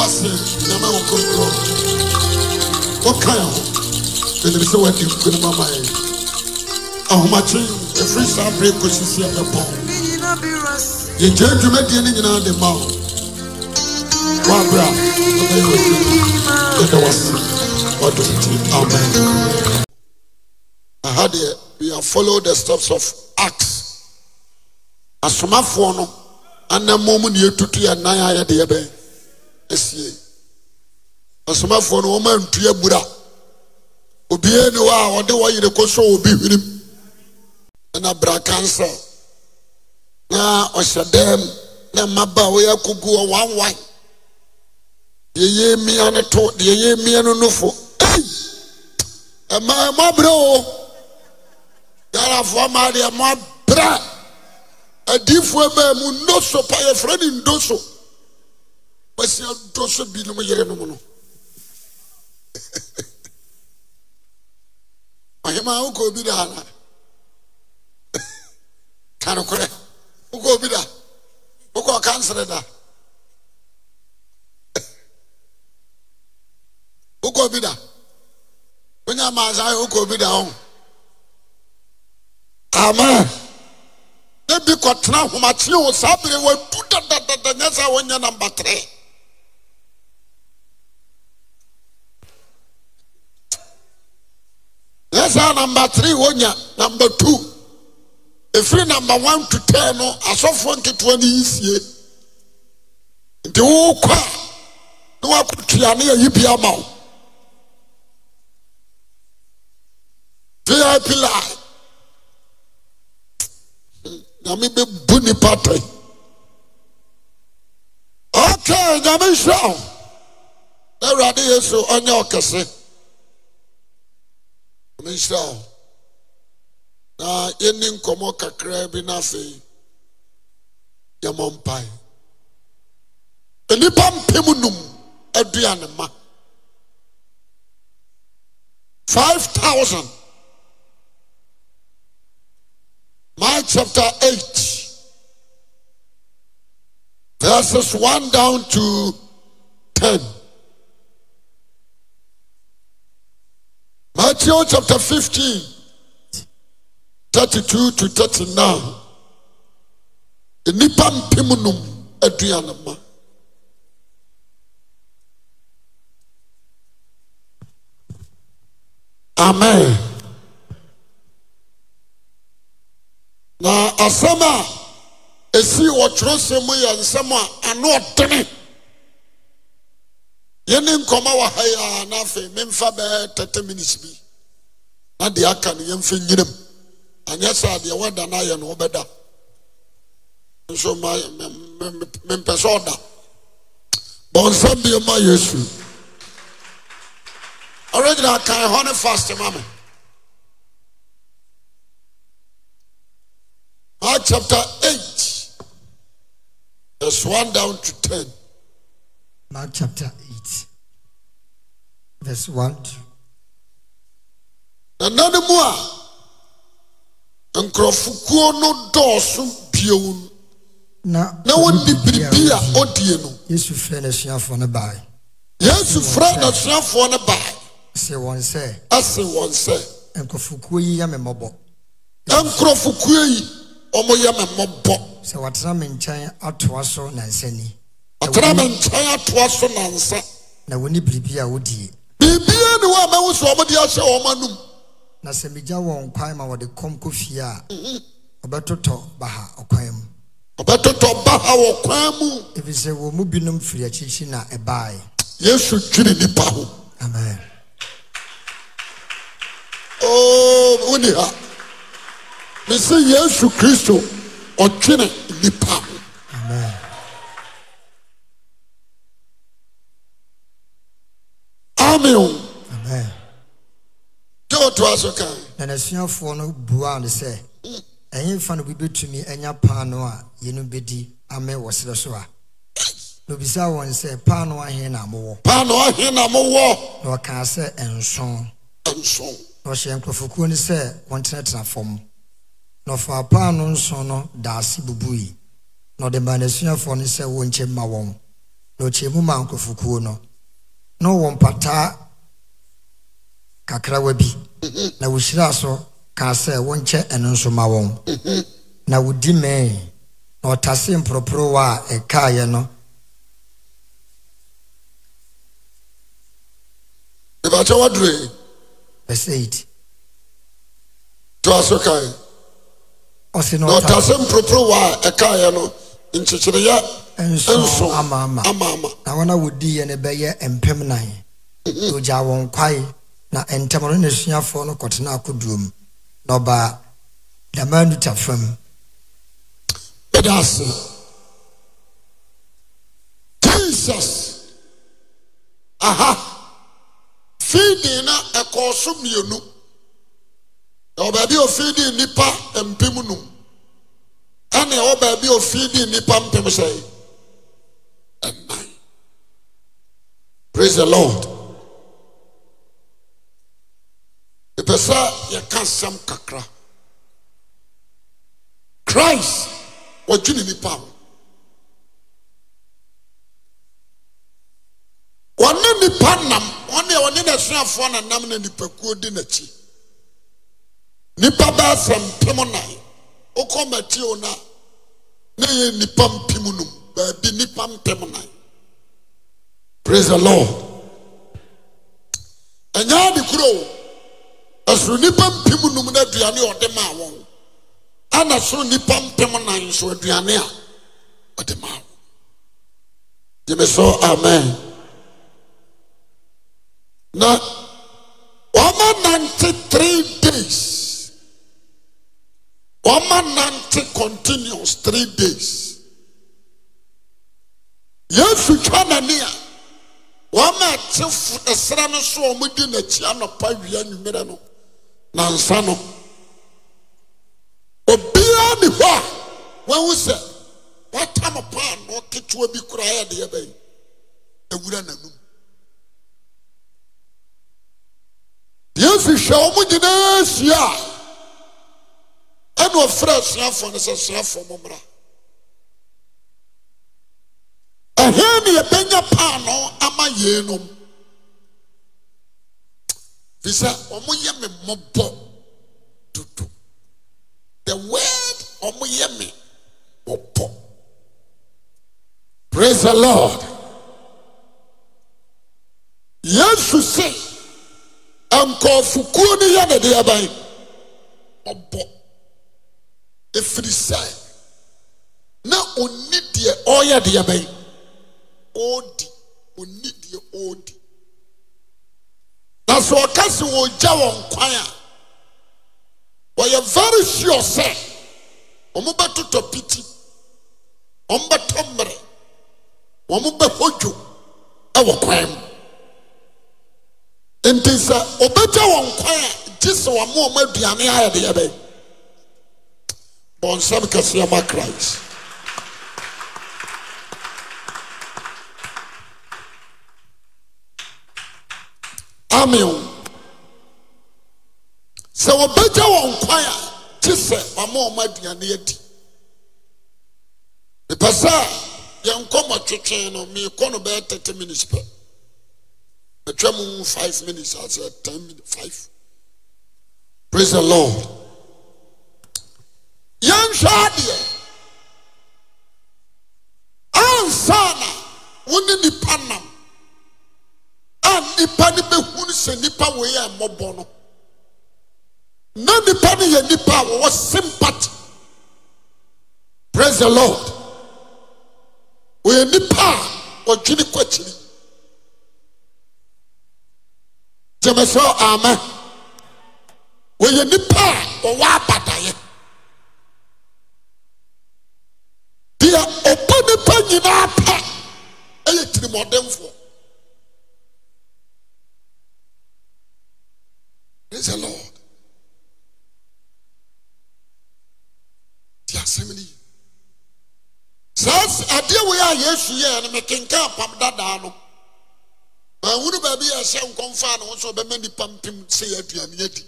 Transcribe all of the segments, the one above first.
wase nyame wɔ kronkron wɔka a menim sɛ woadi nkonim ama yɛ ahomakye ɛfiri saa berɛ kɔsi sɛ mɛbɔ yɛgya adwumadiɛ no nyinaa de ma wo woabrɛ a ɛbɛyɛ wadi yɛda wase wadomti amen aha deɛ we have followed the steps of acts As from asomafoɔ no anammɔ mu ne yɛtutu yɛ nan a yɛde yɛbɛn asie ɔsomafoɔ no wɔma ntuabura obie ne ɔ a ɔde wɔyere kɔso wɔbi hwirim na bra kanser na ɔhyɛ dɛm ne mmaba a wɔyɛ akogo ɔ wonwan deɛ yɛ mia no to deɛ yɛ mia no nofo ɔmaɛ mo abrɛ o yarafoɔ maa deɛ moabrɛ adifoɔ maa mu nno so payɛfrɛ ne ndo so asidɔ sɛ bi nom yere nom no ɔhem wokɔbi da kanokrɛ wokbi da wokɔ kansrɛ da wokbi da wonya maasa yɛ wokɔɔbi da ɔ ama ne bi kɔtena ahomakye wo saa birɛ wɔdu dadadada nyɛsɛ wonyɛ na batrɛ na saa namba t wonya namba tu ɛfiri nambe one tutɛɛ no asɔfoɔ nketea ne y sie nti wo kɔ a ne woakoteane ayibiama wo dpil nyame bɛbu nipa tɛ ɔkw nyame hɛ ho na awurade yesu ɔnyɛ ɔkɛse ɔmenhyira wo na yɛnni nkɔmmɔ kakraa bi no afei yɛmmɔ mpae nnipa mpem num adua ne ma 5000 Mark chapter 8 verses 1 down to 10 Matthew chapter 15, 32 to 39. Nnipa mpem num ma. Amen. Na asama esi ɛsi wɔtwerɛsɛm mu yɛ nsɛm ano teni Yɛne koma wɔ ha yi a na afei memfa bɛɛ 30 minutes bi na deɛ aka no yɛmfa nyiram anyɛ saa deɛ wada no ayɛ no wobɛda nso mempɛ sɛ ɔda bɔnsam bio ma yesu original kan hɔ ne fast ma me Mark chapter 8 verse 1 down to 10 Mark chapter 8 verse 1 to nana no mu a nkurɔfokuo no dɔɔso bio nu na woni biribie a ɔdie nomys fɛ nauafoɔ b yesu frɛ nasuafoɔ ne baae se wɔn ɛ se wɔn sɛ nkuɔfouo yimeɔɔ nkurɔfokuo yi ɔmɔ yɛ me mmɔbɔ sɛtame nn atoa s anaiamenkyan atoa so nansa i biribie a ɔdie biribia ne wɔ a mɛwoso a mɔde ahyɛ wɔmanom na sɛ megya wɔ kwan ma wɔde kɔm kɔ fie a ɔbɛtotɔ ba ha ɔkwan muɛɔkwan mu efiri sɛ wɔ mu binom firi akyikyi na ɛbae yesu twene nnipa ho aoih me sɛ yesu kristo ɔtwene nnipa hoa ame amn nan'aasunafoɔ no buaa ne sɛ ɛyɛmfa no bi bɛtumi ɔnya paano a yɛno bɛdi ame wɔ serɛ so a na obisa wɔn sɛ pano ahe na mowɔ na ɔkaa sɛ nson naɔhyɛ nkurɔfokuo no sɛ wɔtenatenafam na ɔfaa paano nso no daase bubui na ɔde ma n'asunafoɔ no sɛ wɔnkyɛ ma wɔn na ɔkyimu ma nkurɔfokuo no ne ɔwɔ pataa kakrawa bi na wohyiraa so kaa sɛ wonkyɛ ɛno nso ma wɔn na wodi mee na ɔtase mporoporowa a ɛkaeɛ no ìbàjẹ́ wá dùn yìí. verse eight. tó a so ka yìí. ọ̀sìn náà ọ̀tá sẹ́ mporoporo wa ẹ̀ka yẹn no nkyekyere yẹ nson amaama. na wọn a wòdi yẹn bẹ yẹ mpem nan. ọjà wọn kwae. na ntam no n'asuafoɔ no kɔtena akodoɔ mu na ɔbaa dama nuta fam ɛda ase jesus aha fiidin na ɛkɔɔ so mmienu ɛwɔ baabi a ofiidin nipa mpem num ɛna ɛwɔ baabi a ofiidin nipa mpem sɛ ɛnan praise the lord ɛpɛ sɛ yɛka sɛm kakra christ wɔadwe ne nnipa ho ɔne nnipa nnam ɔnea ɔne ne ɛsuafoɔ nanam ne nnipakuo di n'kyi nnipa bɛasɛm pemo nae wokɔ matio na ne yɛ nnipa mpim no m baabi nnipamtem nae pras a lord ɔnyaa de kuroo ɛsoro nnipa mpem num no aduane a ɔde maa wɔn ana soro nnipa mpem nan so aduane a ɔde maa wɔn gyeme so amen na wɔma nante three days wɔma nante continuous three days yesu twa n'ani a wɔma ɛte ɛsrɛ no so a wɔdi n'akyi anɔpa wia nwummerɛ no nansa no ɔbiara ne hɔ a wahu sɛ woatamo paanoɔ tetwewa bi kora ɛ deyɛ bɛyi awura n'anom deɛɛsi hwɛ wo mo nyina sia a ɛne ɔfrɛ suafoɔ no sɛ suafoɔ momra ɔhɛ ne ɛbɛnya paano ama yeinom firisa ɔmoyɛ me mɔbɔ dodo de word ɔmoyɛ me ɔbɔ prais e lord yesu sɛ ankɔɔfokuo no yɛ nede aba y ɔbɔ ɛfiri sai ne ɔnni deɛ ɔryɛdeaba y ɔɔdi ɔnni deɛ ɔɔdi na sɛ ɔka sɛ wɔgya wɔn kwan a wɔyɛ very sure sɛ wɔmobɛtotɔ piti wɔmbɛtɔ mmerɛ wɔmobɛhɔ dwo ɛwɔ kwan mu nti sɛ ɔbɛgya wɔn kwan a gye sɛ wɔma ɔma aduane ayɛdeɛ bɛn bɔnsɛm kɛseɛ ma christ mo sɛ wɔbɛgya wɔn kwan a kye sɛ bama ɔma aduane yadi nipɛ sɛ yɛnkɔ mɔ twetwee no mee kɔ no bɛyɛ t0 minutes pɛ atwa m ho 5 minutes asɛ t minut 5 prease e lord yɛnhwɛa deɛ ansaa na wone nipa nam Ah, a nnipa no bɛhunu sɛ nnipa wei a mmɔbɔ no na nnipa no yɛ nnipa a wɔwɔ sympathy praise the lord wɔyɛ nnipa a wɔdwene kwakyiri gyeme sɛ amen wɔyɛ nnipa a wɔwɔ abadaeɛ deɛ ɔbɔ nnipa nyinaa pɛ ɛyɛ tirimɔdenfoɔ hoɛɛ ne mekenkaa apam dadaa no maahuno baabi yɛ hyɛ nkɔmfaa noo nso ɔbɛma nnipa m im sɛ aduaneadi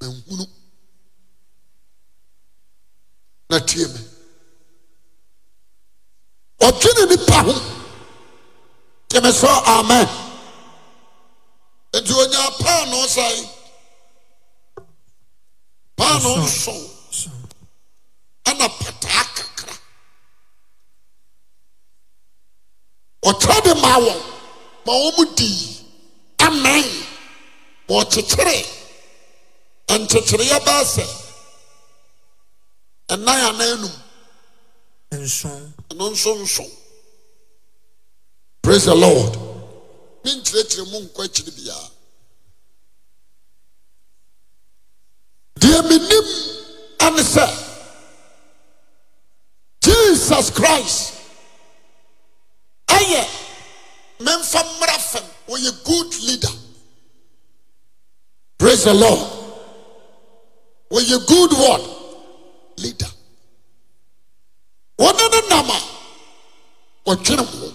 manhunu na tue m ɔtwe ne nipah teme sɛ ama nti ɔnya paano sɛe paano nson ana pataa ma wɔ ma wɔmu dii amen maɔkyekyere nkyekyereyɛbaa sɛ ɛnan ana anom nso ɔno nsonso prais e lord ne nkyirɛkyirɛ mo nkɔ akyiri bia deɛ mennim ane sɛ jesus christ ɔyɛ Men from Memphamrafem, or a good leader. Praise the Lord. Were a good what? Leader. What are the or general?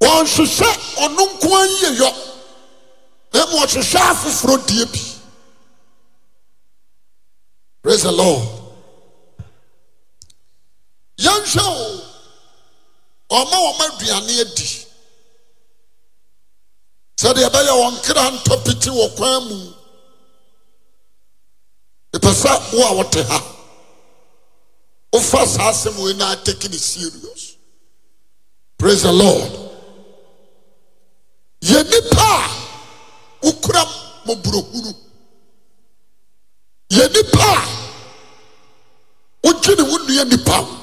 One should say, or no quan ye yo. Then what should shaft Praise the Lord. Young show ɔma wɔma aduane adi sɛdeɛ ɛbɛyɛ wɔn kra ntɔ piti wɔ kwan mu ɛpɛ sɛ a wɔte ha wofa saa asɛm wei na take ne serious praise the lord yɛ nnipa a wokura mmɔborɔhunu yɛ nipa. a wodwene wo nnua nnipa ho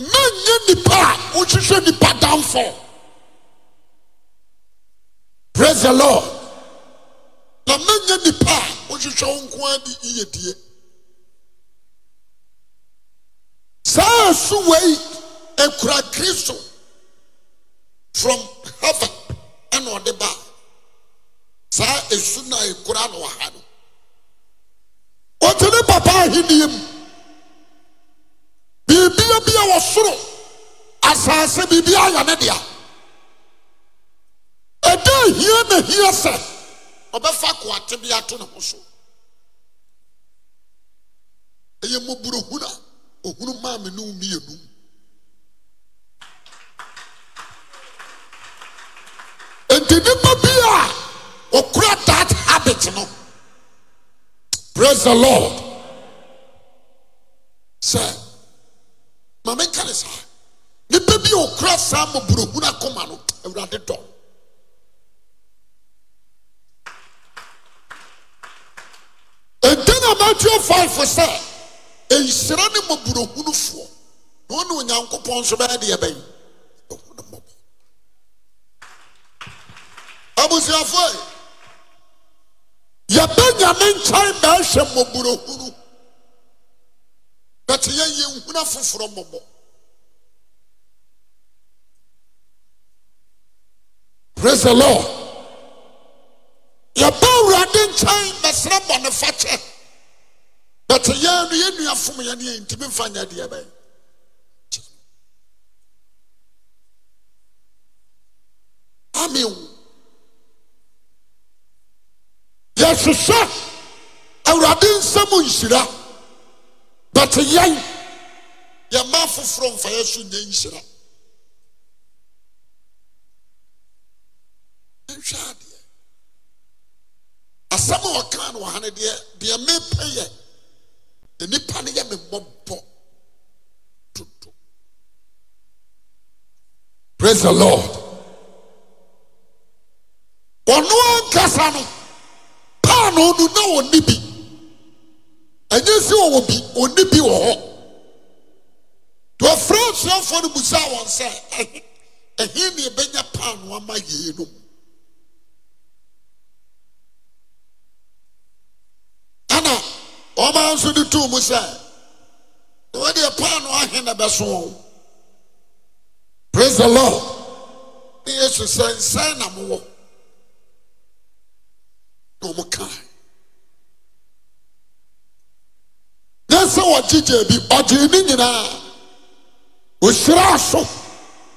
manyɛ nnipa a wohwehwɛ nnipa donfal prais the lord na manyɛ nipa a wohwehwɛ wo nko a ne iyɛ diɛ saa asuwayi akura kri so from heaven na ɔde ba saa asu no a ɛkuraa na wɔha no ɔte ne papa a henniɛm biribia bi a wɔ soro asase biribia ayɛ ne dea ɛda hia na hia sɛ ɔbɛfa koate bi ato ne ho so ɛyɛ mmɔborɔhunu a ɔhunu maa me mmienu nti nnipa bi a ɔkura that habit no praise the lord sɛ mamɛnkane saa nnipa bi a ɔkora saa maburohuno akɔma no awurade dɔn ɛɛna madua faifo sɛ nhyira ne ma burɔhuno foɔ na wone onyankopɔn so bɛyɛ de yɛbɛniu aosiafoe yɛbɛ nyame nkyɛe maɛhwɛ mɔ burɔhunu bɛte yɛn yɛnhuna foforo mɔbɔ pras e law yɛba awurade nkyɛn mɛsrɛ bɔ ne fakyɛ bɛte yɛn no yɛnnuafomyɛne yɛɛ ntimi mfa nyɛ deɛ bɛɛ amewo yɛse sɛ awurade nsɛm nhyira but yɛn yɛma foforɔ mfa yɛ so nyɛ nhyira nhwɛ adeɛ asɛm a ɔkaa no ɔha no deɛ deɛ mepɛ yɛ nnipa no yɛ me mmɔbɔ toto praise the lord ɔno ankasa no paa na ɔnu na ɔnni bi ɛnyɛ si wɔwɔ bi ɔnne bi wɔ hɔ de wɔfra soɛfɔ no musaa wɔn sɛ ɛhe ne bɛnya paanoaama yei no m ana ɔba nso ne too m sɛ ne wɔdeɛ paanoa ahe na ɛbɛso wɔn prise law ne yɛsu sɛ nsɛn na mowɔ ne ɔmo kaa nyɛ sɛ wɔgyegyaa bi ɔgyee ne nyinaa osiri so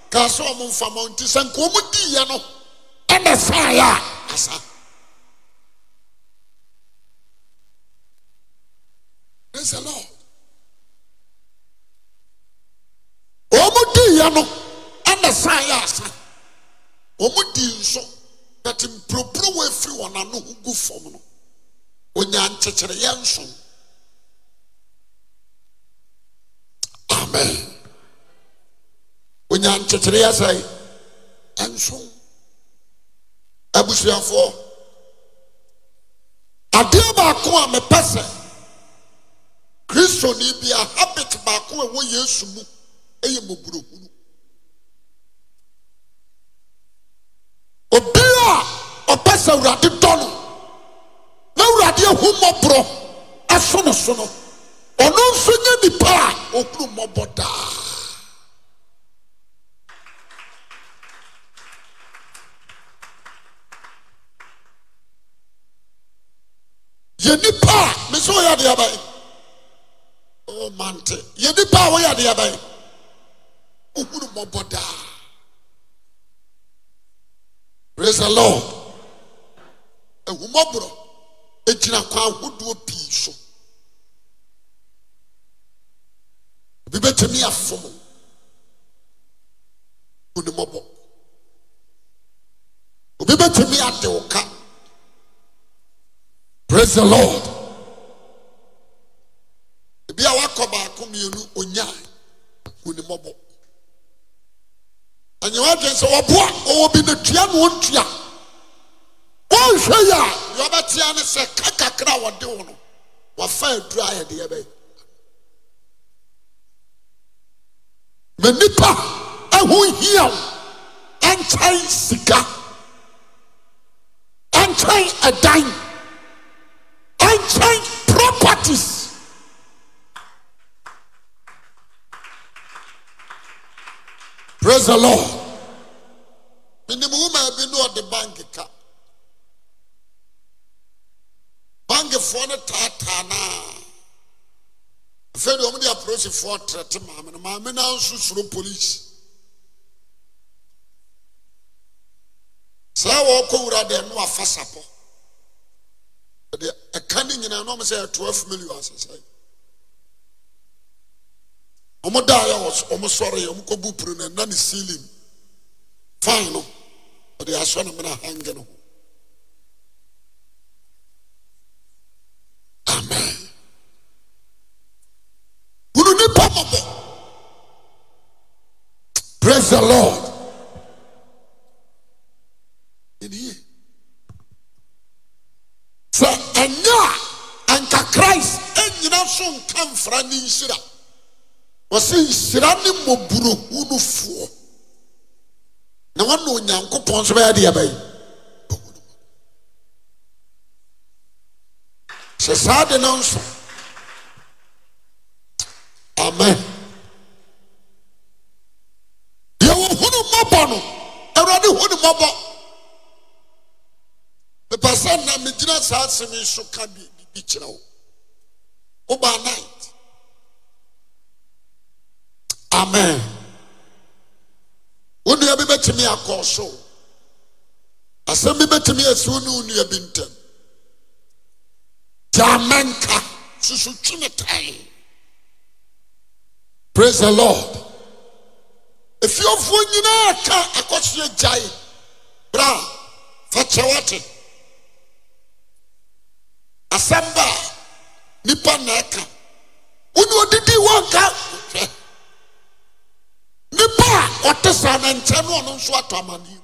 kaa sɛ ɔmomfama nti sɛ nka ɔmu diiɛ no ɛnɛ saeɛ a asa praise the lord ɔmu diiɛ no asa ɔmu di nso bɛte mpuropuro wɔ afiri wɔn ano gu no nson onya nkyekyereɛsɛe nso abusuafoɔ adeɛ baako a mɛpɛ sɛ kristoni bia habit baako awɔ yesu mu yɛ mɔborɔhunu ɔberɛ a ɔpɛ sɛ awurade dɔ no na awurade ahu mmɔborɔ aso no so no ɔno mfɛnyɛ nnipa a ɔhunomɔbɔ daa yɛnnipa a me sɛ oyɛ ade abae omante oh, yɛnipa a woyɛ adeabaɛ ɔhunomɔbɔ daa praser lor ahumɔborɔ agyina kwa hodoɔ pii so bɛbɛtimi afomo hu nemɔbɔ obɛ bɛtami ade w ka prais he lord bia woakɔ baako mmienu ɔnya hu ne mɔbɔ anyɛwaadwene sɛ wɔboa wɔwɔ bi netua ne ɔntua wɔhwɛ i a yoabɛtea ne sɛ kakakra a wɔde wo no wɔafa aduruayɛdeɛ bɛɛ ma nnipa aho hiaw ɛnkyɛn sika ɛnkyɛn ɛdan ɛnkyɛn properties praise the lord menim woma bi ne ɔde bank ka bankfoɔ no taataa naa sɛdeɛ ɔmde aprosifoɔ trɛte maame no maame no nso suro polisi saa wɔkɔ wura deɛ no afa sapɔ ɛde ɛka ne nyinaa no ɔm sɛ ɛtoa familio asɛ sɛ ɔmodaeɛ ɔmo sɔreɛ ɔmokɔbu puro no ɛna ne sealing fan no ɔde asɔ ne mena hange no ho amen press ord sɛ ɛnyɛ a anka christ nyina so nka mfra ne nhyira wɔsɛ nhyira ne mmɔburohu no foɔ na wona onyankopɔn nso bɛyɛadeɛbɛyi hyɛ saa de no nso amɛ deɛwɔ hu nemɔbɔ no awurade hu ne mɔbɔ mɛpɛ sɛ na megyina saa asem so ka deɛbibi kyerɛ wo obanit amɛ wo nua bi bɛtumi akɔɔ sowo asɛm bi bɛtumi asiwo ne wo ndua bi ntam t amɛnka susutweme tae praise the lord afiefoɔ nyinaa ka akɔsoɛ gyae berɛ a fa kyɛ a na ɛka wo ne ɔdidi wɔnka ɔte saa na nkyɛ no ɔno nso atɔ amanneɛ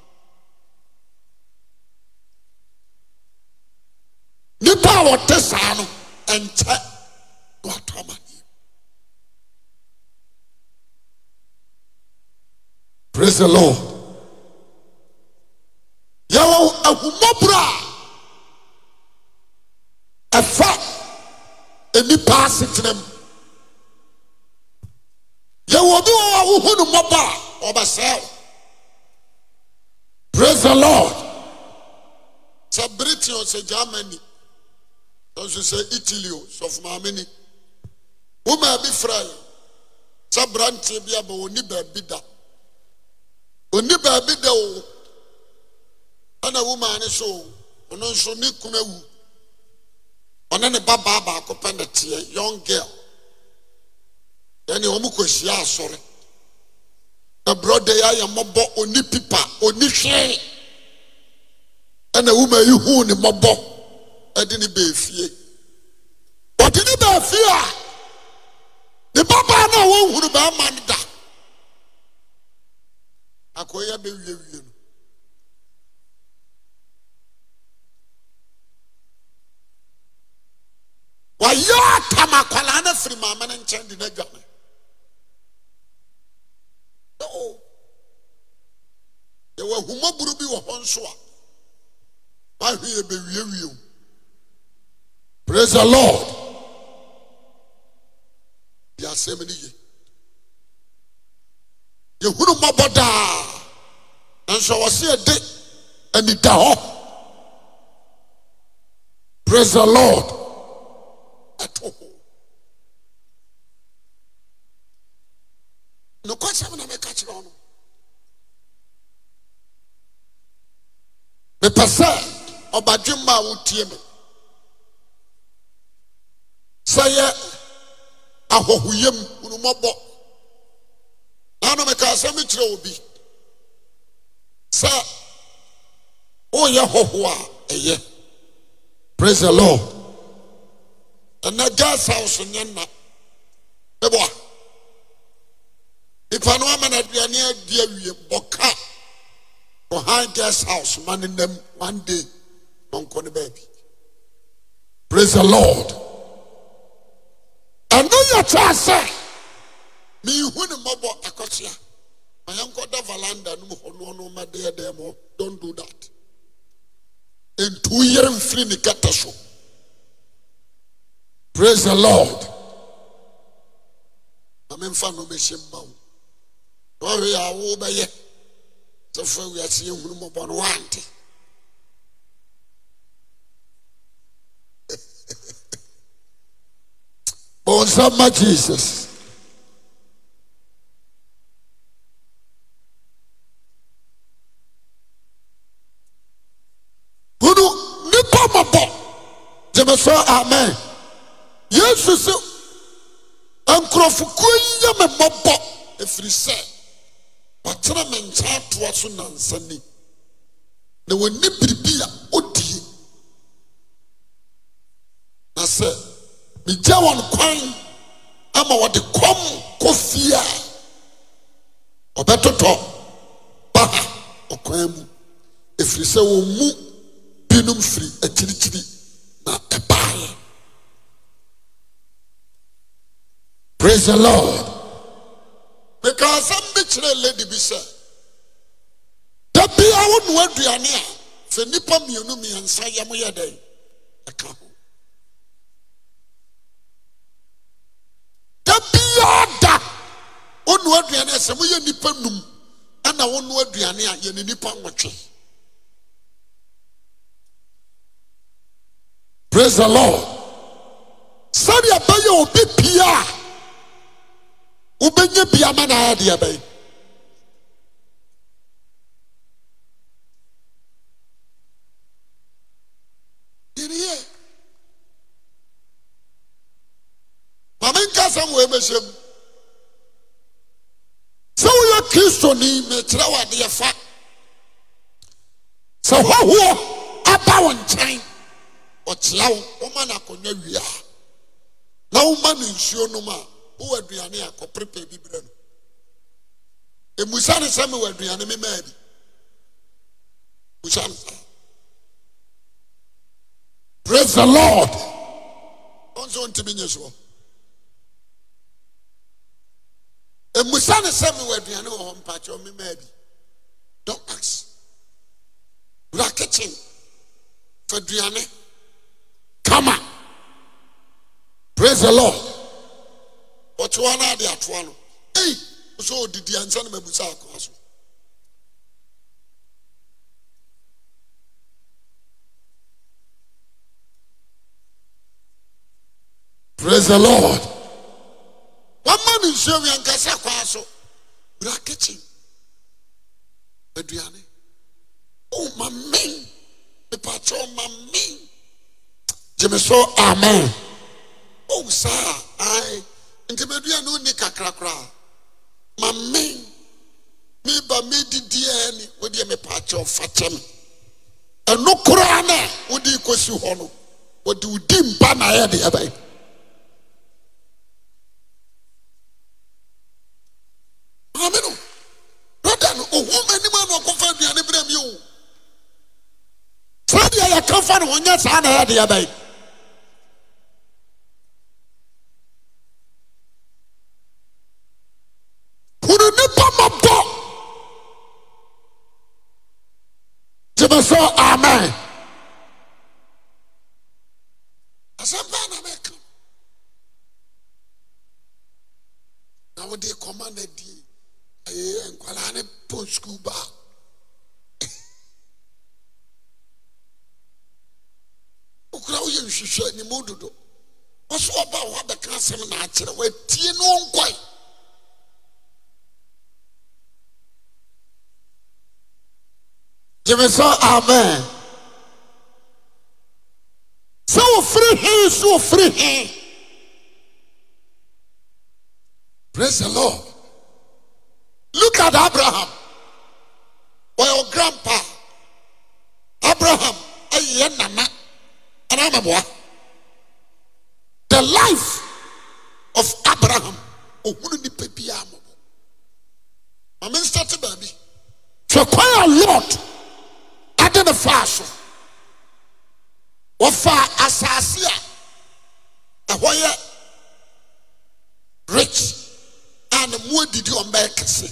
mu saa no Praise the lord yɛwɔ ahumɔborɔ a ɛfa anipa asetenam yɛwɔ bi wɔ ahohu no mmɔbɔ a ɔbɛsɛe praise the lord sɛ britain o sɛ germany nso se italy o sɔfomaameni woma bi frɛ sɛ branteɛ bi aba ɔni baabi da ɔni baabi dɛ wo ɛna wo maa ne so ɔno nso ne kuna wu ɔne ne ba baa baako pɛ ne teɛ young girl ɛne wɔn kɔhyia asɔre na brɔda yi ayɛ ya ɔni pipa ɔni hwɛɛ ɛna wo maa yi huu ne mmɔbɔ ɛde ne baa fie ɔde ne baa efie a ne ba baa no a baa bɛrima no da akɔyɛ bɛwiewie no wɔyɛ atam akwalaa no firi maama no nkyɛn de n'adwane oo yɛwɔ ahumaburu bi wɔ hɔ nso a ahwe yɛ bɛwiewie praise the lord the asɛm no ye yɛ hunumɔbɔ daa nanso ɔwɔ seɛde anida hɔ prais he lord ɛtoho nokwasɛm na mɛka kyerɛ wɔ no mepɛ sɛ ɔbadwenma a wɔtue mu sɛ yɛ ahɔhoyam hunumɔbɔ nano mekaa sɛ mekyerɛ wɔ bi sɛ woyɛ hɔhoɔ a ɛyɛ prais he lord ɛnɛ gya sawo so nna mɛbɔa no ama aduane adi awie bɔka ɔhan house ma ne nam one day nɔnkɔ ne baabi praise the lord ɛno yɛ kyerɛ mehu ne mmɔbɔ akɔsia ma yɛnkɔda valanda no mu hɔ no ɔno ma deɛdeɛ mɔ don't do that ntu yere mfiri ne kata so praise the lord na memfa no mɛhyɛ mma wo ɔhwɛ a wobɛyɛ sɛ fa wiase yɛhunu mmɔbɔ no woante bɔnsam ma jesus suso ankurɔfo kooyɛ me mmɔbɔ ɛfiri sɛ wɔakyerɛ menkyaa toa so nansa ni ne ɔnni biribi a ɔdie na sɛ megya wɔn kwan ama wɔde kɔm kɔfieaa ɔbɛtotɔ baa ɔkwaa mu ɛfiri sɛ ɔmu the Lord. Because I'm the chere lady be sir. Da bi a wo no aduane a fe nipa mienu miensa ye mo ye dai. Aka ho. Da bi a da wo no aduane se mo ye nipa num ana wo no aduane a ye nipa nwotwe. Praise the Lord. Sadi abaye obi pia. wobɛnya biama na ayɛdeɛ bɛɛ nii mamenka sɛm wi mɛhyam sɛ woyɛ kristoni mekyerɛ w adeɛfa sɛ hɔhoɔ aba wo nkyɛn ɔkyea wo woma no akɔnwa wiea na woma ne nsuonom a wowɔ aduane a kɔprepɛ bi berɛ no ɛmusa ne sɛ mewɔ aduane me maa bi musa ne saa praise the lord ɔnso ntimi nye soɔ ɛmusa ne sɛ mewɔ aduane wɔ hɔ mpakyɛ me maa bi don't ask wura kitchen fa aduane kama praise the lord ɔtyea na ade atoa no e sɛ ɔdidiansɛ no mamusa akoa so pras e lord wama ne nsuawiankasɛ kwa so bura kikyin baduane omamen oh, mepɛkyɛmamen gyeme so amen o saaa a nti madua no kakra koraa ma me meba medidiɛ ni wodeɛ mepaakyɛ ɔfa kyɛ me ɛno koraa na wode kɔsi hɔ no wɔde mpa na ayɛ deɛ maame no no na aduane mi o saa na s a asɛmpaa na bɛka na wode command din ayɛɛ nkwala ne poskuba wokra woyɛ nhweswa nnima ododo ɔ sɛ wɔba woadaka asɛm na akyerɛ watie nonkɔe gyeme sɛ amen sɛ wɔfiri he so wɔfiri he praise the lord look at abraham wɔyɛ wɔ grandpa abraham ɛyɛ nana ɛna amaboa the life of abraham ohunu nipa biara mɔbɔ maame nsate baabi twɛ kwan a lord de ne faa so wɔfaa asase a ɛhɔ yɛ rich a ne mu adidi ɔmbɛyɛ kɛse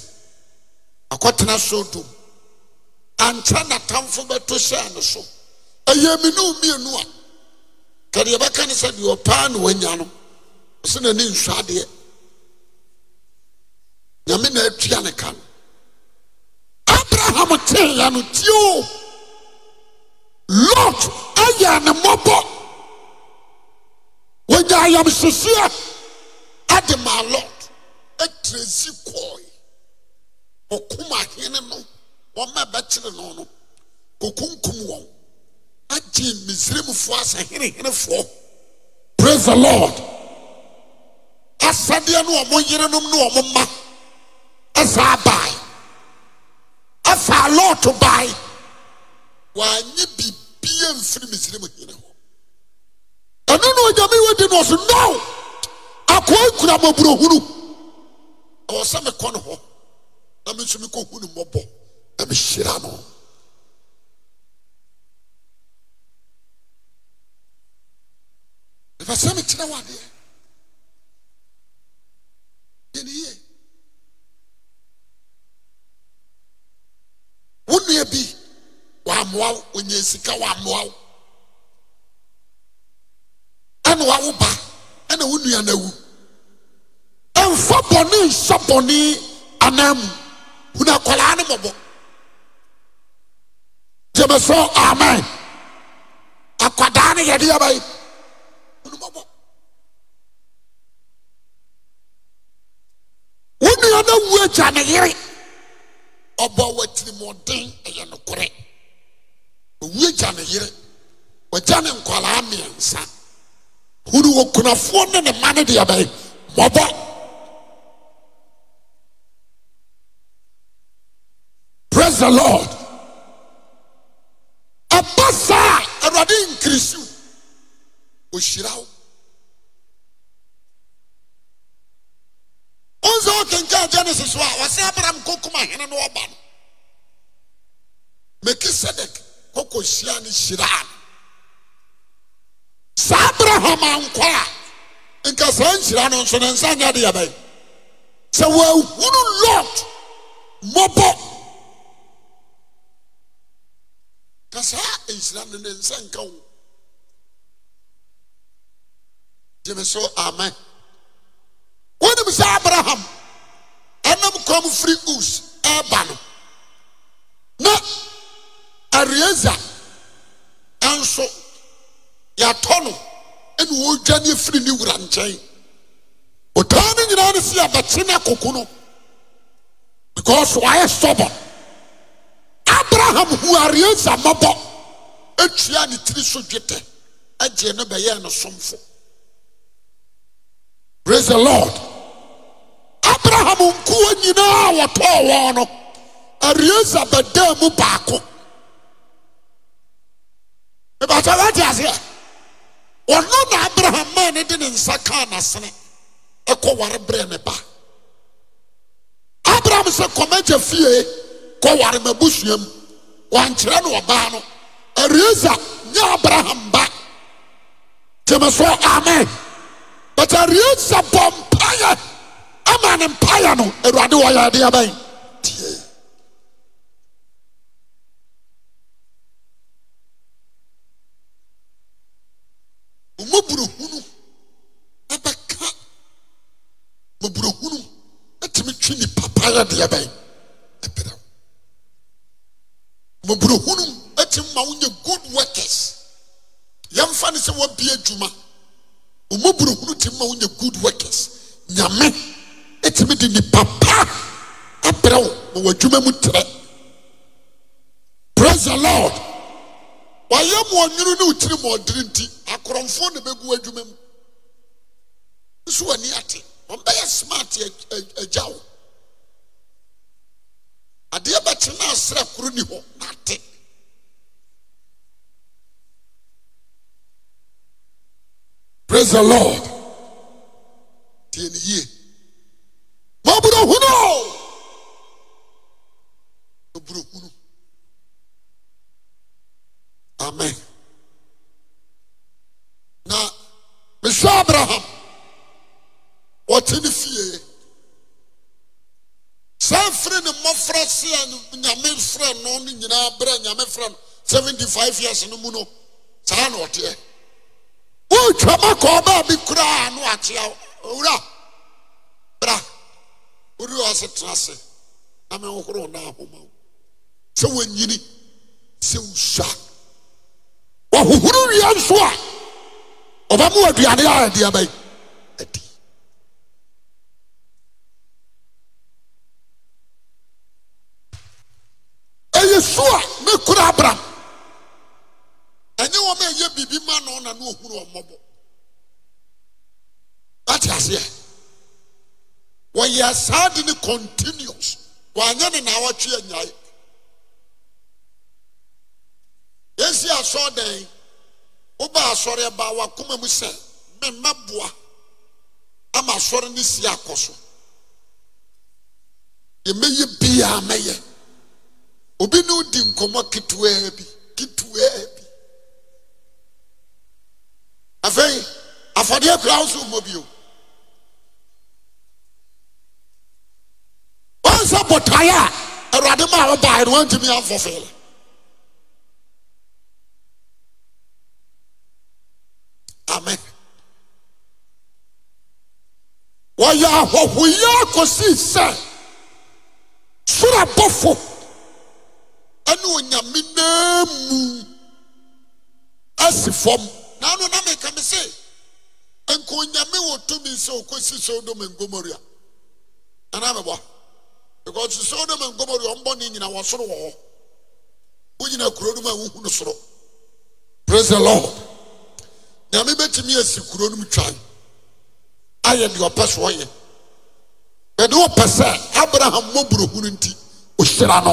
akɔtena sodom ankyɛ natamfo bɛto hyɛɛ ne so ɛyɛ mi ne mmienu a kɛdeɛ bɛka ne sɛ deɛ ɔpaa ne wanya no ɔsɛ n'ani nsu adeɛ nyame na atua ne ka no abraham teeɛ no tie o lot ayɛ ne mmɔbɔ wɔgya ayamhyehyeɛ ade ma lot atiresi kɔe ɔkom ahene no wɔma bɛkyere no no kokunkum wɔn agye misremfoɔ asahenehenefoɔ praise the lord asadeɛ no ɔmo yerenom ne ɔmo ma ɛsaa bae ɛfaa lot bae wɔanye biribi yɛmfirimesiremuhene hɔ ɛno na yamewode nɔso naw akoa nkura maburohuru ɔwɔ sɛ mekɔ ne hɔ na menso mekɔhu no mɔbɔ na mehyira no ɛfa sɛ mekyerɛ wadeɛ wonna bi wɔamoa wo ɔnya sika wɔamoa wo ɛne wawo ɛna wo nua no awu ɛmfa bɔne ni bɔne anaa mu amen akwadaa ni yɛde yaba yi mmɔbɔ wo nua no awu agya ne yere ɔwia gya ne yere ɔagya ne nkwalaa meɛnsa hurowɔkunafoɔ ne ne ma ne de ɛbɛɛ mɔba pras the lord aba saa a awurade nkirisiwo ɔhyira wo ɔnusɛ wokenka gyene seso a ɔsɛ abram kɔkuma ahena na ɔba no melkisedek fɔkɔhyia no hyiraa n sɛa abraham ankɔ a nkɛsaa nhyira no nso ne nsannyɛ ade yɛbɛe sɛ wɔahunu lod mɔbɔ kɛ saa ahyira no ne nsɛnka wo dimi so amen wonem sɛ abraham ɛnam cɔm fri os ɛɛba no nɛ ariasa ɛnso yɛatɔ no ɛne wɔdwane firi ne wura nkyɛn ɔtaa no nyinaa ne sɛ yɛbɛkye ne akoko no because wayɛ sɔbɔ abraham hu ariasa mmɔbɔ etua ne tiri so dwetɛ agye no bɛyɛ n'e somfo praise the lord abraham nkuwa nyinaa wɔtɔɔ wɔn no ariasa bɛdaa mu baako ebɛka waate aseɛ ɔnɔ na abraham ma ne de ne nsa kaa nasene ɛkɔware brɛɛ ne ba abraham sɛ kɔmɛgya fie kɔware mabusuam wɔankyerɛ ne ɔbaa no ariasa nyɛ abraham ba kemɛ so ama bat ariasa bɔ mpaeɛ ama ne mpaya no awurade waayɛdeabani die ɔmaburohunu ɛbɛka maburohunu atumi twi nnipa pa yɛ deɛ bɛn ɛbrɛ wo maburohunu atumi ma wonyɛ good workers yɛmfa ne sɛ woabie adwuma ɔmaburohunu tumi ma wonyɛ good workers nyame ɛtumi de nnipa pa ɛbrɛ wo ma w'adwuma mu trɛ praise the lord wayɛ moɔnwono ne wɔkiri mɔɔdiri nti akorɔmfoɔ ne bɛgu adwuma m nso ani ate ɔmbɛyɛ smaate agya wo adeɛ bɛkye na aserɛ koroni hɔ naate pras lord tinyie maburohun ɔbrɔhu amen na mesɛ abraham wɔte ne fiee sɛa fere ne mmɔfrɛ se a nyame frɛ no ne nyinaa berɛ a nyame frɛ no sen 5iv years no mu no saa na ɔdeɛ wotwama kɔɔ bɛa mɛ koraa no akyea ɔwura bera wore ase tena ase na mew horo naahoma wo sɛ wɔanyini sɛ wosua w'ahuhuru wia nso a ɔbɛma aduane a ɛdeɛ bɛyi adi ɛyɛ su a ne kura abram ɛnyɛ wɔn a ɛyɛ biribi ma na ɔna ne ohuru ɔmmɔbɔ ate aseɛ wɔyɛ saa de ne continuous wɔanyɛ ne na awɔtwe anyae ɛsi asɔ dan wobaa asɔre baa wakoma mu sɛ memmaboa amasɔre ne sie akɔ so yɛmɛyɛ biaa mɛyɛ obi ne wodi nkɔmmɔ keteaa bi keteaa bi afei afɔdeɛ kura w so mɔ bio wan sɛ bɔtaeɛ a awurade maa wodaɛ ne wantimiyafɔfelɛ amen wɔyɛ ahɔhoyɛ akɔsii sɛ soro abɔfo ɛne onyame naa mu asi fam naano na meka me se nka onyame wɔ tumi sɛ ɔkɔsi sodom and gomora anaa mebɔ because sodom and gomora ɔmbɔne nyina wɔ soro wɔ hɔ wonyina kuro no ma praise the lord nea mebɛtumi asi kuro nom twan ayɛ de ɔpɛ sɛ ɔyɛ bɛde wɔpɛ sɛ abraham mɔ burohunu nti ɔhyira no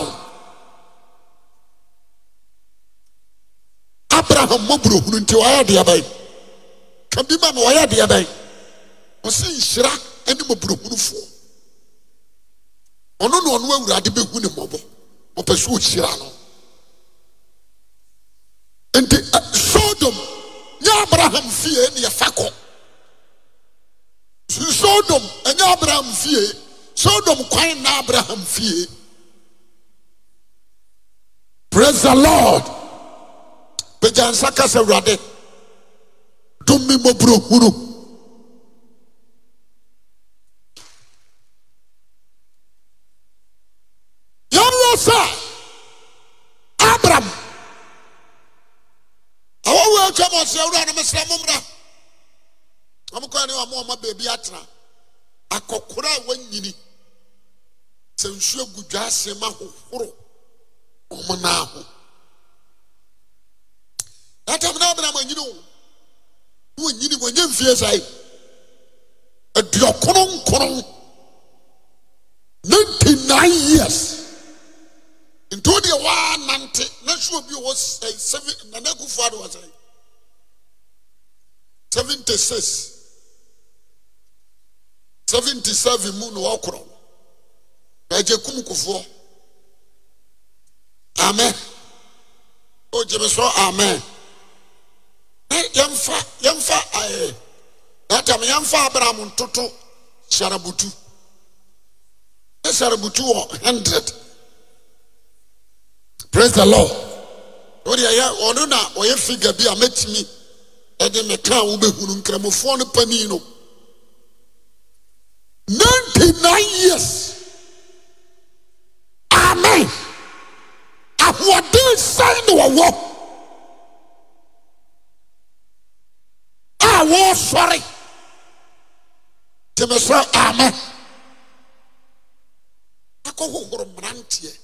abraham mɔburohunu nti wɔyɛ deɛ bɛn ka bi ma ma ɔyɛ deɛ bɛn ɔsɛ nhyira ni mɔburohunufoɔ ɔno ne ɔno awurade bɛhu ne mmɔbɔ mɔpɛ sɛ ɔhyira no nti ɛnyɛ abraham fie ne yɛfa kɔ si sodom ɛnyɛ abraham fie sodom kwan na abraham fie praise the lord pagyansa kasa awurade dome mmɔborɔhunu sɛ awura no mesrɛ mo mmra ɔmokɔa ne ɔma ɔma baabi atena akɔkora a wanyini sɛ nsu agu dwaase ma hohoro ɔmo naa ho ɛtam na wobena manyini wo ne wɔnyini wɔnyɛ mfie sae aduɔkronkron ninety nine years nti wo deɛ woanante na sɛ obi wɔ sɛi seven nana akufo wɔ sɛi 76 77 mu ne wɔkorɔ bɛagya kom kofoɔ ame ogye oh, me so ame ne ɛmyɛmfa ha tim yɛmfa abra m ntoto syarabotu ne sarabutu wɔ 10n0ed pres e law wodeɛ yɛ ɔno na ɔyɛ figa bi a mɛtumi ɛde ne ka wobɛhunu nkramofoɔ no pani no nt9 years amen ahoɔdensan ne wɔwɔ a wɔsɔre ti mɛ so amen akɔ hohoro mmaranteɛ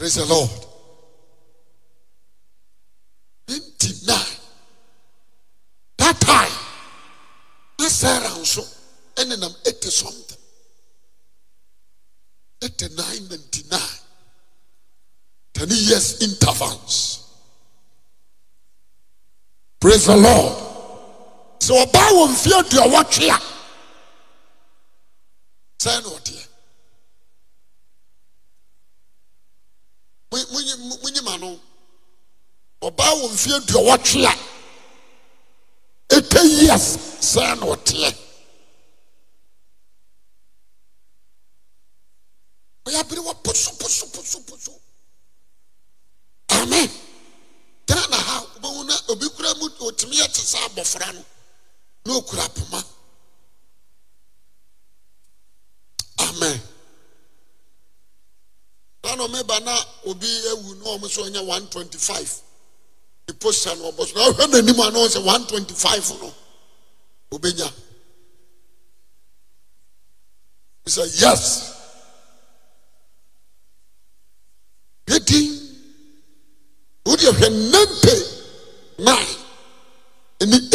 Praise the Lord. 29. That time, this Sarah also, and then I'm 80 something. 89, 99. 10 years intervals. Praise the Lord. So, about one field, your watch here. Say no, dear. monyima no ɔbaa wɔmfe adua wɔtwe a ɛkɛ yia sɛ no ɔteɛ ɔyɛabere wɔ poso ame dira na ha hun obi kraɔtumi yɛtye sɛa abɔfra no ne ɔkura poma a ana ɔmɛba na obi awu na ɔmo so ɔnyɛ one twenty five The poster no ɔbɔ so na When the a na one twenty five no obenya he said yes yɛdi wodi ɛhwɛ nante nine Any?"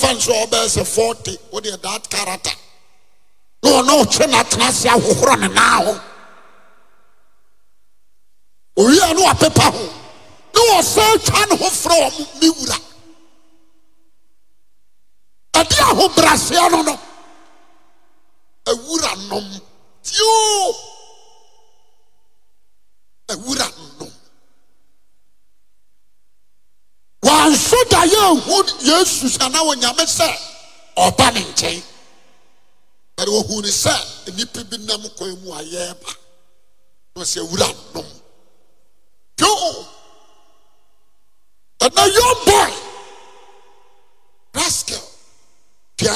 fanso ɔbɛɛ sɛ f0 wode dat carata ne wɔne ɔtweɛ noatena aseɛ ahohorɔ ne naa ho ɔwiea ne wapɛpa ho ne wɔsɛ twa ne ho frɛm ne wura ɛde hobraseɛ no no awura nom io awura no wɔanso da yesu anaa onyame sɛ ɔba ne nkyɛn wɔhu ne sɛ nnipa bi nam kwan mu a yɛreba na ɔsɛ awura nom pio ɛna young boy rascal pia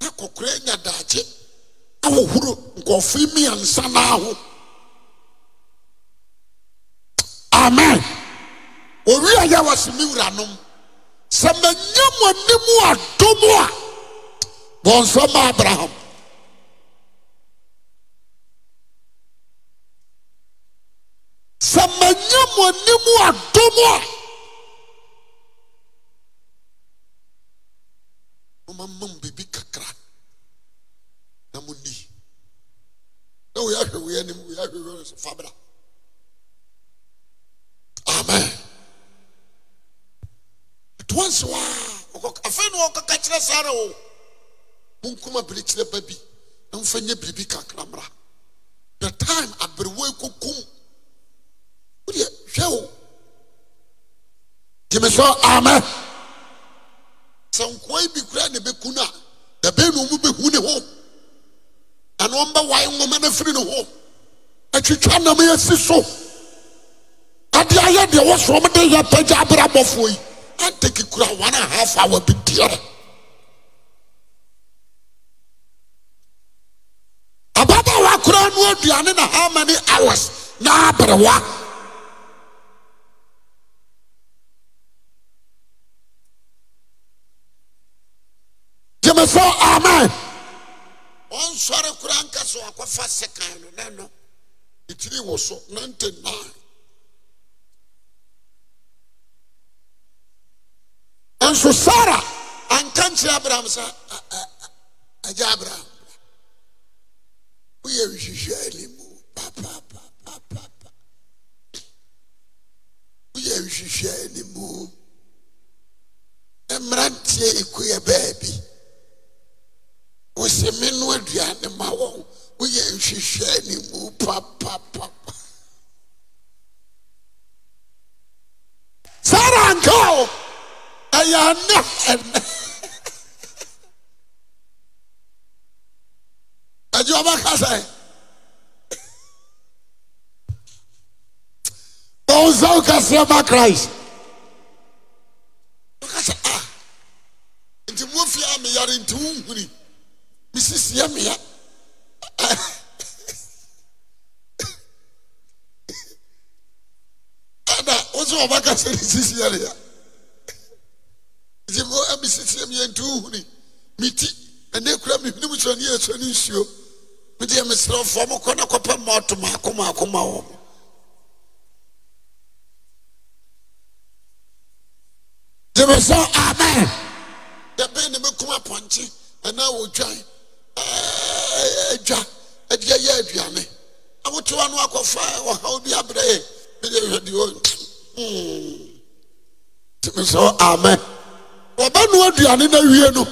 na kɔkora anya daakye awohoro nkɔfo mmiɛnsa amen owi a yɛwɔ se me wuranom sɛ manya mo anim adom a bɔnsɔ ma abraham sɛ manya mo anim adom a momamam biribi kakra na monni na woyɛahwɛ woyɛ anim woyɛahwɛ wɛ sɛ fa bra mɛ atons wa afɛi ne wɔkakakyerɛ saa are wo monkoma brɛkyerɛ ba bi mfa nyɛ biribi kakra mmra ha time abre wo akokom wodeɛ hwɛ wo deme hɛ amɛ sɛ nkoa yi bi koraa ne bɛku n a da bɛnuomubɛhu ne ho ano ɔmbɛwae nwoma no afiri ne ho atwitwa nam asi so ade ayɛ deɛ wɔ soɔm de yɛ pa gya abra bɔfoɔ yi antɛki kura 1nea half owr bi deara abada wa kora noadua ne na harmany hours na abrewaa gyeme sɛ ama ɔnsɔre kora nka sɛ akɔfa sɛ kan no nɛ no ɛkyiri wɔ so nantɛnaa ɔnso sara anka nkyirɛ abraham sɛ agya abraham woyɛ nhwehwaa nemu woyɛ nhwehwaa nemu ɔmmera nteɛ ɛkoeɛ baabi wo sɛme noadua ne ma wɔn woyɛ nhwehwaa ne mu papp sara anka o ɛyɛ ɛnɛ ɛnɛ ɛgye ɔbɛka sɛ ɔnsa wo kaseɛ ma christ woka sɛ a nti mofie a meyare nti wonhuni mesisiɛ meya ɛna wo sɛ wɔbɛka sɛ ne sisiɛ neya ti wohn meti anea mneɛsne nso teɛ mesrɛ fo moɔnɛmaɔtomaɔ mesɛ amen da ɛne mekoma pɔnte ana wɔdwa adwa adayɛ aduane awot o no akɔfa ɔhaobi abɛ mɛhɛdeɛ ɔ hmm. msɛ ame wɔbɛno aduane no awie no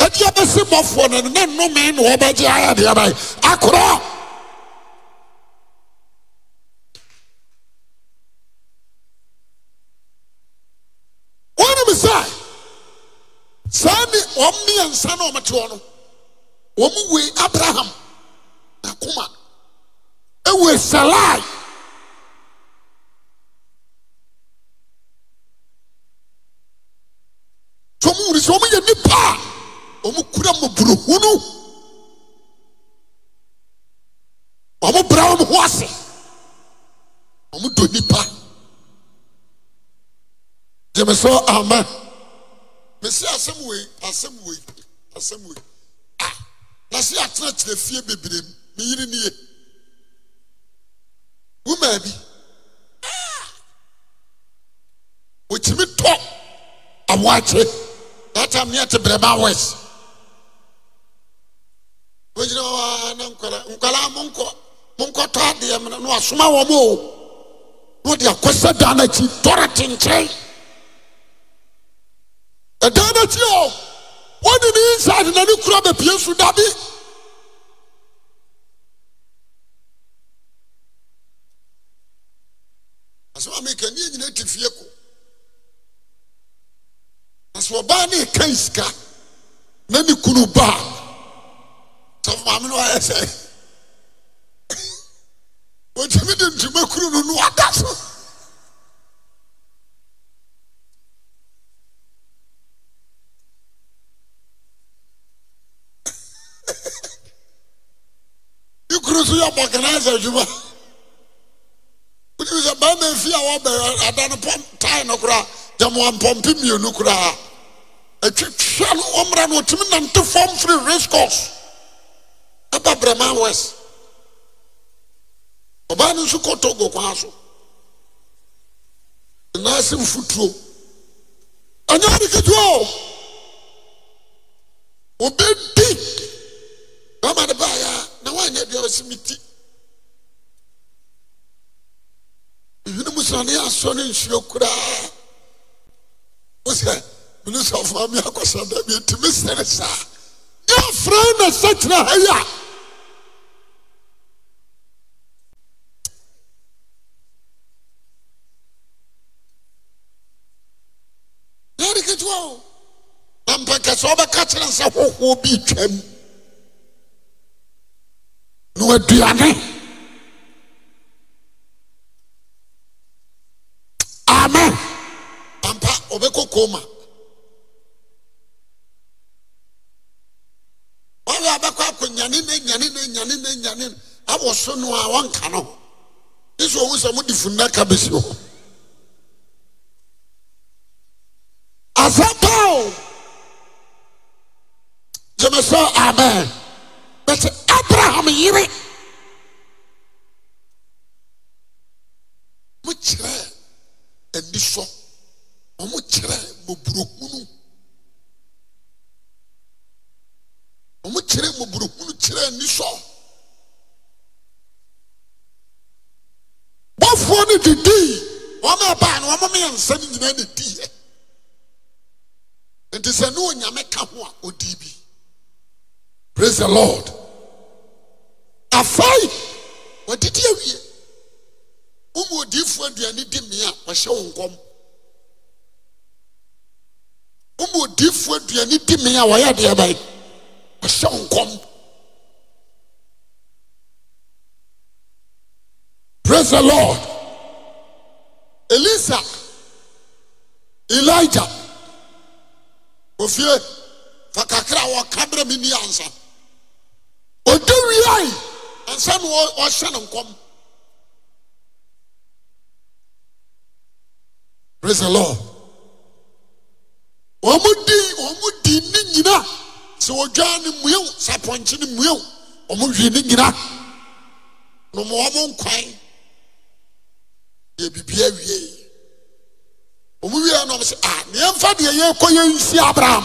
adi abɛsi mmɔfoɔ no ne nnome na wɔbɛgye ayɛdeɛ bae akorɔ wɔnom sɛ saa ne ɔmmeɛnsa na ɔmete hɔ no wɔm wee abraham nakoma ewe salai sɛ ɔmowuni sɛ ɔmoyɛ nnipa a ɔmokura mɔburohu nu wamobra wo mo ho ase ɔmodɔ nnipa gyeme sɛ ama mese asɛm wei asɛmwi aɛmei a ah, naso yɛatena kyerɛ fie bebreem meyiri nie womaabi ah! wɔkyimi tɔ awoakyɛ wɔta mmeɛ te brɛba wɛs wɔgyina hɔ na nkwala nkwala monkɔ monkɔtɔ adeɛ mena na wasoma wɔ o na wɔde akɔsɛ da no akyi tɔre tenkyerɛn ɛda no o wɔde ne inside na ne kura bɛpie so dade bi asɛm a meka ne nyina te fie ko na ɔbaa ne ɛka sika na ne kunu baa a sɛfomaame no ayɛ sɛ ɔtumi de ntuma kunu no no wada so ne kunu so yɛ bɔkanaasa adwuma wotim sɛ bɛma fi a wɔbɛ ada no pɔm tae no koraa gyama wampɔmpe mmienu koraa atwitwwa no ɔmmra na ɔtumi nante fom sro riscors aba bramaawes ɔbaa ne nso kɔtɔ gɔ koa so nenaasɛmfotuo anyɛ arekaduo wobɛdi bɛma de baayaa na woanyɛ duawɔsɛ meti hinemu sane ɛasɔ ne nhyire koraa wo sɛ ne sɛoaeakɔsadaa antimesere saa ɛfrao na sɛkyerɛ ha a ndekeki waho ampakɛsɛ obɛka kyerɛ sɛ hohoɔ bi twam na aduane aa ampa ɔbɛkɔkɔ ma anyane n'anyane n'anyane awɔ so no a wɔnka no ho ne sɛ ɔhu sɛ mode funna ka bɛsi hɔ asɛmpa o gyeme sɛ amen bɛsɛ abraham yere ni sɔ bɔfuɔ no didii ɔna abaa no ɔmɔmayɛnsa ne nyinaa na diɛ nti sɛ ne ɔnyame ka ho a ɔdii bi pras lord afai ɔdidi awie womɔɔdiyifoa aduane dime a wɔhyɛ wo nkɔm womɔɔdiyifoa aduane dime a wɔyɛ deɛbae ɔhyɛ wo nkɔm elisa eligja ofie fa kakra a wɔka brɛ mini ansa ɔde wiae ansa ne ɔhyɛ ne nkɔm pras a lord ɔ mo di nne nyina sɛ wɔdwaa ne mmueo sɛ pɔnkye ne mmue ɔmo wii ne nyina nomo ɔ mo nkwan dɛ bibia wiei ɔmu wiea nɔm sɛ a ah, neɔmfa deɛ yɛ kɔ yɛ nsi abraham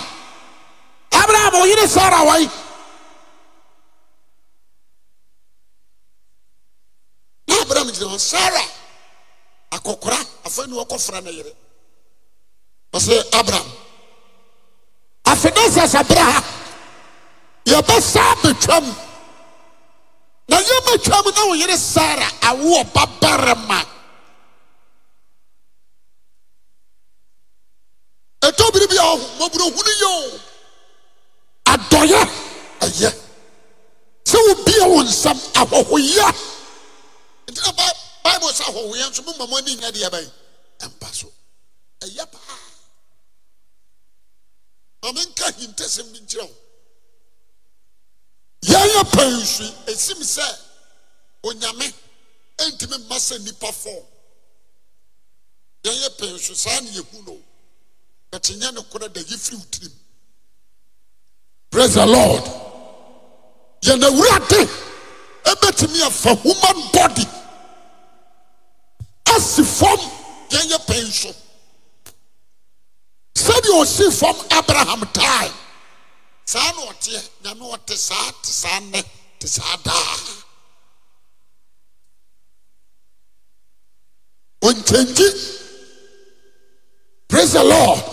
abraham wo yere sara wae ne abraham gyenɛ hɔ sara akɔkora afa ni wɔkɔfra ne yere ɔ sɛ abraham afe ne sɛ asɛberɛ ha yɛbɛsaa batwa m na yɛ matwa mu na wo yere sara awoɔ babarama ɛtɔ obi rɛ bia hɔho maburohuno yɛ o adɔyɛ ɛyɛ sɛ wobie wo nsɛm ahɔhoyɛ nti na bible sɛ ahɔhoeɛ nso moma moani nyɛ deɛ bɛn ɛmpa so ɛyɛ paa ma menka ahinta sɛm ni nkyirɛ ho yɛyɛ pɛ nsu asim sɛ onyame entimi mma sa nnipa fa yɛyɛ pɛ nsu saa ne yɛhu noo praise the lord yɛnawurade ɛbɛtumi afa human body asi fam yɛnyɛ pɛn so sɛdeɛ ɔsi from abraham tae saa na ɔteɛ nyame ɔte saa te saa nnɛ praise the lord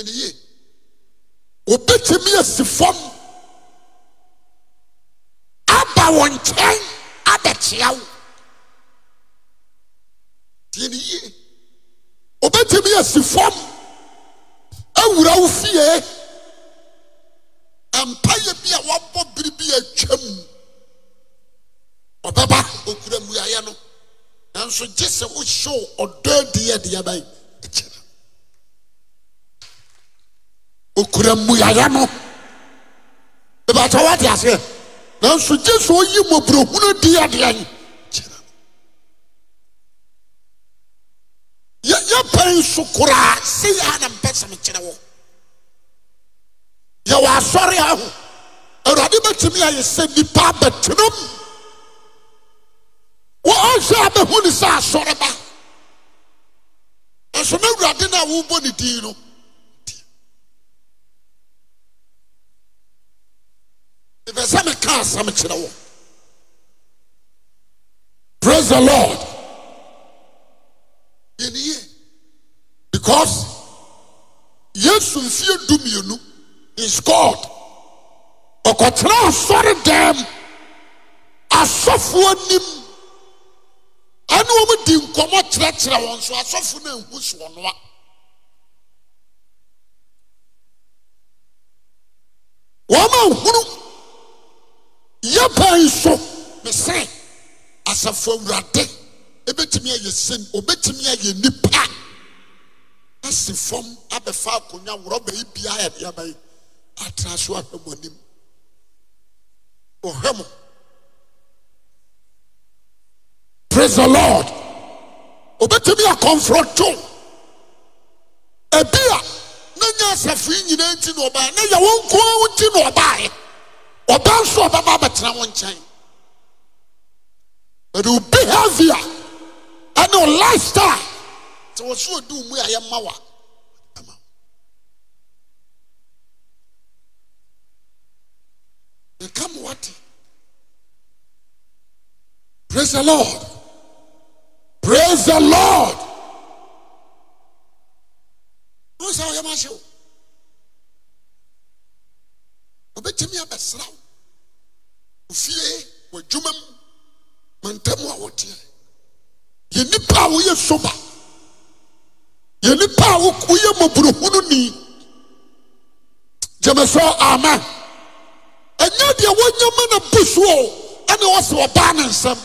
ene yie obɛkɛmi asifam aba wɔ nkyɛn adɛkyea wo diɛne yie ɔbɛkyɛmi asi fam awura wo fie ampayɛ bi a wobɔ birebi atwam ɔbɛba ɔkura muayɛ no nanso gye sɛ wo hyɛw ɔdɔa deɛ deɛbae akyɛ ɔkura mmuyayɛ no ɛbɛata woade aseɛ nanso gye su ɔyi mɔ burohuno di adeɛe kɛ yɛpɛi so koraa sɛ yɛanampɛsɛm kyerɛ wɔ yɛwɔ asɔre a ho awurade bɛtumi ayɛ sɛ nnipa a bɛteram wɔɔsɛ abɛhuni sɛ asɔre ba so ne awurade no a wombɔ ne dii no ɛfɛ sɛ meka asɛm kyerɛ wo praise the lord yɛniyie because yesu mfie dumienu is god ɔkɔkyerɛ asɔre dɛm asɔfoɔ anim ɛne wɔm di nkɔmmɔ kyerɛkyerɛ wɔn so asɔfo no one soɔnoa wɔma pai so ne sɛ asafo awurade ɛbɛtumi ayɛ sɛn ɔbɛtumi ayɛ nnipa asifam abɛfa akonnwa worɔbaɛ biaa abiaba yi atra so ahwɛ mɔnim ɔhwɛ m prais e lord ɔbɛtumi akɔmforɔtwo abi a ne nyɛ asafoyi nyinaa nti ne ɔbaeɛ ne yɛ wɔnkoawo nti no ɔbaɛ ɔbɛn so ɔbɛba abɛtena wɔn nkyɛn but wo behavior ɛne wo lifestyle sɛ wɔ so ɔdu mu a yɛma wa ama yɛka ma wate praise the lord praise the lord wo sɛ wɔbɛgyumi abɛsra wo ofie wadwuma m mantamo a wɔdeɛ yɛn nnipa a woyɛ so ba yɛn nnipa a woyɛ mɔburuhu no ni gyama sɛ ama ɔnyɛ deɛ wonyama na bu soo ane wɔsɛ ɔbaa ne nsɛm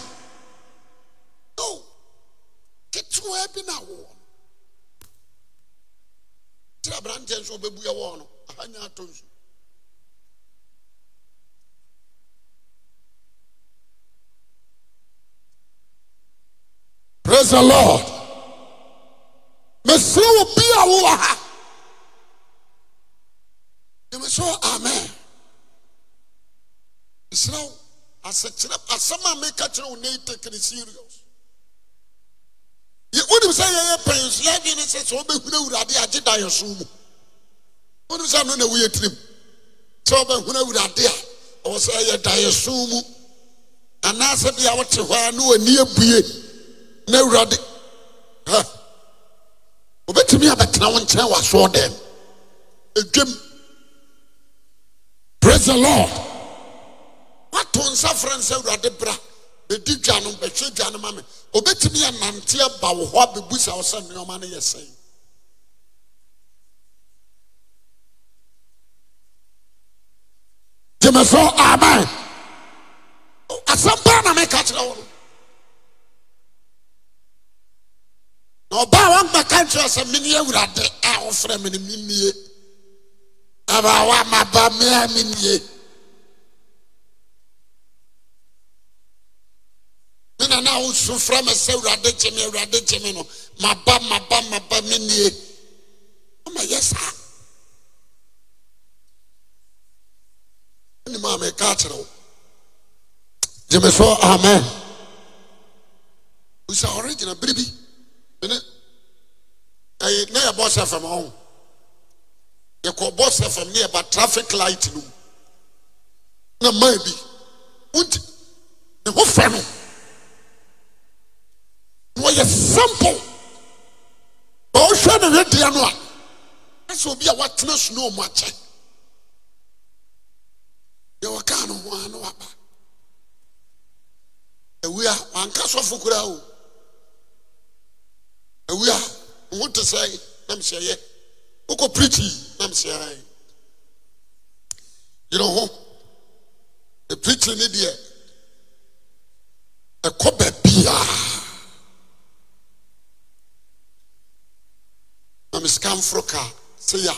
o ketewa bi no awoɔ tyirɛ abrantɛ so wɔbɛbua wɔ no ahanya ato so Praise the Lord. Mesrɛ wɔ bi a wowɔ ha. Mesrɛ amen. Mesrɛ wo asɛkyerɛ asɛm a meka kyerɛ wo na take ne serious. Wonim sɛ yɛyɛ pɛn so yɛadwene sɛ sɛ wobɛhunu awurade agye da yɛ so mu. Wonim sɛ no na woyɛ tirim. Sɛ wobɛhunu awurade a ɔwɔ sɛ yɛ da yɛ so mu. Anaasɛ bia wote hɔ a na w'ani abue. na awurade obɛtumi a bɛtena wo nkyɛn wasoɔ da no d pras e lord waato nsafra ne sɛ awurade bera bɛdi wanobɛhwɛ dwanomame ɔbɛtumi ananteɛ ba wo hɔ abɛbusa wo sɛnneɔma no yɛ sɛe gemasɛ aba asɛm bara na meɛka kyerɛ wo no nɔbaa wama kankiɔ sɛ meneɛ awurade awofrɛ me ne mennie abawaa maba mea mennie menana wosofrɛ mɛsɛ awurade kimeaawurade kyeme no maba maba maba mennie ɔmayɛ saa anima mekaa kyerɛ wo gyeme sɔ ame wosa hɔre gyina berɛbi in nɛ yɛbɔsɛ fam ɔh yɛkɔ ɔbɔsɛ fam ne yɛba traffic light no mu na maa bi wonti ne ho fɛ no na ɔyɛ sample ɛ wohwɛ ne wɛdiɛ no a ɛsɛ obia woatena snoo mu akyɛ yɛwɔ ka no ho a na waba awua anka so fo koraa o awua ho te sɛe na mehyeɛeɛ wokɔ priti na meseɛɛɛ yene ho epriti no deɛ ɛkɔ baabiaa na mesika mforo ka sɛ yɛa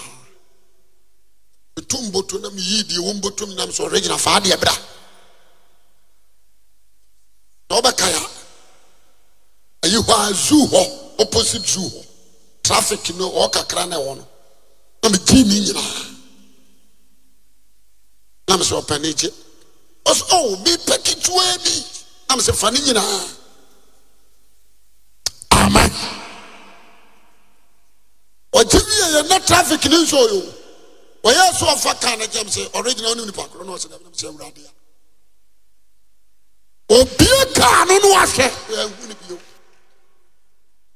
metomboto na meyie deɛ wɔmbotom namsɛ ɔeregyina faa deɛ bra na wobɛkae a ayi hɔ azuo hɔ ɔpo sɛbso hɔ trafik no ɔɔkakra ne wɔ no na meginne nyinaa na me sɛ ɔpane gye ɔs oh, mepɛke teaa bi na mesɛ fa ne nyinaa ama ɔgemiyɛ yɛna trafik ne nsɔ ɔyɛ ɔyɛɛ sɛɔfa ka naya m sɛ ɔreginao nomnipakɔ na ɔsɛdana msɛ awuradea ɔbia kaa ne ne wasɛ yɛhu ne bi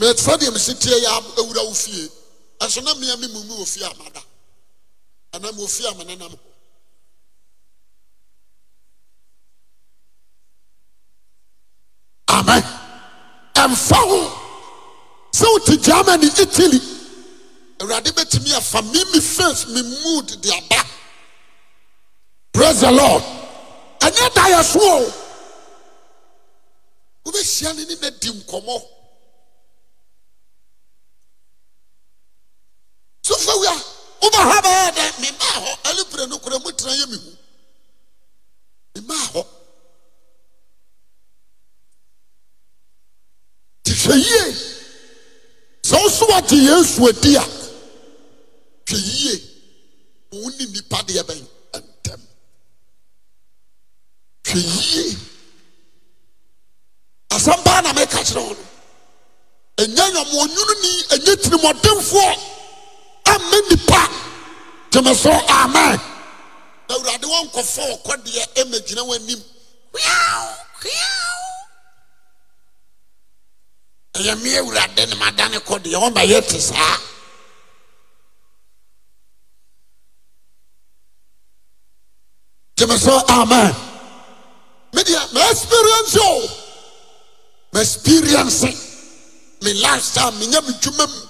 na ɛtufa deɛ mesi tie yɛ awura wo fie na mmea mi mu mu wɔ amada anam wɔ fie ama nenam hɔ amen ɛmfa ho sɛ wote germany italy awurade bɛtumi afa me me face mi mood de aba praise the lord ɛnyɛ da yɛ so o wobɛhyia ne ne na di nkɔmmɔ fawia woma ha bɛyɛɛ dɛn memmaa hɔ aliprɛ no koraa motera yɛ mihu memaa hɔ nti hwɛ yie sɛ wosowɔte yɛ suadia hwɛ yie wone nnipa deɛ bɛ nam hwɛ yie asɛmpa na meka kyerɛ ho no ɛnyɛ wamoɔnwonuni ɛnyɛ tirimɔdenfoɔ ama nnipa gyeme so amen na awurade wɔnkɔfa ɔkɔdeɛ ɛmɛgyina w'anim ɛyɛ me awurade ne madane kɔdeɛ wɔma yɛ te saa gyeme so amen medeɛ ma experience o ma experience me lifestyle menyɛ me dwuma mu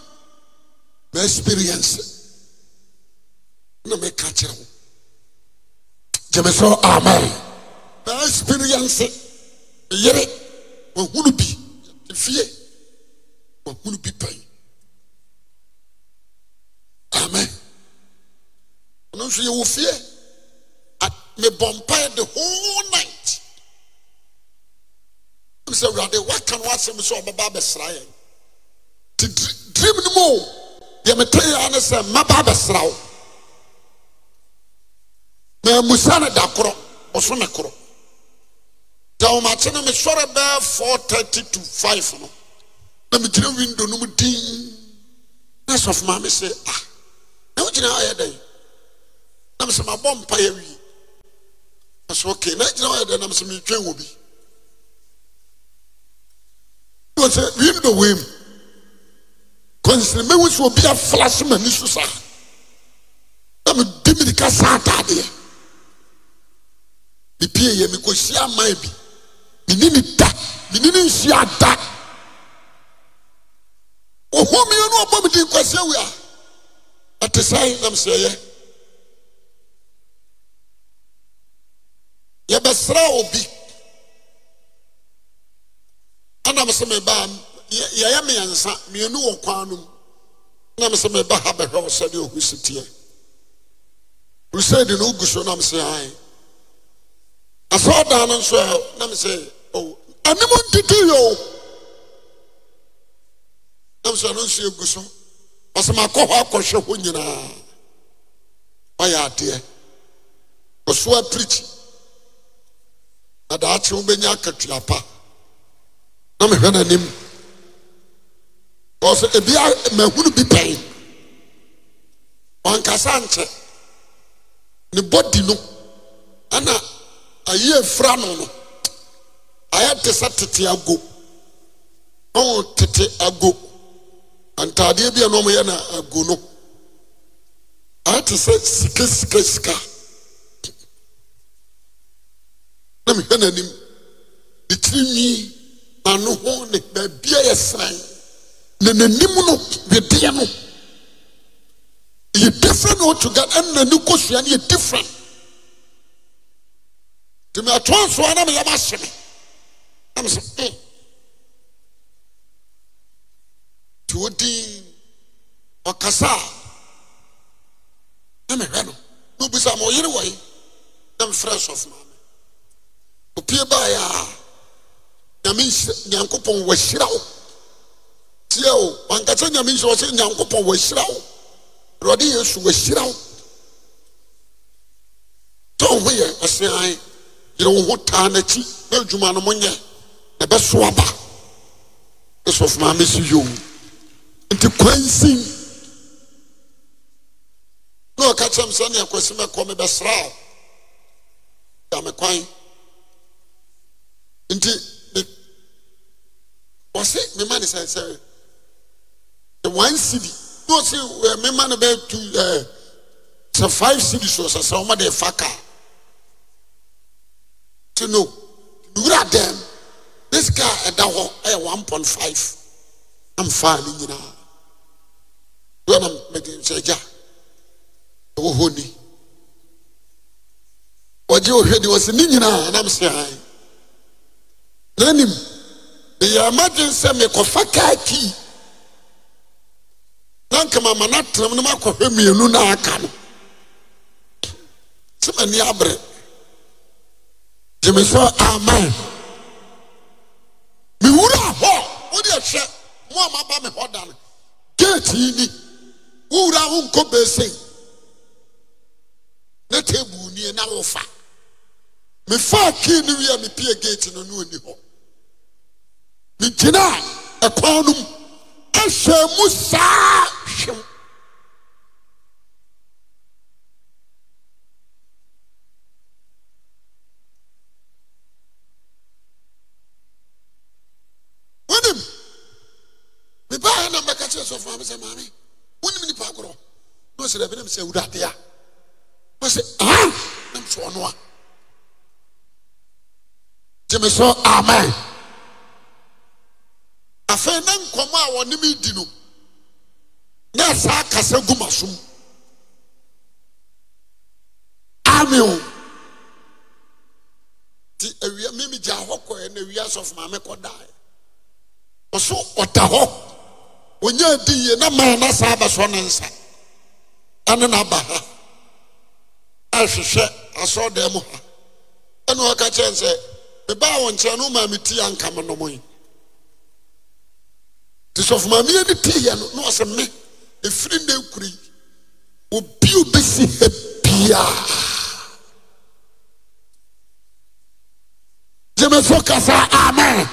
mea eksperiense na meka kyerɛ wo gyemesrɛ ame mea esperiɛnse yere hunu bi fie ahunu bi pɛ amɛ ɔno s yɛwɔfie mebɔnpaa de hoe night msɛ wrade waakan wasɛm sɛ ɔbɛbaabɛsra yɛ te drimnom o yɛ metɛ yɛa ne sɛ mabaa bɛsra wo na musa ne da korɔ wɔso ne korɔ dɛ womakye ne mesɔre bɛɛ fo ti0y to 5ive no na megyina windo no mu din na ɛsɔfomaa me se a ah, na wogyina ɔyɛ dan na mesɛ maabɔ mpayɛ wie ɛs ok na agyina ɔyɛ dɛn na mesɛ medwan wɔ bi sɛ windo wei m nsn mawusɛ obi afla se ma niso saa na medimidika saa taadeɛ mepieyɛ mekasia amaa bi mennine da mennine nsua ada ohomia no ɔbɔ medenkaseɛwe a ɛte sɛe namsɛyɛ yɛbɛsrɛ obi anamsɛmebaam yɛyɛ mmiɛnsa mmienu wɔ kwan no mu nam sɛ meba ha bɛhwɛ wo sɛdeɛ ɔhu si teɛ crusade no so nam sɛ ae asɔɔdan no nso na nam sɛ anim oh, ntiti yɛ o nam sɛ no nso so ɔsɛ hɔ akɔhwɛ hɔ nyinaa ɔyɛ adeɛ ɔsoa sbiaa maahunu bi pɛn wɔankasa nkyɛ ne bɔ di no na ayie frama no ayɛ te sɛ tete ago nao tete ago antaadeɛ bi a no ɔma yɛ na ago no ayɛ te sɛ sikasikasika ne mhwɛ nanim ne tiri wi na no ho ne baabia yɛ sane na nanim no wedeɛ no yɛ differɛn ɔtwu ga mna no kɔsua no yɛ differen nti meatoa nsoa na meyɛmaahye me na meɛ eh. nti odin ɔkasaa ne mehwɛ no ne obisa moɔyere wɔe na mefris of ma me opie baɛ a ne nyankopɔn waahyira wo tiɛo ankasa nyame ho wɔ sɛ nyankopɔn wɔahyira wo rɛ ɔde yɛsu w'ahyira w tɔnho yɛ ɔsea yere wo ho taa naki ne adwuma no mo nyɛ ne bɛso aba nɛ sɔfomaa mɛso yo nti kwansim ne ɔka kyɛ m sɛneakwasimɛkɔ mebɛsrɛa ya me kwan nti ɔse mema ne sɛ sɛ ane sibi nɔ se mema no bɛ sɛ 5iv cidi so ɔsɛsɛ womade fa kaa nti no imiwura adan nɛsika ɛda hɔ ayɛ 1pin 5 namfaa ne nyinaa naɛ gya wɔ hɔ ni ɔgye wɔhwɛ de wɔsɛ ne nyinaa nam se a na nim meyɛ magen sɛ mekɔ fa kaa tii na nkama ma natram no makɔhwɛ mmianu no aka no nti mani aberɛ gyeme sɛ ama mewura a hɔ wodeɛ hwɛ mo amaba me hɔ da no gatiini wo wura honkɔ beasen ne ta buu nni na wofa mefaa kie nom yɛ mepie gate no no ani hɔ megyinaa ɛkwaw nom ɛsɛmu saa hwew wonim mebaɛnambaka kyeɛ sɛ faamesɛ maame wonim nipa gorɔ ne ɔsɛdɛbine me sɛ awudatea nesɛ ne mfɔɔnoa eme so ama afei na nkɔmɔ a wɔnem di no na ɛsaa kasa gu ma som ame o nti awia hɔ kɔɛ na awia sɔfo maame kɔdae ɔso ɔta hɔ onye adi yie na maa na saa na ne nsa ɛne na aba ha ahwehwɛ mu ha ɛne ɔka kyerɛ sɛ mebaa no te sɔfo ma meyɛ ne teeyɛ no ne ɔsɛ me ɔfirim nɛ nkurei ɔbi obɛsi ha bia gyemɛ sɛ kasaa amen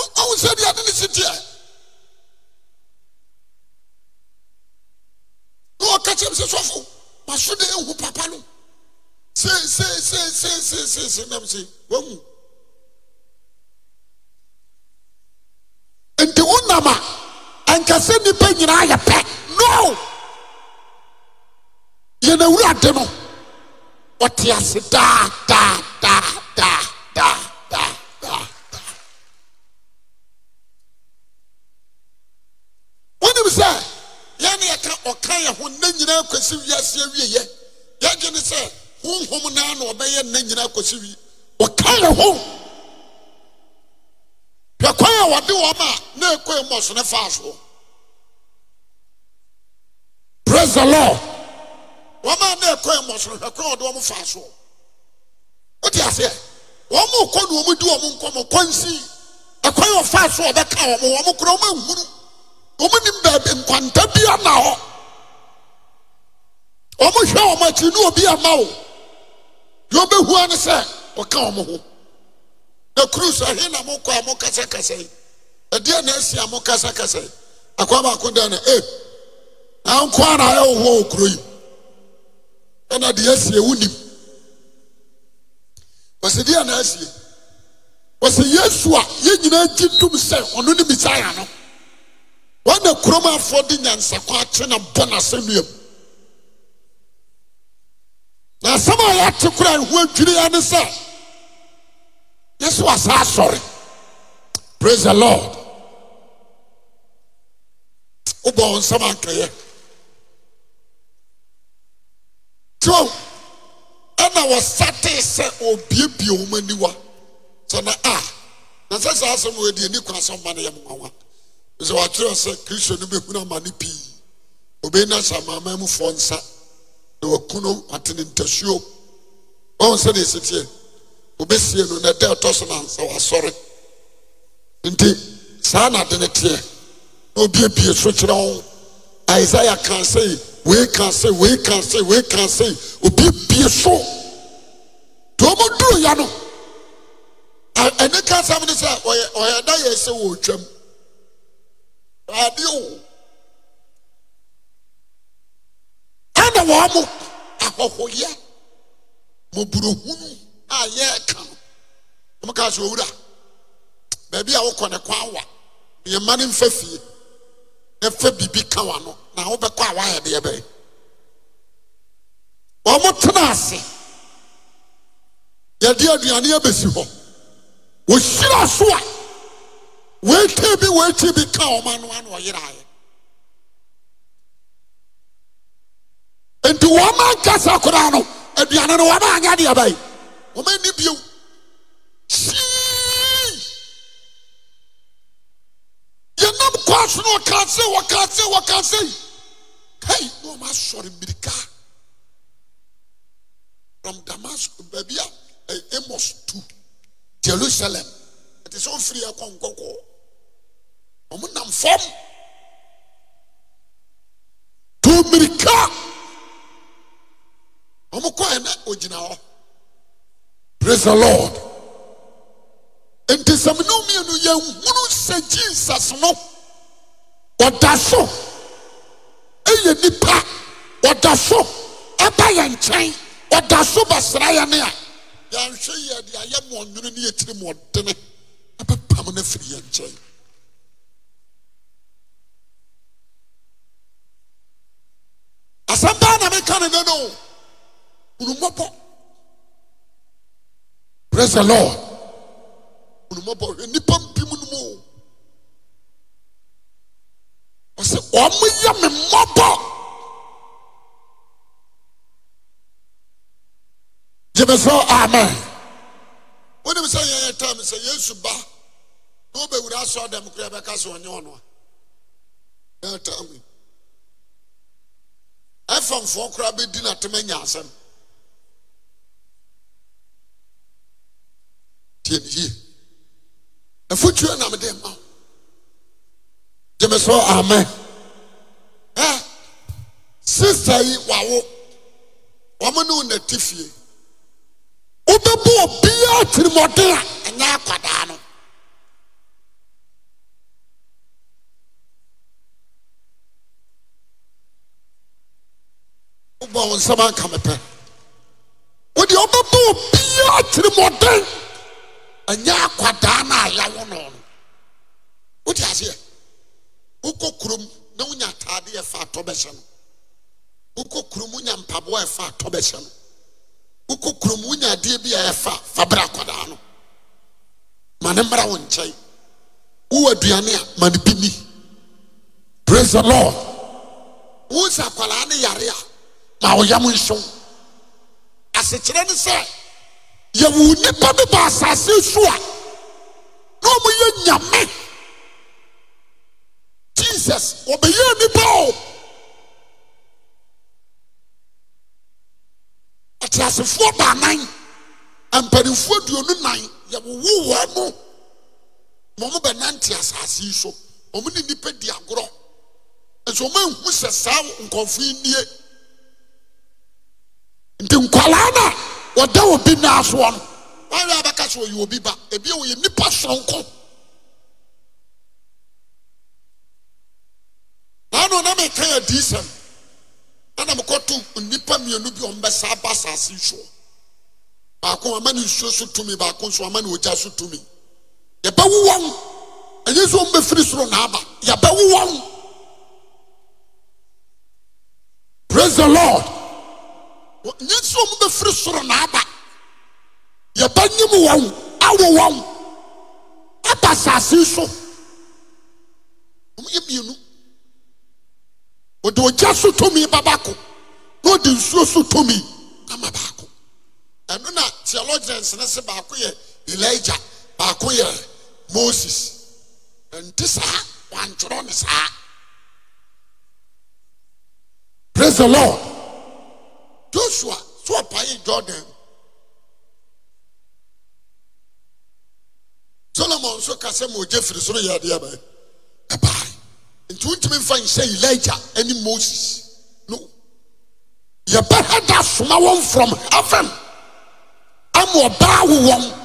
ɔɔ wo sɛdiane ne siteɛ ne ɔka kyɛm sɛ sɔfo maso de nhu papa lo seeee nam se wamu nti wonam a ɛnkɛ sɛ nnipa nyinaa yɛ pɛ no yɛnawurade no ɔte ase daadaaaaaaaa wonim sɛ yɛne yɛka ɔka yɛ ho nna nyinaa kɔsi wiase awieyɛ yɛgye ne sɛ honhom naa na ɔbɛyɛ nna nyinaa kɔsi wie ɔka yɛ ho hwɛ kwan a wɔde wɔm a na ɛkɔa mmɔsono faa soɔ presda la wɔm a na ɛkɔa mmɔsono hwɛkwan a wɔde ɔmo faa soɔ wɔtiasɛ wɔmɔkɔ de ɔmdi ɔ mo nkɔm ɔkwɔnsi ɔkwa a wɔfaa so wɔbɛka wɔm ɔmo kna ɔmhun ɔmnim baai nkwanta bi ama hɔ ɔmohwɛ wɔm akyir ne ɔbi ama wo deɛ ɔbɛhua no sɛ ɔka wɔ mo ho na kuru so ɛhe na mokɔ a kasakasa yi ɛdeɛ na esi e a kasakasa yi akwa baako dɛn na e na nko ara ɛwowɔ wɔ kuro yi ɛna deɛ asie wonim wɔsɛ deɛ na asie wɔsɛ yesu a yɛn nyinaa gye tom sɛ ɔno ne misaya no wɔna kurom afoɔ de nyansakɔ akye na bɔ n'asɛnnua mu na asɛm a yɛate kora ɛho adwiri ya ne sɛ yɛ sɛ wasaa asɔre pras he lord wobɔ wo nsɛm akaeɛ to ɛna wɔsatee sɛ obiabie wɔ maaniwa sɛna a ah, nasɛ saa asɛ m wɔde ani kwa sɛ ma ne yɛ m wawa misɛ wɔakyerɛɔ sɛ kristo no bɛhuno ama ne pii ɔbɛi na hɛ amaamaamu fɔ nsa na wakuno atene ntasuo ɛhɔ nsɛne ɛsɛteɛ wobɛsie no na dɛ ɔtɔ so non sɛ wasɔre nti saa nadene teɛ na obia bie so kyerɛ isaia kaa sɛi eika sei ika sei ikaa sei obi bie so dɔ ɔmɔduro yɛ no ɛne kaa sa m no sɛ ɔyɛ da yɛ sɛ wɔdwam adeo ana wɔmɔ ahɔhoya mɔburohunu ayɛɛ ka no ɔmɛka sɛ ɔwuraa baabi a wokɔ ne kwawa neyɛmmane mfa fie nɛ fɛ biribi ka wa no na wobɛkɔ a wayɛdeɛ bɛɛ ɔ motena ase yɛde aduane abɛsi hɔ wɔhyira so a wake bi wake bi ka ɔma no ana ɔyerɛayɛ enti wɔma nkasa kona no aduane no wɔnaanyɛ deɛ bɛe ɔmaani bio yɛnam kɔa so no ɔka sɛ kasei ka sɛi kai ne ɔmaasɔre mmirika from damasko baabia mos to jerusalem nti sɛ ɔfiriɛ kɔ nkɔgɔɔ ɔmonam fam tɔ mmirika ɔmokɔ ɛnɛ ɔgyinaɔ praise the lord nti sɛ mene mmienu yɛnhunu sɛ jesus no ɔda so ɛyɛ nipa ɔda so ɛba yɛn nkyɛn ɔda so bɛsra yɛ ne a yɛanhwɛ yɛ de ayɛ mɔnwene ne yɛtiri mɔdene ɛbɛpam no afiri yɛn nkyɛn asɛm baa na meka ne ne no hunumɔbɔ praise the lord olùmọ̀bọ̀ nípa mpim ni mu o ọ̀sẹ̀ ọmọ yẹ mi mọ̀bọ̀ jẹ́bẹ̀sọ amen wọ́n ní mi sẹ́ yẹn yẹn tẹ́ mi sẹ́ yẹn sùn bá ní o bẹ̀ wúlò asọ́ dẹ̀ mi kúrẹ́ bẹ́ẹ̀ ká sọ ọ́ ní yẹn tẹ́ mi ẹ̀fọ̀nfọ̀ kúrẹ́ bẹ́ẹ̀ di nà tẹ́mẹ̀ nyà nieafotu namde maw em so amɛ sesa yi wawo wmone onati fie wobɛbɔɔ biara kyirimɔden a ɛnyɛ akɔdaa no wobɔo nsɛmanka meɛ wodeɛ wɔbɛbɔɔ biara kirimɔden ɛnyɛ akwadaa na a na no no wote aseɛ wokɔ kurom na wonya ataade ɛfa atɔ bɛhyɛ no wokɔ kurom wonya mpaboa ɛfa atɔ bɛhyɛ no wokɔ kurom wonya adeɛ bi a ɛfa fa bra akwadaa no ma ne mmra wo nkyɛn wowɔ aduane a ma ne bi ni praise the lord wo sɛ akwadaa ne yare a ma wo yam nhyɛw asekyerɛ ne sɛ yɛwo nnipa no ba asase so a ne ɔmoyɛ nyame jesus wɔbɛyɛ onipa o ateasefoɔ baanan amparemfoɔ aduonu nan yɛwowowaa no na ɔmobɛnannte asase yi so ɔmo ne nnipa di agorɔ nso ɔmaahu sɛ saa nkɔɔfo i nnie nti nkwalaa noa ɔda wobi naasoɔn wwɛ a bɛka so ɔyɛwɔbi ba ebia wɔyɛ nnipa soronko naano na mekan adisɛ anamkɔto nnipa mmiano bia ɔmbɛsaa ba asaase howɔ baako amane suo so tomi baako so amane ɔgya so tomi yɛbɛ wo wɔn ayɛ sɛ ɔmbɛfiri soro nna aba yɛbɛwo wɔn pras he lord nye nyɛnsi wɔn firi soro n'aba yɛbɛnyim wɔn awo wɔn aba asase so wɔn yɛ mmienu wɔde ogya so tomi ba baako na wɔde nsuo so tomi ama baako ɛno na theologians ne se baako yɛ elijah baako yɛ moses nti saa wantwerɛ ne saa praise the lord. Joshua so apae Jordan. Solomon nso kasa ma ogye firi soro yɛ adeɛ abae ɛbae nti wontumi Elijah ɛne Moses no yɛbɛha da asoma wɔn from heaven ama ɔbaa wo wɔn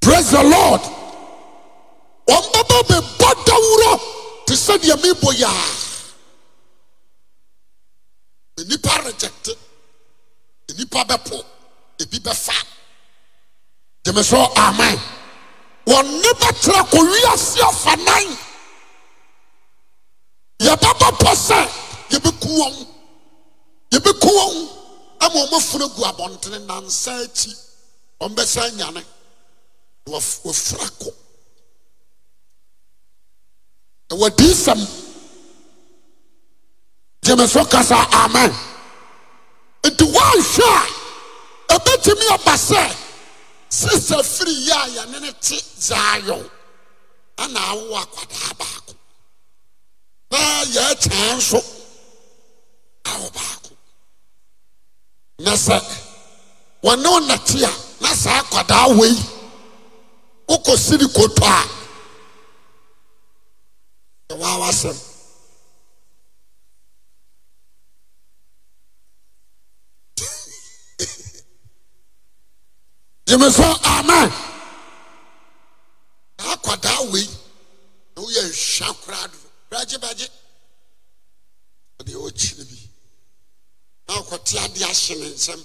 praise the Lord wɔn bɛbɛ bɛbɔ dawuro te sɛ deɛ mebɔ anipa reyekte nnipa bɛpo ɛbi bɛfa deme sɛ aman ɔnne bɛkyrɛ kɔwiase ɔfanan yɛbɔdɔpɔ sɛ ybɛk yɛbɛku wɔn maɔmafuragu abɔntene nansan akyi ɔmbɛsa nnyane wɔfirako ɛwadii e sɛm gyem so kasa amen nti woanhwɛ a ɔbɛkyimi aba sɛ sesafiriyi a yɛne ne te zaayɔn ana awoakwadaa baako na yaakyaa nso awɔ baako na sɛ wɔne wo nate a na saa kwadaa wa i wokɔsiri koto a yɛwɔawasɛm gyeme so ama saakɔdaa wei na woyɛ nhwa koradoo beragye bɛgye ɛdeɛ wokyine bi na akɔte ade ahyeme nsɛm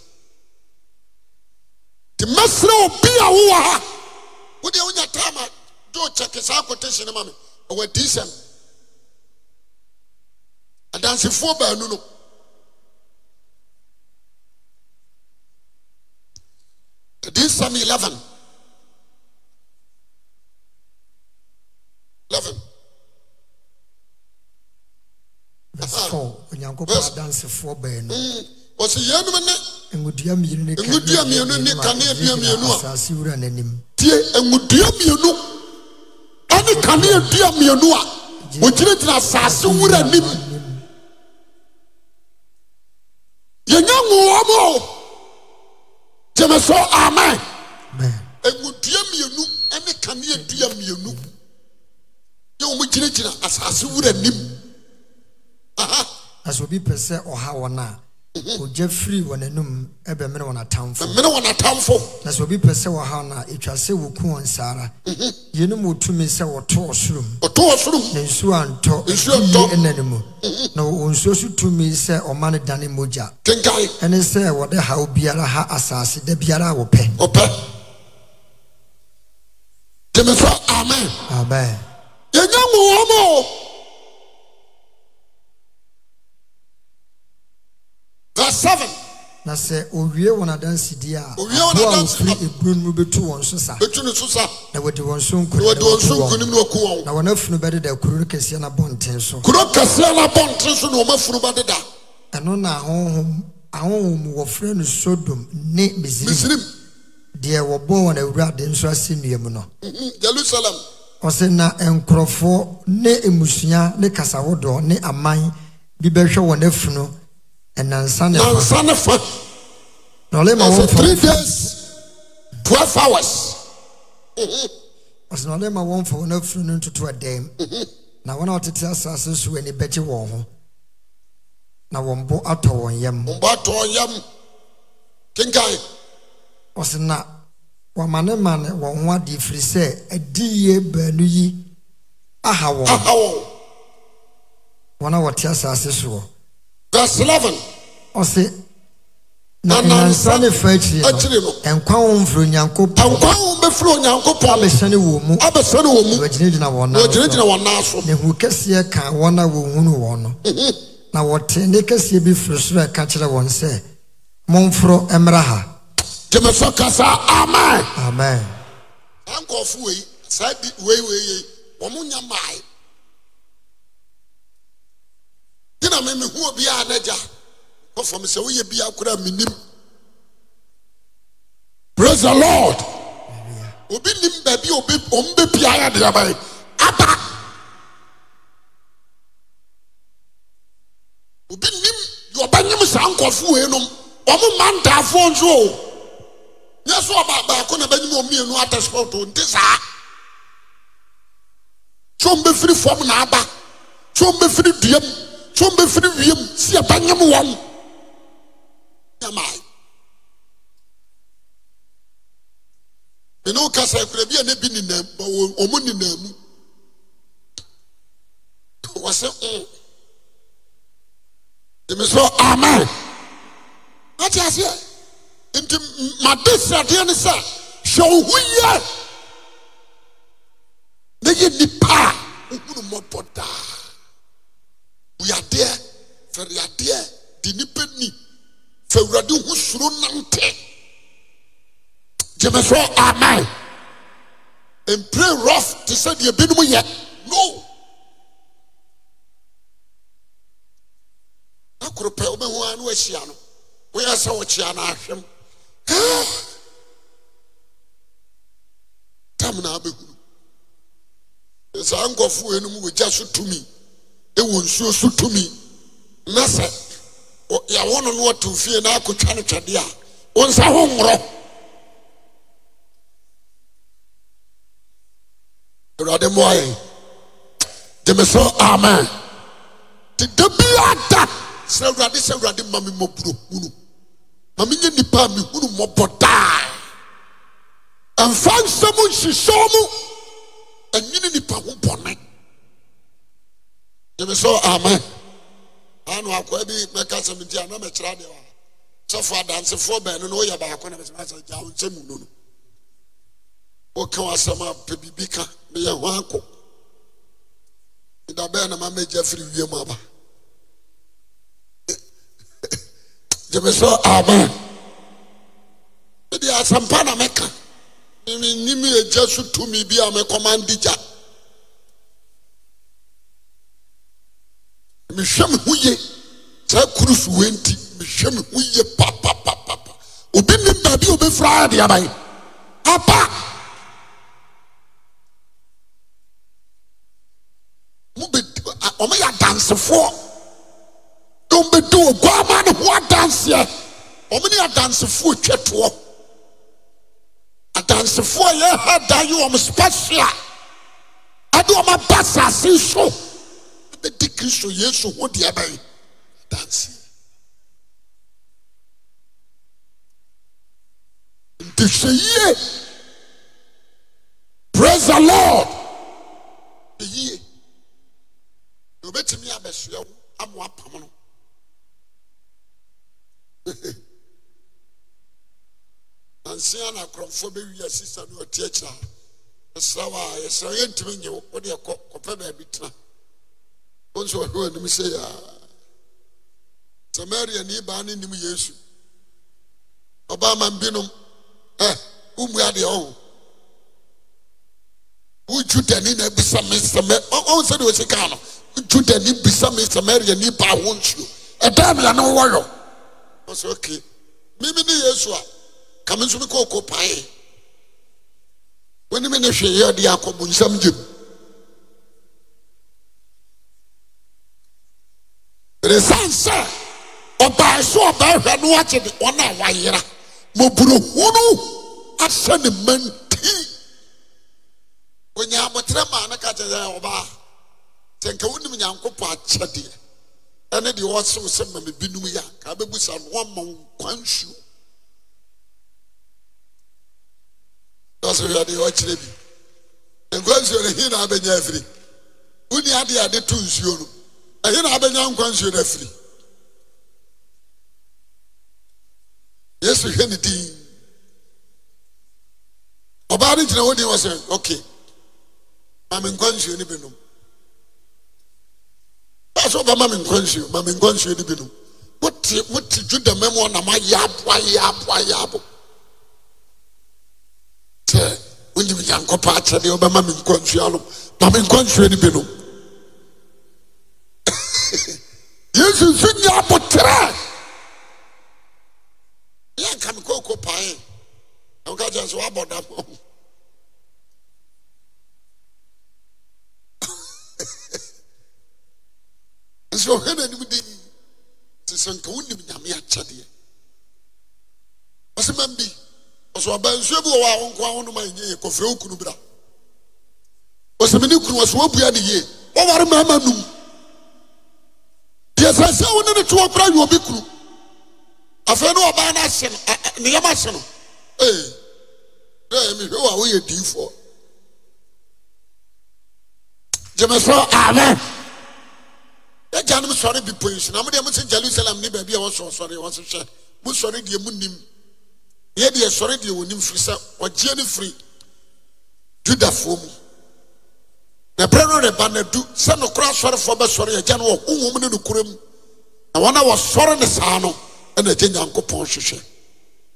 nti mɛsrɛ obi a wowɔ ha wode wonyatra ma dookyɛke saakɔte hye ne ma me ɔwɔadi sɛm adansefoɔ baanu no a nekaneaaminaɔkere tina sase nna kyeme so ama agudua mmianu ne ka neadua mmianu yɛ wo mɔkyinakyina asaase wura nim a sɛ obi pɛ sɛ ɔha wɔ n a Mm-hmm. ogya firi wɔn anim ɛbɛmene wɔn atamfo ɛmene wɔn atamfo na sɛ obi pɛ sɛ wɔ ha no a ɛtwa sɛ wɔku wɔn saa ara mm-hmm. yeinom wɔtumi sɛ wɔto ɔsoro mu ɔto ɔsoro mu na nsuo antɔ nsuo antɔ ɛna ne mu mm-hmm. na nsuo so tumi sɛ ɔma no dane mogya kenkan ɛne sɛ wɔde haw biara ha asase da biara a wɔpɛ ɔpɛ gyeme sɛ amen amen yɛnya nwowɔ ma o na sɛ owie wɔn adansedie abo a ɔfiri buru nmu bɛtu wɔn sosaɔdskna wɔnafunu bɛdeda kuro kɛseɛ nobɔnten sodda ɛno na ahonhom mu wɔfrɛ no sodom ne misrimsim deɛ wɔbɔ wɔnawurade nso asɛ nnuamu no mhm, ɔsɛ na nkurɔfoɔ ne mmusua ne kasawodɔɔ ne aman bi bɛhwɛ wɔnafunu nansa ne fa nansa ne fa na ɔlɛ ma wɔn fa three days twelve hours ɔsɛ na ɔlɛ ma wɔn fa wɔn afiri no ntutu ɛdɛm na wɔn a wɔtete asase so ani bɛgye wɔn ho na wɔn bo atɔ wɔn yam wɔn bo atɔ wɔn yam kinkan ɔsɛ na wɔma ne ma wɔn ho adi firi sɛ adi yie baanu yi aha wɔn aha wɔn wɔn a wɔte asase soɔ verse 11 ɔse na nansa ne fa akyiri no nkwa wo mfiri onyankopɔn nkwa wo bɛfiri onyankopɔn abɛhyɛne wɔ mu abɛhyɛne wɔ mu wɔgyinagyina wɔn nan wɔgyinagyina wɔn nan so ne hu kɛseɛ kaa wɔn a wɔhunu wɔn no na wɔte ne kɛseɛ bi firi soro ɛka kyerɛ wɔn sɛ momforo mmra ha gyeme kasa amen amen saa nkɔɔfo wei saa bi wei wei wei wɔn nyɛ maae nti na memehuɔ biaa nɛgya fɔfɔ me sɛ woyɛ bia koraa minnim press e lord obi nnim baabi ɔmbɛpia yɛdeabaye aba obi nim yɛ ɔbɛnyom saa nkɔfo ei nom ɔmomantaafoɔ nsoo yɛsɛ ɔbaabaako ne bɛnyim ɔmianu atɛ spɛto nti saa sɛ ɔmbɛfiri fɔm na aba sɛ ɔmbɛfiri duam tɛ bɛfini wiam siabanyam wan ɛma mene wokasafrabi a nebiɔmɔ ninaamu wɔ sɛ im sɛ aman akye aseɛ nti made sadeɛ ne sɛ hyɛ woho yɛ neyɛ nnipa a wohu no mɔbɔ daa boyadeɛ fɛreadeɛ de nnipa ni fa awurade ho suro nante gyeme so aman mpire rof te sɛ deɛ binom yɛ no na koro pɛ wobɛhu a ne wahyia no woyɛ sɛ kyi no ahwem ah. tam naa bɛhunu saa nkɔfo wei no mu wɔgya so tumi ɛwɔ suo so tumi na sɛ yawono no ɔatomfie naakɔtwa no twɛdeɛ a ɔnsa ho nworɔ awurade moaɛ de me sɛ ama te da biada srɛ awurade sɛ awurade ma me mɔborɔhunu mamenyɛ nnipa a mehunu mɔbɔ daa mfa nsɛm nhyisɛ mu ɛnyine nnipa ho bɔne emɛsɛ ama ana akoa di mɛka sɛmti anɛmɛkyerɛdeɛ sɛfo adansefoɔ ba no no woyɛ bɛakona ɛɛyawo ɛmu no no woke w asɛm a pɛbiribi ka meyɛ hɔ ako dabɛɛ na mamɛgya firi wia m aba dimesɛ ama ɛdi asɛmpa na mɛka mmnnim ɛgya sotomi bi a mɛkɔmandi gya mehwɛ m ho ye saa kuro sowa nti mehwɛ m ho ye paa obinom nade a obɛfraade abaye aba ɔmɛyɛ adansefoɔ dɛ ɔmbɛdo ɔ guama ne ho adanseɛ ɔmo ne yɛ adansefoɔ twɛtoɔ adansefoɔ yɛha da yɛ ɔmespase a ade ɔmaaba saase so bɛdi kristo yesu ho deɛ bɛyɛ dansi nti hwɛ praise the lord hwɛ yie obetumi abɛsoɛ wo ama apam no nansia na akorɔmfoɔ bɛwia sisa ɔte akyira ɛsra wo a yɛntumi nye wo wode ɛkɔ kɔpɛ baabi tena ouso ɔhwɛ ɔ anim sɛ yɛa samarianebaa no nim yesu ɔbaa man binom womuadeɛ ɔho wodwudane nabisame sm ɔh sɛdeɛ wɔsi kaa no wodwu dane bisame samaria nebaa ho nsuo ɛda a meɛ ne wwɔ yɔ ɔ sɛ ok mim ne yesu a kami nsom kɔɔko pae onim ne hweyɛ ɔdeɛ akɔbonsam gye m ɛ siane sɛ ɔbae so ɔbae hwɛ ne wakye de ɔna wɔayera mɔburohu no ahɛ ne manten onya bɔtrɛ maa ne ka kyayɛa ɔbaa tɛ nka wonim nyankopɔn akyɛ deɛ ɛne deɛ wɔsewo sɛ mame binom yɛ a nka bɛbusa no ama o nkwa nsuo ɔshwɛ deɛ ɔkyerɛ bi nkwa nsuo no hina abɛnya afiri wo nnia deɛ a de to nsuo no ɔyi na abɛnya nkwasuo no afiri yɛsu hwɛ ne din ɔbaa ne gyina wodin wɔ sɛ o mame nkwansuo ne binom bɛ sɛ wobɛma menkwasu mamenkwasu ne binom mote dwudamamɔnamoayabo ayab ayabo sɛ wonyim nyankɔpaa akyɛdeɛ wɔbɛma me nkwansuo alo mame nkwansuo ne binom yesu nso nya aboterɛ yɛ nkame kɔko paɛ awoka kye sɛ woabɔdah nsɛ ɔhɛ naanim di nti sɛ nka wonnim nyame akyɛdeɛ ɔsɛmam bi ɔsɛ ba nsua bi wɔwɔ a wo nk wonomaɛnyɛyɛ kɔfrɛ wokunu brɛ ɔsɛmne kunu wɔsɛ woabua ne yie wɔware maama nom sɛ sɛ wone no to wɔ prɛ awoɔbɛ kuro afɛi ne wɔbaa nh ne yɔma ahye no m ɛwa woyɛ diifoɔ gyemɛsɛ aman yɛgyanom sɔre bi poinhi na modeɛ moe jerusalem nne baabi a wɔsɔ sɔre wɔ se hwɛ mo sɔre deɛ munnim neyɛdeɛ sɔre deɛ wɔnnim firi sɛ ɔgyeɛ ne firi djudafoɔ mu na berɛ no reba nadu sɛ nokora asɔrefoɔ bɛsɔre agya no wɔho wom ne nokora mu na wɔn a wɔsɔre ne saa no ɛna agya nyankopɔn hwehwɛ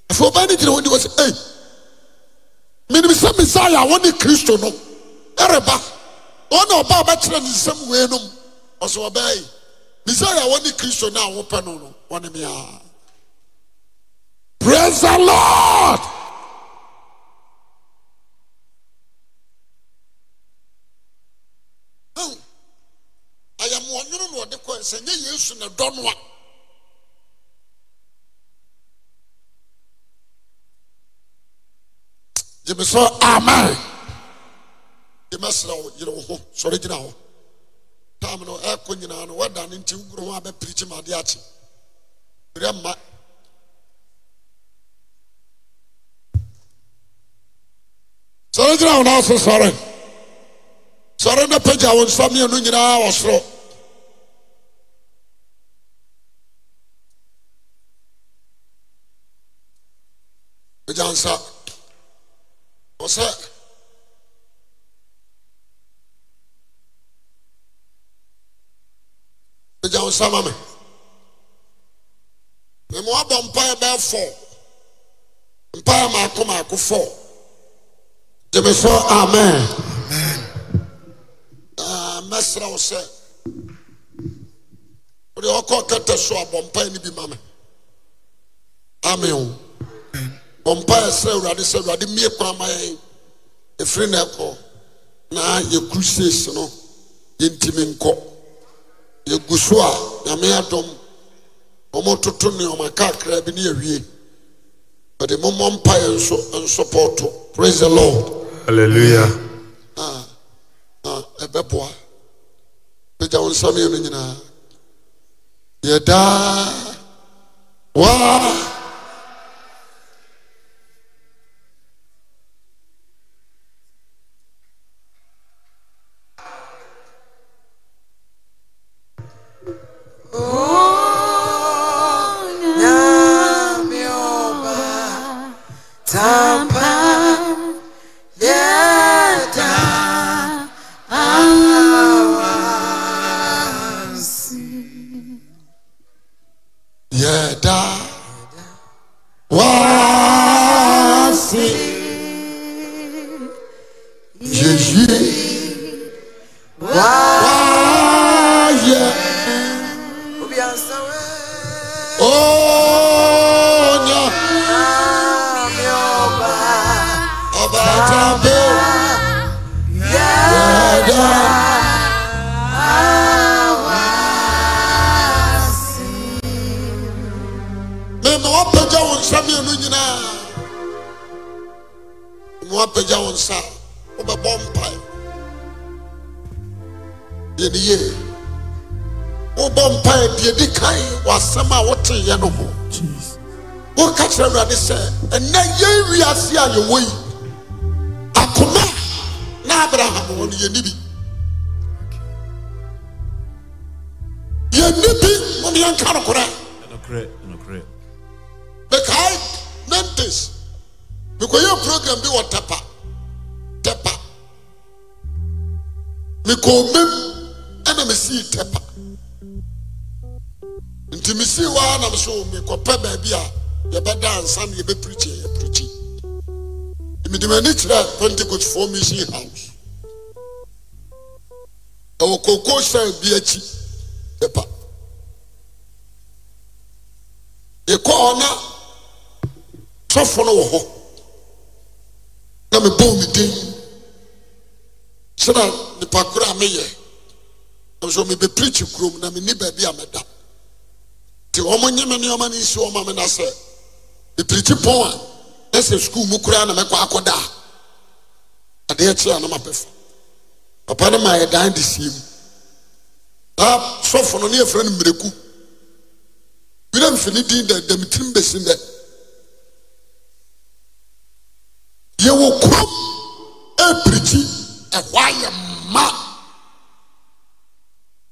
afei ɔbaa no gyina hɔ ni wɔ sɛ ei menim sɛ mesaia wɔne kristo no ɛreba wɔne ɔbaa bɛkyerɛ ne nsɛm wei nom ɔsɛ ɔbaa yi mesaia wɔne kristo no a wopɛ no no wɔne me a praise the lord yɛmɔwono no ɔde kɔɛ sɛnyɛ yesu ne dɔ no a dyemesɛ amen demɛsrɛ wo yerewo ho sɔre gyina hɔ tam no ɛkɔ nyinaa no wɔda ne nti wkuro ho a bɛpirikyimaade akye birɛ ma sɔre gyina hona aaso sɔre n sɔre nɛ pɛgya wo nsammea no nyinaa wɔ soro as ɔsɛ ʋdzamsá mamɛ mʋwabɔmpáɛ bɛɛfɔ mpayɛ maakʋmaakʋfɔɔ demɩsɔ amɛ mɛsrɛ wʋsɛ ʋde ɔkɔ ɔkátɛ sʋ abɔŋpáɛ nebi ma mɛ amɛ ɔmpa ɛserɛ awurade sɛ awurade mmie kwaa ma yɛn ɛfiri nɛ ɛkɔ na yɛgru see s no yɛntimi nkɔ yɛgu so a nyamea adom ɔmɔtoto ne ɔmakaakraa bi ne yɛwie bɔd momɔ mpayɛ nso pɔ to prais e lord aeluya ɛbɛboa bɛgya wo nsamɛ no nyinaa yɛdaa waa kurom na menni baabi a meda nti ɔmonye me nneɔma no nsi ɔma me na sɛ mepirikyi pɔn a na sukuu mu koraa na mɛkɔ akɔda a adeɛ kyerɛ a na mapɛfa papa no maayɛ dan de sie mu na sɔfo no ne yɛfrɛ no mmirɛku wira mfini din dɛ dɛmtirim bɛsi dɛ yɛwɔ kurom apirikyi e ɛhɔ e ayɛ ma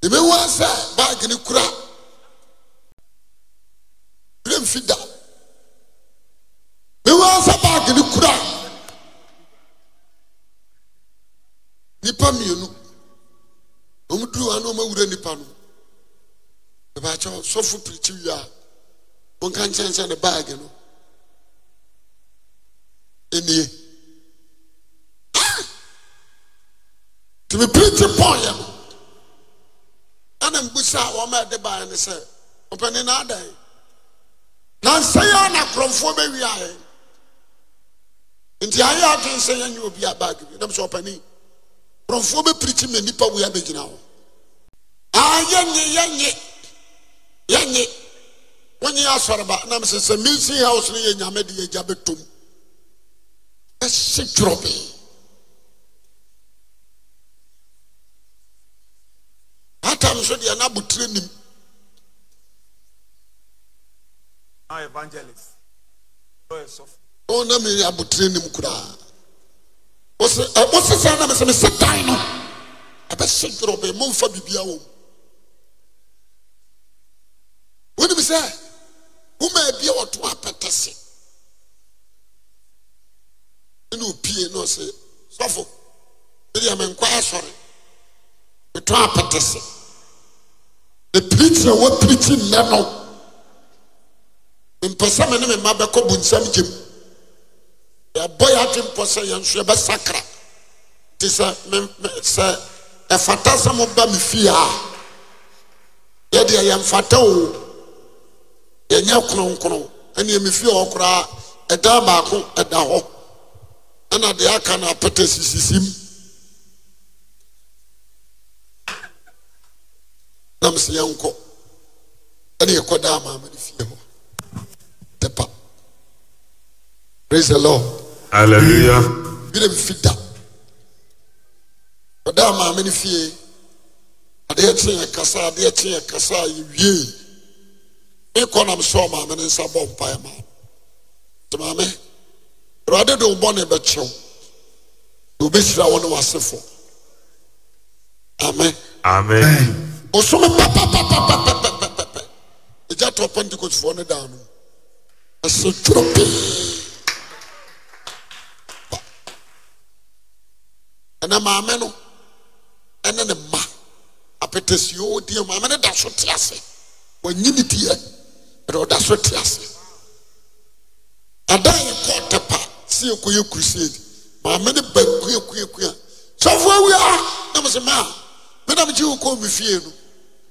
de mɛwaa sɛ bag ne kura berɛ mfida mɛwua sɛ bag ne kura nipa mie no ɔm duruaa ne ɔmawura nnipa no ɛbɛakyɛw sɔfo pirikyi wiea wɔnka kyɛnhyɛ ne bag no nni ti mepirike pɔneɛ no ɛnembu sa a wɔma ɛde ba ɛ ne sɛ ɔpani naadan na nsɛ eɛ ana krɔmfoɔ bɛwiea yɛ nti ayɛ ade sɛ yɛanyɛ obi abage bi na m sɛ ɔpani krɔmfoɔ bɛpirikyi me nnipa woa bɛgyina hɔ a yɛnye yɛnye yɛnye wonyeɛasɔreba name sɛ sɛ mirsing house no yɛ nyame de yɛgya bɛtɔm ɛhe tworɛ bee sɔdeɛ ne abotra ni ɔna meɛ abotra nnim koraa osesa na m sɛ mesedan no ɔbɛhe dworɛ be mɛ mfa bibia wɔ m wonim sɛ womaabia ɔton apɛtɛse neɔpie ne ɔse sɔfo mediɛ menkwaa sɔre otɔn apɛtɛ se nɛ pritena wɔ pri te nnɛ no mmpɛ sɛme ne mema bɛkɔ bu nsam gye m yɛbɔ yɛatempɔ sɛ yɛnso yɛbɛsakra nti sɛ ɛfata sɛ m ba me fie a yɛdeɛ yɛ mfata o yɛnyɛ knonknon neɛ mefie hɔ koraa ɛdan baako ɛda hɔ na de aka na apɛtɛ sisisi m nam s yɛnkɔ neyɛkɔda a maamen fie hɔ epa pras e loraa wirɛmfida ɔda a maame ne fie adeɛɛkye ɛkasa adeɛɛke ɛkasaa wiee mekɔ nam sɛɔmaamene nsɛ bɔ mpamaa ntmaame awurade doobɔne bɛkyɛwo ɛɔbɛhira wone wasefo ame ɔsom pɛpɛɛ agya tɔ pentecosfoɔ ne da no ɛsɛ dworɔp ɛn maamɛ no ɛne ne ma apɛtasuo ɔo diɛ mamɛ ne da so te ase wanyine diɛ ɛneɔda so te ase adaa yɛkɔ ɔtapa sɛ yɛkɔ yɛ kuru sɛdi maamɛ ne bakuaak a sɛfoɔ wia nem somaa medamkye wokɔɔme fie no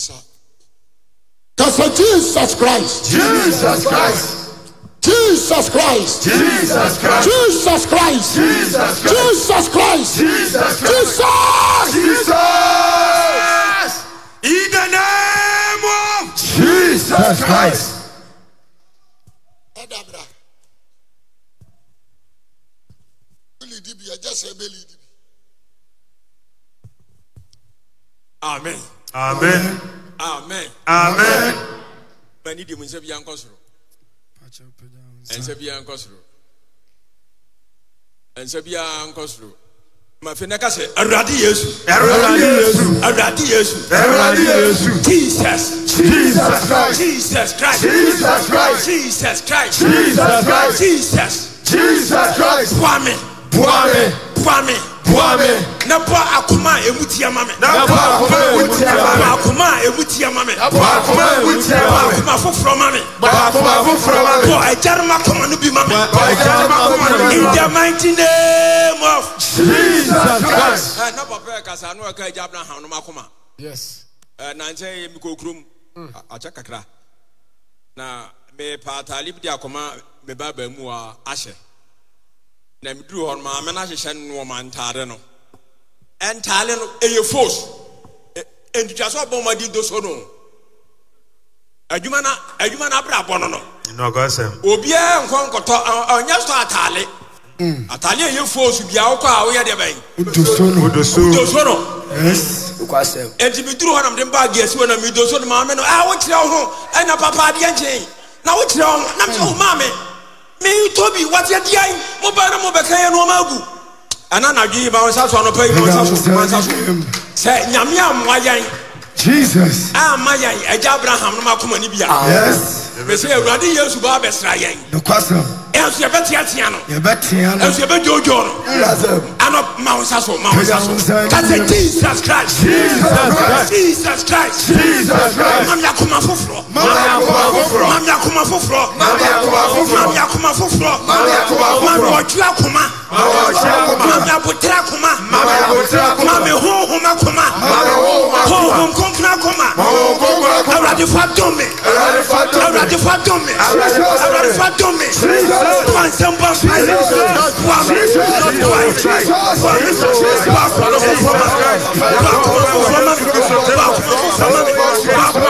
Just say Jesus Christ. Jesus Christ. Jesus Christ. Jesus Christ. Jesus Christ. Jesus Christ. Jesus Christ. Jesus. Jesus. In the name of Jesus Christ. Adabra. Amen. Amen. Amen. Amen. Amen. Amen. Amen. Amen. Amen. Amen. Ma biya nkɔ a Nse biya Jesus. Jesus Christ. Jesus Christ. Jesus Christ. Jesus Christ. Jesus Christ. Jesus. Jesus Christ. Boame. Boame. Boame. na bɔ akoma emu tia ma na bɔ akoma emu tia ma bɔ akoma emu tia ma bɔ akoma emu tia ma bɔ akoma foforɔ ma bɔ akoma foforɔ ma bɔ ɛjarima kɔma no bi bɔ ɛjarima kɔma no bi ma mɛ. in the mighty name of. jesus christ. ɛ eh, na papa kasa n'o yɛ ka ɛja bila hàn ɔnum akoma. yes. ɛ eh, nankyɛn ye mi ko mm. a kyɛ kakra na mɛ paataali bi di akoma mɛ ba bɛn mu wa ahyɛ na mi duru hɔ no maame na ahyehyɛ nneɛma ntaade no ntaale no ɛyɛ fos ntutwaso abɔnmɔden do so no adwuma na adwuma na abere abɔ no no. nnɔkɔsɛm. obiara nkɔ nkɔtɔ ɔnyɛ sɔ ataale. Mm. ataale ɛyɛ fos bia awokɔ a woyɛ deɛ bɛyi. odoso no odoso odoso no. yes. nnɔkɔsɛm. nti mi duru hɔ na mi de baagi esi hɔ na mi doso no maame no a ah, wokyerɛ ho ɛna papa adeɛ nkyɛn na wokyerɛ ho na mi sɛ o oh, mi tobi wɔte adiɛ yi mo ba na mo bɛka yɛ nneɛma agu. ɛna anadwo yi Jesus. Jesus. Jesus. no Jesus jesus christ jesus christ Mam mabunya butira kuma mame honhoma kuma honhom konkona kuma awurade fa dome awurade fa dome awurade fa dome bua nsɛm bɔ mpae bua bua bua bua akoma fofoma bua akoma fofoma bua akoma fofoma bua akoma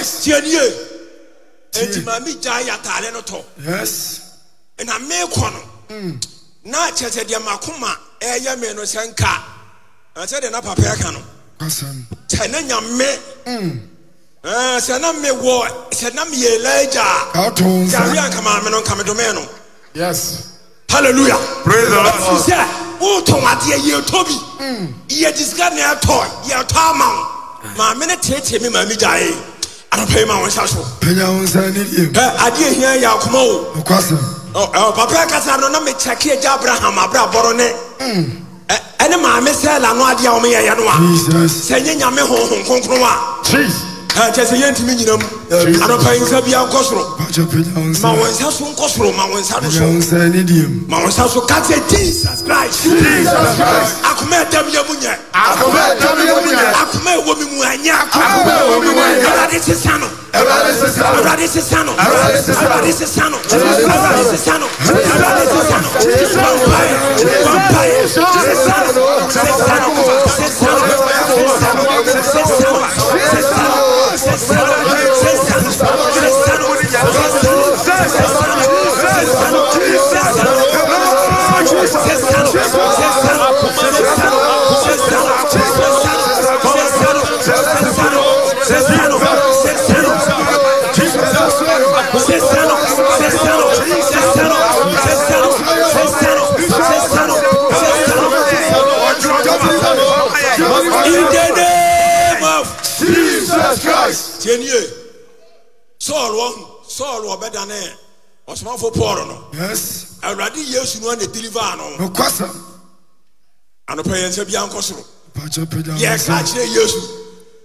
s inntiɛnie ɛntima megya yɛtaale no tɔ nna meekɔ no mm. na kyɛsɛ deɛ makoma ɛɛyɛ me no sɛ nka a sɛdeɛ na paapaɛ ka no tɛ nɛ nya me sɛ na mewɔ sɛ na meyɛ ɛlaigaa jareea nkamame no nkamedomeɛ noys hallelujah praise the lord O sɛ wotɔn adeɛ yɛ tɔ bi yɛ disika na ɛtɔ yɛ tɔ ama wo me, ne tiɛtiɛ mi maame gya ye anapa yi ma wɔn nsa so. pɛnyɛ wɔn nsa ni yie. ɛ adeɛ hiɛ yɛ akoma o. o kɔ asɛm. ɔ ɔ papa yɛ kasa no na mi kyɛ kí ɛgya abraham abrabɔrɔ ne. ɛ ɛne maame sɛ lanu adeɛ a wɔn yɛ yɛ no a. Jesus. nye nyame honhom kronkron a. kyɛ sɛ nyinam anɔpa bia nkɔ soro ma wɔn nsa so nkɔ soro ma wɔn nsa no so ma wɔn nsa so ka jesus christ akoma ɛdam yɛ mu nyɛ akoma ɛwɔ mi mu anyɛ awurade sesa no awurade sesa no awurade sesa no awurade guys tienie Saul wɔn Saul ɔbɛdane ɔsomafo Paul no yes awurade Yesu no ana deliver ano nokwasa anɔpɛ yɛn nsa bi ankɔ soro yɛka kyerɛ Yesu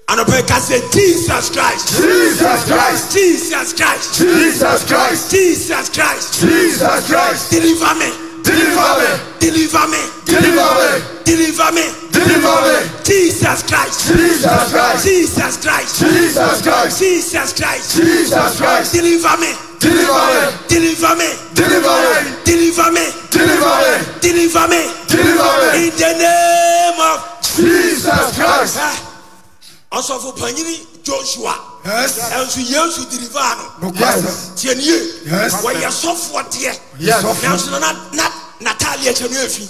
anɔpɛ ka sɛ Jesus Christ Jesus Christ Jesus Christ Jesus Christ Jesus Christ Jesus Christ deliver me. Deliver me. Deliver me. Deliver me. Deliver me. Deliver me. Jesus Christ. Jesus Christ. Jesus Christ. Jesus Christ. Jesus Christ. Jesus Christ. Deliver me. Deliver me. Deliver me. Deliver me. Deliver me. Deliver me. Deliver me. Deliver me. In the name of Jesus Christ. ɔsɔfo panyine josua ɛnso yesu dirivaa no tianie ɔyɛ sɔfoɔ teɛ nanso n n natalia kyɛ no afi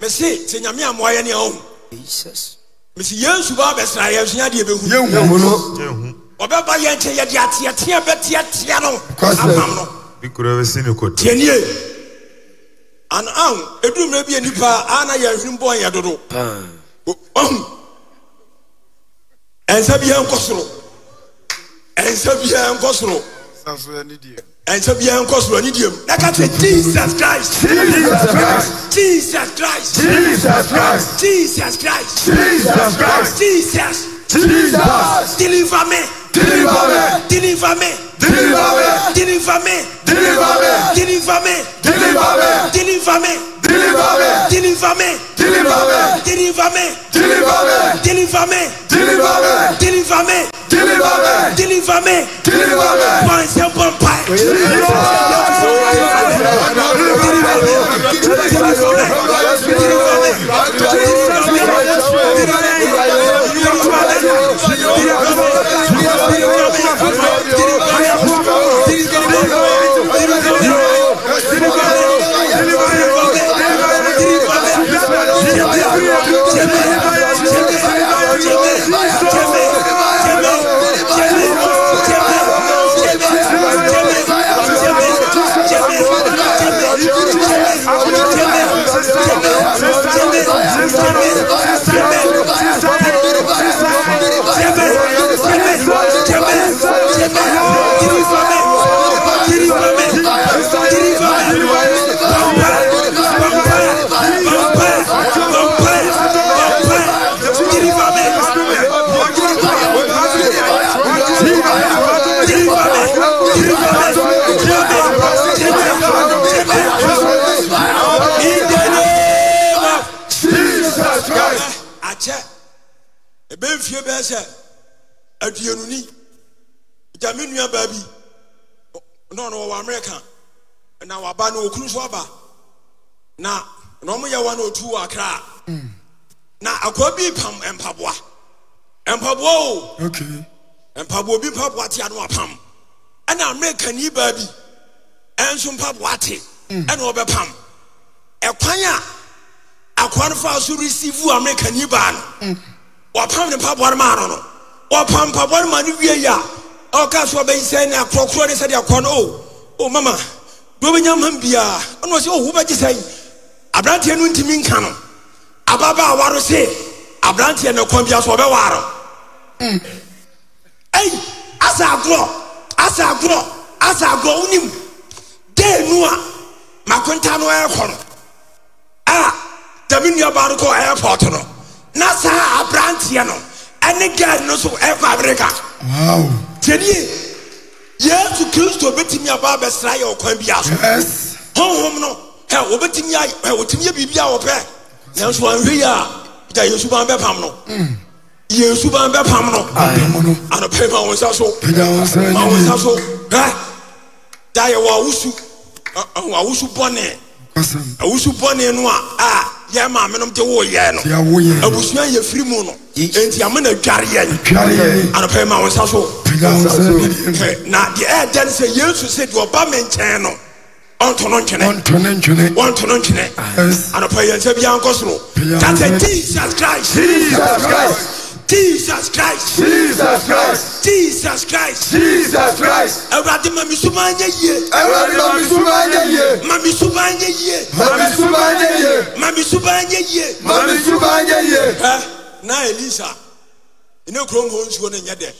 mɛ se sɛ nyamea mmoa yɛ ne a ɔhu misɛ yesu bɛa ɔ bɛsrɛre yɛsonyadeɛ bɛhuo ɔbɛba yɛnkyɛ yɛde teɛ tea bɛteɛteɛ noaan notianie anah ɛdurumiɛ bia nnipaa ana yɛnahwene bɔɔ yɛ dodo ɛnsa biara nkɔ soro ɛnsa biara nkɔ soro ɛnsa biara nkɔ soro ani diem na ka sɛ jesus christ jesus christ jesus christ jesus christ jesus christ jesus christ jesus jesus deliver me deliver me deliver me. Délivre-moi. Délivre-moi. Délivre-moi. Délivre-moi. Délivre-moi. Délivre-moi. Délivre-moi. Délivre-moi. ¡Gracias! aduonuni gya me nua baa bi na ɔno wɔwɔ amerika na waba na okuru so aba na na ɔmo yɛ wa na otu wɔ akra na akwa bi pam mpaboa mpaboa o mpaboa bi mpaboa te ano apam ɛna amerika ni baa bi ɛnso mpaboa te ɛna ɔbɛpam ɛkwan a akwa no fa so receive amerika ni baa no hmm. wɔpam ne mpaboa no maa no no. ɔpampaboɔ no ma ne wiai a ɛwɔka so ɔbɛyisɛi ne a korɔkrɔ deɛ sɛdeɛ kɔ no omama duɔbɛnyamhan biaa ɔne sɛ ɔhu bɛgye sɛi aberantɛ no ntimi nka no ababa a waro se abranteɛ nɔ kwa bia so ɔbɛwɔarɔ mm. ei aoorɔasa gorɔ onim dɛ nu a makonta no ɛkɔ no a daminuabaa ro kɔ aipot no na saa abranteɛ no ɛne girl no so ɛkɔ amerika tiɛnie yesu kristo bɛtumi aba abɛsra yɛ ɔkwan bi aso honhom no ɛ wɔbɛtumi ayɛ ɛ wɔtumi yɛ biribi a wɔpɛ nanso anhwɛ yi a gya yesu ban bɛpam no hmm. yesu ban bɛpam no anɔpɛ ma wɔn nsa so ma wɔn nsa so ɛ da yɛ wɔ awusu awusu bɔnɛ awusu bɔnɛ no a a. yɛma menom de woeyɛe no abusua yɛfiri mu no enti amana dware yɛn anɔpayɛma wo nsa so na deɛ ɛyɛdɛne sɛ yensu sɛ deɛ ɔba me nkyɛn no ntno ene wnto no ntwenɛ anɔpa yɛ nsa bia nkɔ sorota sɛ jesus christssis jesus christ. jesus christ. jesus christ. jesus christ. ẹwurade mami suma an ye ye. ẹwurade mami suma an ye ye. mami suma an ye ye. mami suma an ye ye. mami suma an ye ye. mami suma an ye ye. n'a elisa ne kuro nkɔ nsuo ne nyɛ dɛ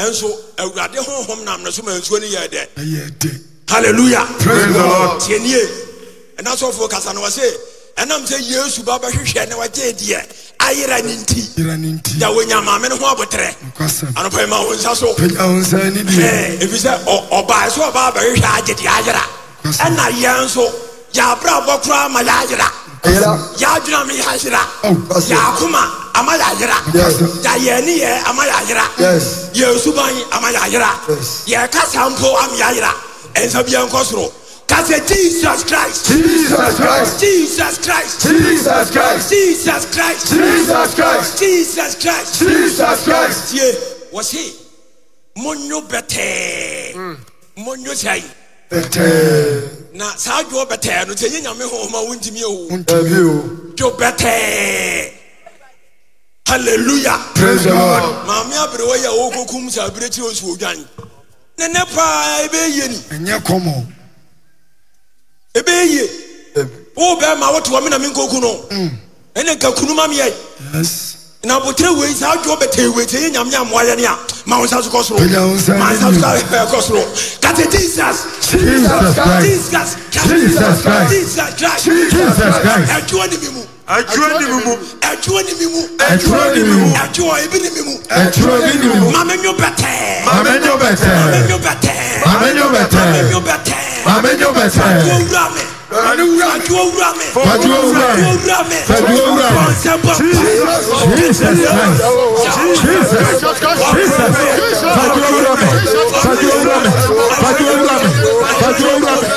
ɛnso ɛwurade honhom nam ne so ma ni ne yɛ dɛ. ɛyɛ dɛ. hallelujah. praise the lord. tiɛ nie ɛnasɔfo kasa na wɔ se ɛnam sɛ yesu nyinaa yera ne nti na wɔnya maame no ho aboterɛ anɔpa ma wo nsa so ɛfiri sɛ ɔbaa sɛ ɔbaa bɛhwehwɛ agye de ayera ɛna yɛn nso yɛabrɛ bɔ koraa ma yɛayera yɛadwena me yɛayera oh, yɛakoma ama yɛayera yɛyɛne yɛ ama yɛayera yɛn suban ama yɛayera yɛkasa mpo ama yɛayera ɛnsa biankɔ soro sɛssie wɔ se monwo bɛtɛɛ mowo sɛe na saa dwoɔ bɛtɛɛ no sɛ yɛ nyame hohoma wontimiyɛo dwo bɛtɛɛ alleluya mame abere wayɛ wɔkokum sɛ berɛti ɔ suo dwan nenɛ paa ɛbɛɛyeniɛnyɛ m ebe eye wo bɛɛ mm. ma wote wɔ mi mi nkoku no ɛnna nka kunuma mi yɛ na abotire wei saa adwo bɛtɛ wei tɛ ye nyamuya mu ayɛ ni a ma nsa so kɔ soro ma nsa so eh, kɔ soro kati jesus jesus christ jesus christ ɛtuo ni mi mu. Ẹ̀túrọ̀ ni mi mu. ni mi mu. ni mi mu. ibi ni mi mu. ibi ni mi mu. Màmí nyó bẹ̀tẹ̀. Màmí nyó bẹ̀tẹ̀. Màmí nyó bẹ̀tẹ̀. Màmí nyó bẹ̀tẹ̀. Màmí nyó maame nyɛ bɛsɛ. Fadi owura mi. Fadi owura mi. Fadi owura mi. Fadi owura Jesus Christ. Jesus. Jesus. Fadi owura mi. Fadi owura mi. Fadi owura mi. Fadi owura mi.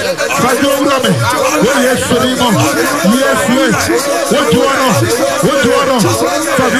Fadi owura mi. Wọ́n yẹ sori mọ̀. Yẹ fiwe. Wọ́n ju ọ̀nà. Wọ́n ju ọ̀nà. Fadi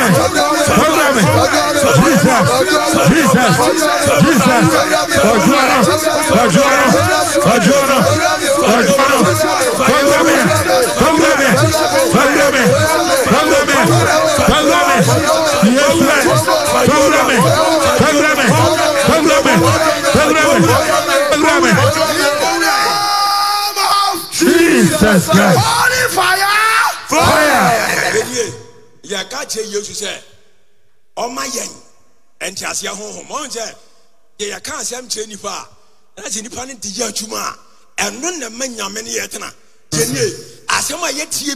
Jesus, Jesus, Jesus. Agora, agora, agora, agora. Pandemi, pandemi, pandemi, pandemi, pandemi. Yeter, pandemi, pandemi, pandemi, pandemi, pandemi. Jesus Christ. Holy fire, fire. yɛ ka kyerɛ yesu sɛ ɔma yɛn ɛnti aseɛ hohosɛ ɛyɛka asɛmkyeɛ nipa a sɛ nip no ntegyawm aɛnnma nyame yɛenaɛɛyɛɛ aɛm ɛɛe m muɛɛeɛm ai nɔysɛyɛei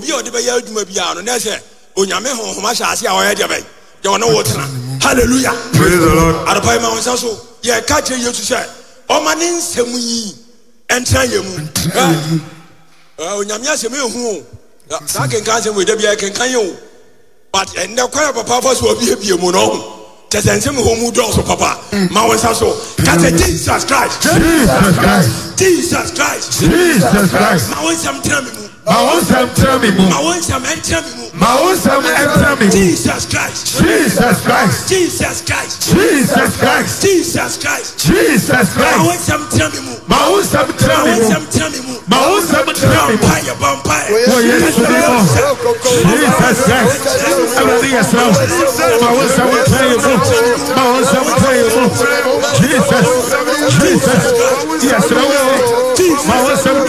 bia ɔde ɛyɛ dwma biaa noɛ nyame hoho hyɛseɔyɛɛnoea anɔyi mwo saso yɛakɛ yɛsɛ ɔma ne nsɛm yi ɛntena yɛ mu ah, ah, onyame asɛm yɛ hu o ah, saa kenka asɛm wɔda biara kenka yɛ o but ɛnɛ eh, kwan a papa fa so wabiebie mu no ɔho kyɛ sɛ nsɛm mu dɔɔso papa mm. ma wo sá so ka mm. jesus christ jesus christ jesus christ ma wo sá tena me mu ma wo nsɛm tẹrɛ mi mu. ma wo nsɛm ɛntẹrɛ eh, mi mu. ma wo nsɛm ɛntẹrɛ eh, mi mu. jesus christ. jesus christ. jesus christ. jesus christ. jesus christ. jesus christ. ma wo nsɛm tẹrɛ mi mu. ma wo nsɛm tẹrɛ mi mu. ma wo nsɛm tẹrɛ mi mu. ma wo nsɛm tẹrɛ jesus christ. ɛwɛni yɛ sɛw. ma wo nsɛm tẹrɛ yi mu. ma wo nsɛm tẹrɛ yi mu. jesus jesus Yes, sɛw. ma wo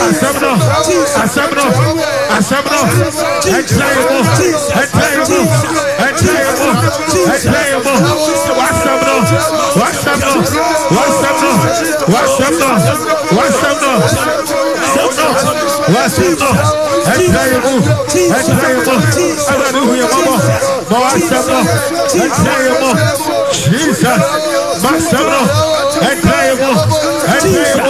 asɛm no asɛm no asɛm no ɛkyerɛ mu ɛkyerɛ mu ɛkyerɛ mu ɛkyerɛ mu wasɛm no wasɛm no wasɛm no wasɛm no wasɛm no wasɛm no wasɛm no ɛkyerɛ mu ɛkyerɛ mu ɛwɛde hu yɛ mɔbɔ ma wasɛm no ɛkyerɛ mu jesus no ɛkyerɛ mu ɛkyerɛ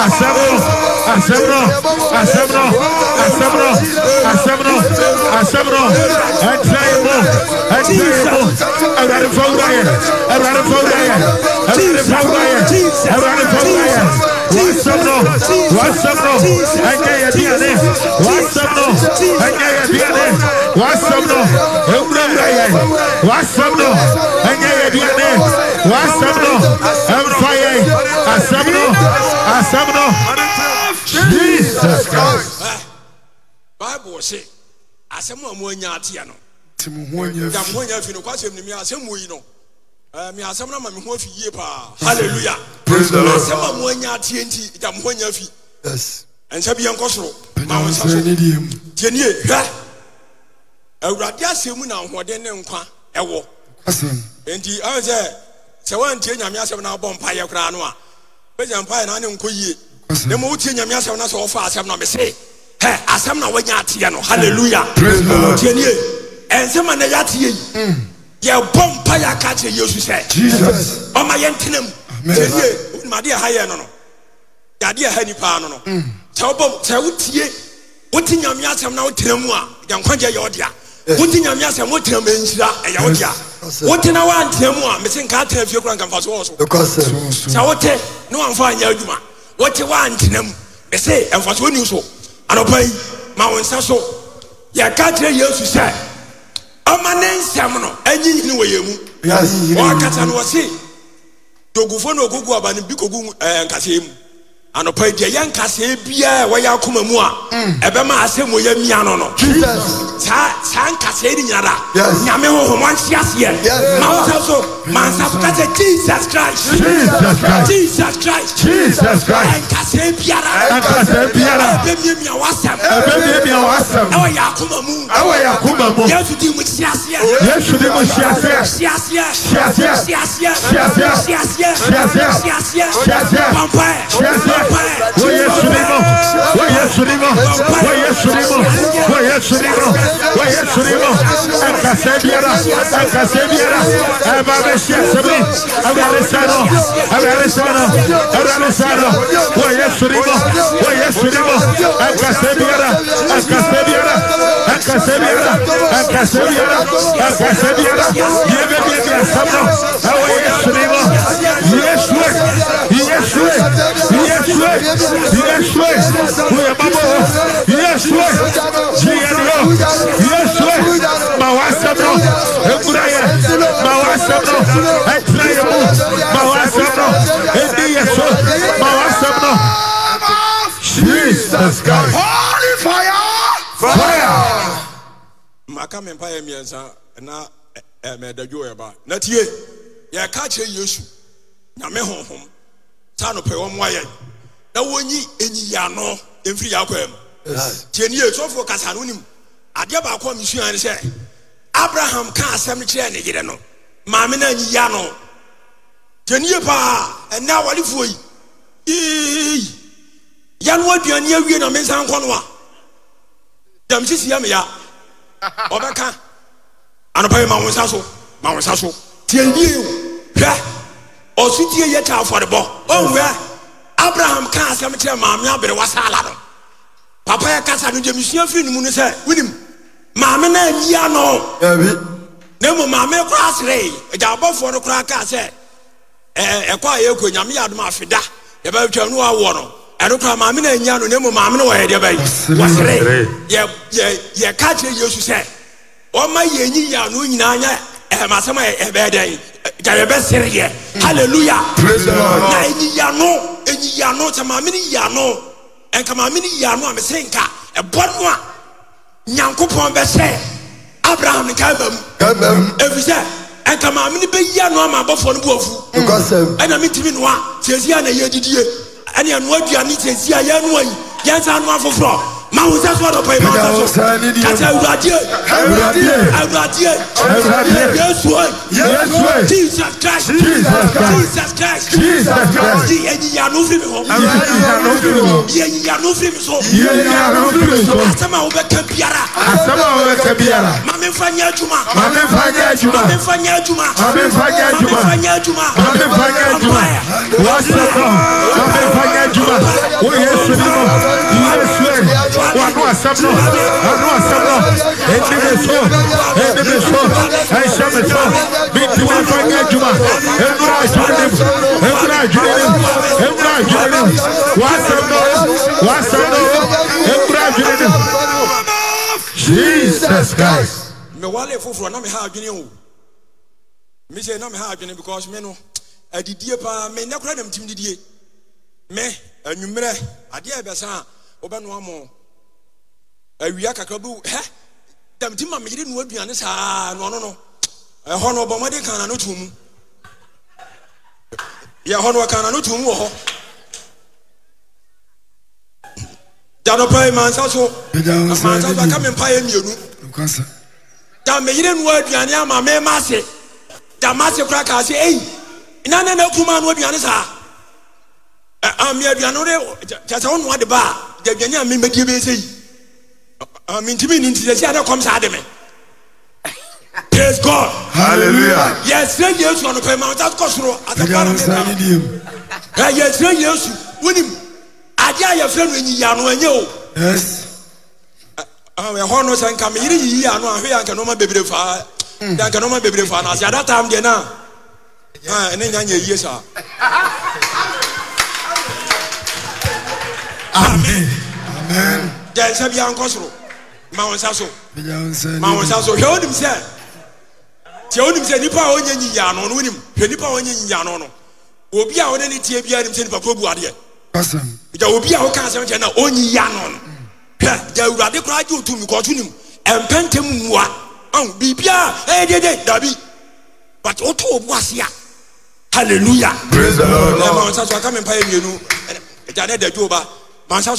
hacemos, hacemos, hacemos, hacemos. asɛmrɔ ɛtɛn mu ɛtɛn mu awurade fɔwura yɛ awurade fɔwura yɛ awurade fɔwura yɛ awurade fɔwura yɛ wasɛmrɔ wasɛmrɔ ɛnyɛ yɛ diane wasɛmrɔ ɛnyɛ yɛ diane wasɛmrɔ ewurawura yɛ wasɛmrɔ ɛnyɛ yɛ diane wasɛmrɔ ɛnfa yɛ asɛmrɔ asɛmrɔ jesus christ. bible say asɛm a moanya ateɛ no da moanya afi no kwasɛm ne measɛm wɔ yi no eh, measɛm no ama me ho afi yie paa halleluya asɛm a moanya ateɛ nti da mo ho anya afi ɛnsɛ bi yɛnkɔ soro ma wo nsa so tienie hwɛ awurade asɛm mu na ahoɔden ne nkwa ɛwɔ enti ɛwɔ sɛ sɛ woantie nyame asɛm no abɔ mpayɛ koraa no a bɛgya mpayɛ na ne nkɔ yie na ma wotie nyame asɛm no sɛ wɔfa asɛm no mese asɛm na woanya ateɛ no haleluyantɛnie ɛnsɛma na yɛ ateɛyi mm. yɛbɔ pa yɛaka kyeɛ yɛsu sɛss ɔma yɛ ntena m ɛie wonimade ɛhayɛ no n nyade ha nipaa ɛɛ mm. woewo nyameɛ asɛ n woem ayakayɛwawo nyaeɛsɛoemanhyia e ɛyɛw e wotena wa ntenmu a mɛsnkatena afie kankfsosɛ wo ne mfayɛ adwuma wotewa ntenam mɛse mfsoniso anɔpa yi ma wo nsa so yɛka kyerɛ yesu sɛ ɔma ne nsɛm no anyi yini wɔ yɛn mu ɔakasa no wɔ se dogufo na ogugu aba no bi kogu eh, nkaseɛ mu anɔpa yi deɛ yɛn nkasa akoma mu a mm. ɛbɛma asɛm wɔyɛ mia no no saa nyame ma so mansa so ka sɛ jesus yɛ akoma di mu 我也是你们。我也是你们，我也是你们，我也是你们，我也是你们。En Casemira, en el en Babesiasemi, en en en es En en en en en O y way, yes way, yes way, oye babo, yes way, jiyaniyo, yes way, bawa sẹbọ, ekura yẹ, bawa sẹbọ, ẹtura yẹ mu, bawa sẹbọ, ẹni yẹ so, bawa sẹbọ. Jesus Christ. Holy fire! Fire! Maka mi mpa yẹ mmiɛnsa na ɛmɛ dadwo yɛ ba na tie yɛ ka kyerɛ Yesu nyame honhom. taa eh, no pɛ wɔn mo ayɛ na wɔnyi enyiyano mfiri yakɔ mu tiɛ ni yɛ sɔfo kasa no nim adeɛ baako a misua ne sɛ abraham ka asɛm kyerɛ ne yere no maame na enyi no tiɛ ni paa ɛnna awalefoɔ yi yiii yanu aduane awie na me nsa nkɔ no a dɛm sisi ya mi ya ɔbɛka anɔpɛ yi ma wɔn nsa so ma wɔn nsa so tiɛ ni hwɛ. ɔsodie yɛ kyɛ afɔrebɔ ɔnwɛ abraham ka asɛm kyerɛ maame abere wasaala no papa yɛ kasa no gyamisua firi no mu no sɛ wonim maame no anyia no na mmom maame koraa seree agyabɔfoɔ no koraa kaa sɛ ɛkɔ a yɛkɔ nyame yɛ adom afeda yɛbɛtwa no wawoɔ no ɛno koraa maame no anyia no na mmom maame no wɔyɛ deɛ bɛyi yɛ yɛka kyerɛ yesu sɛ ɔma yɛnyi yɛ ano nyinaa nyɛ ɛmasɛm eh, a ɛbɛyɛ eh, eh, dɛn gya yɛbɛ sere yɛ hallelujah na ɛnyiyano ɛnyiyano sɛ maame ni yiyano ɛnka maame ne yiyano a mesere nka ɛbɔ no a nyankopɔn bɛhyɛ abraham ne kaa bam ɛfiri sɛ ɛnka maame ne bɛyia no ama abɔfoɔ no buafu ɛna metumi noa tiesia na yɛdidie ɛne ɛnoa aduane tiesia yɛanoa yi yɛnsa noa foforɔ ma wo sẹ sọdọ pẹ ma wo sẹ sọ kàtà ewuradeẹ ewuradeẹ ewuradeẹ ewuradeẹ yesue yesue jesus christ jesus christ jesus christ yi enyiyanu fi mi wọ enyiyanu fi mi wọ yi enyiyanu fi mi so yi enyiyanu fi mi so asẹmọ awo bẹ kẹ biara asẹmọ awo bẹ kẹ biara maami nfa nye juma maami nfa nye juma maami nfa nye juma maami nfa nye juma maami nfa nye juma maami nfa nye juma wọ́n sọ̀rọ̀ maami nfa nye juma wọ́n yẹ sùn ní mọ̀ ẹ̀ wano asɛm no wano asɛm no ɛdi mi so ɛdi mi so ɛhyɛ mi so mi ti wa fa nye adwuma ewura adwuma nim ewura adwuma nim ewura adwuma nim wasɛm no wasɛm no ewura adwuma jesus christ. mewale foforɔ na meha adwene o mesɛ na meha adwene because me no adidie paa me nnɛ kora nam tim didie me anwummerɛ adeɛ ɛbɛsa a wobɛnoa mo awia kakra bi hɛ dɛm ti ma mi yiri nua aduane saa no, ɔno no ɛhɔ no ɔbɔ mɔden kan na no tu mu yɛ hɔ no ɔkan na no tu mu wɔ hɔ danɔpɛ yi mansa so mansa so aka mi mpa yɛ mmienu da mi yiri nua aduane ama mi ma se da ma se kura kaa se eyi na ne na ekuma nua aduane saa ɛ ami aduane no de kyɛ sɛ ɔnua de ba a da aduane a mi mɛ die bɛ se yi. nɛɛ ysra yesyɛsra yes oni aye ayɛfrɛ no anyiyanonyɛoɛ ɛyereyeyiaɛn br faan daɛ naɛne nyayɛyisnɛi ɛɛɛywɛɛɛwiwrade ayni mpɛntɛm mua birbiaaɛ dai wotɔosea yas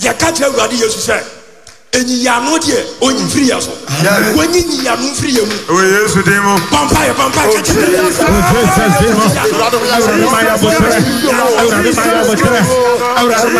yɛka kyerɛ awurade yesu sɛ enyiyanu deɛ oh, oh, jesus den mu. awurade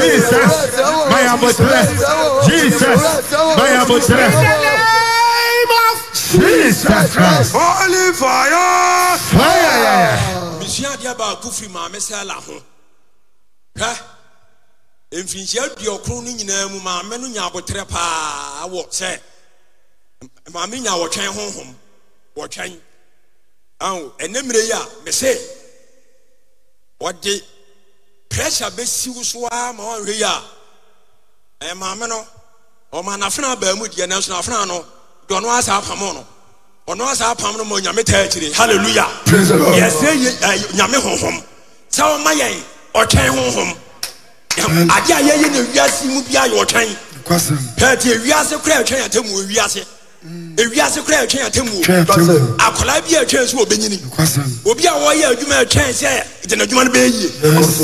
Jesus, my Abotre, Jesus, my Abotre. Jesus Christ. Holy fire. Fire. Misua adi abaako firi maame sɛ ala ho. Hɛ. Mfinhyia duokron no nyinaa mu maame no nya abotrɛ paa wɔ sɛ maame nya wɔtwɛn honhom wɔtwɛn. Ɛnɛ mmerɛ yi a mese wɔde pressure bɛsi wo so ara ma ɔnhwɛ yi a ɛyɛ maame no ɔma n'afena baa mu deɛ nanso n'afena no deɛ asa apam no ɔno asa apam no ma onyame taa akyire hallelujah yɛsɛ yɛ ɛɛ nyame honhom sɛ ɔma yɛn ɔtwɛn honhom adeɛ a yɛyɛ na wiase mu bi ayɛ ɔtwɛn pɛɛti ewiase kura ɛtwɛn atamu ewiase ewiase kura ɛtwɛn atemu o akwadaa bi ɛtwɛn so obenyini obi a wɔyɛ adwuma ɛtwɛn sɛ gyina adwuma no bɛyɛ yie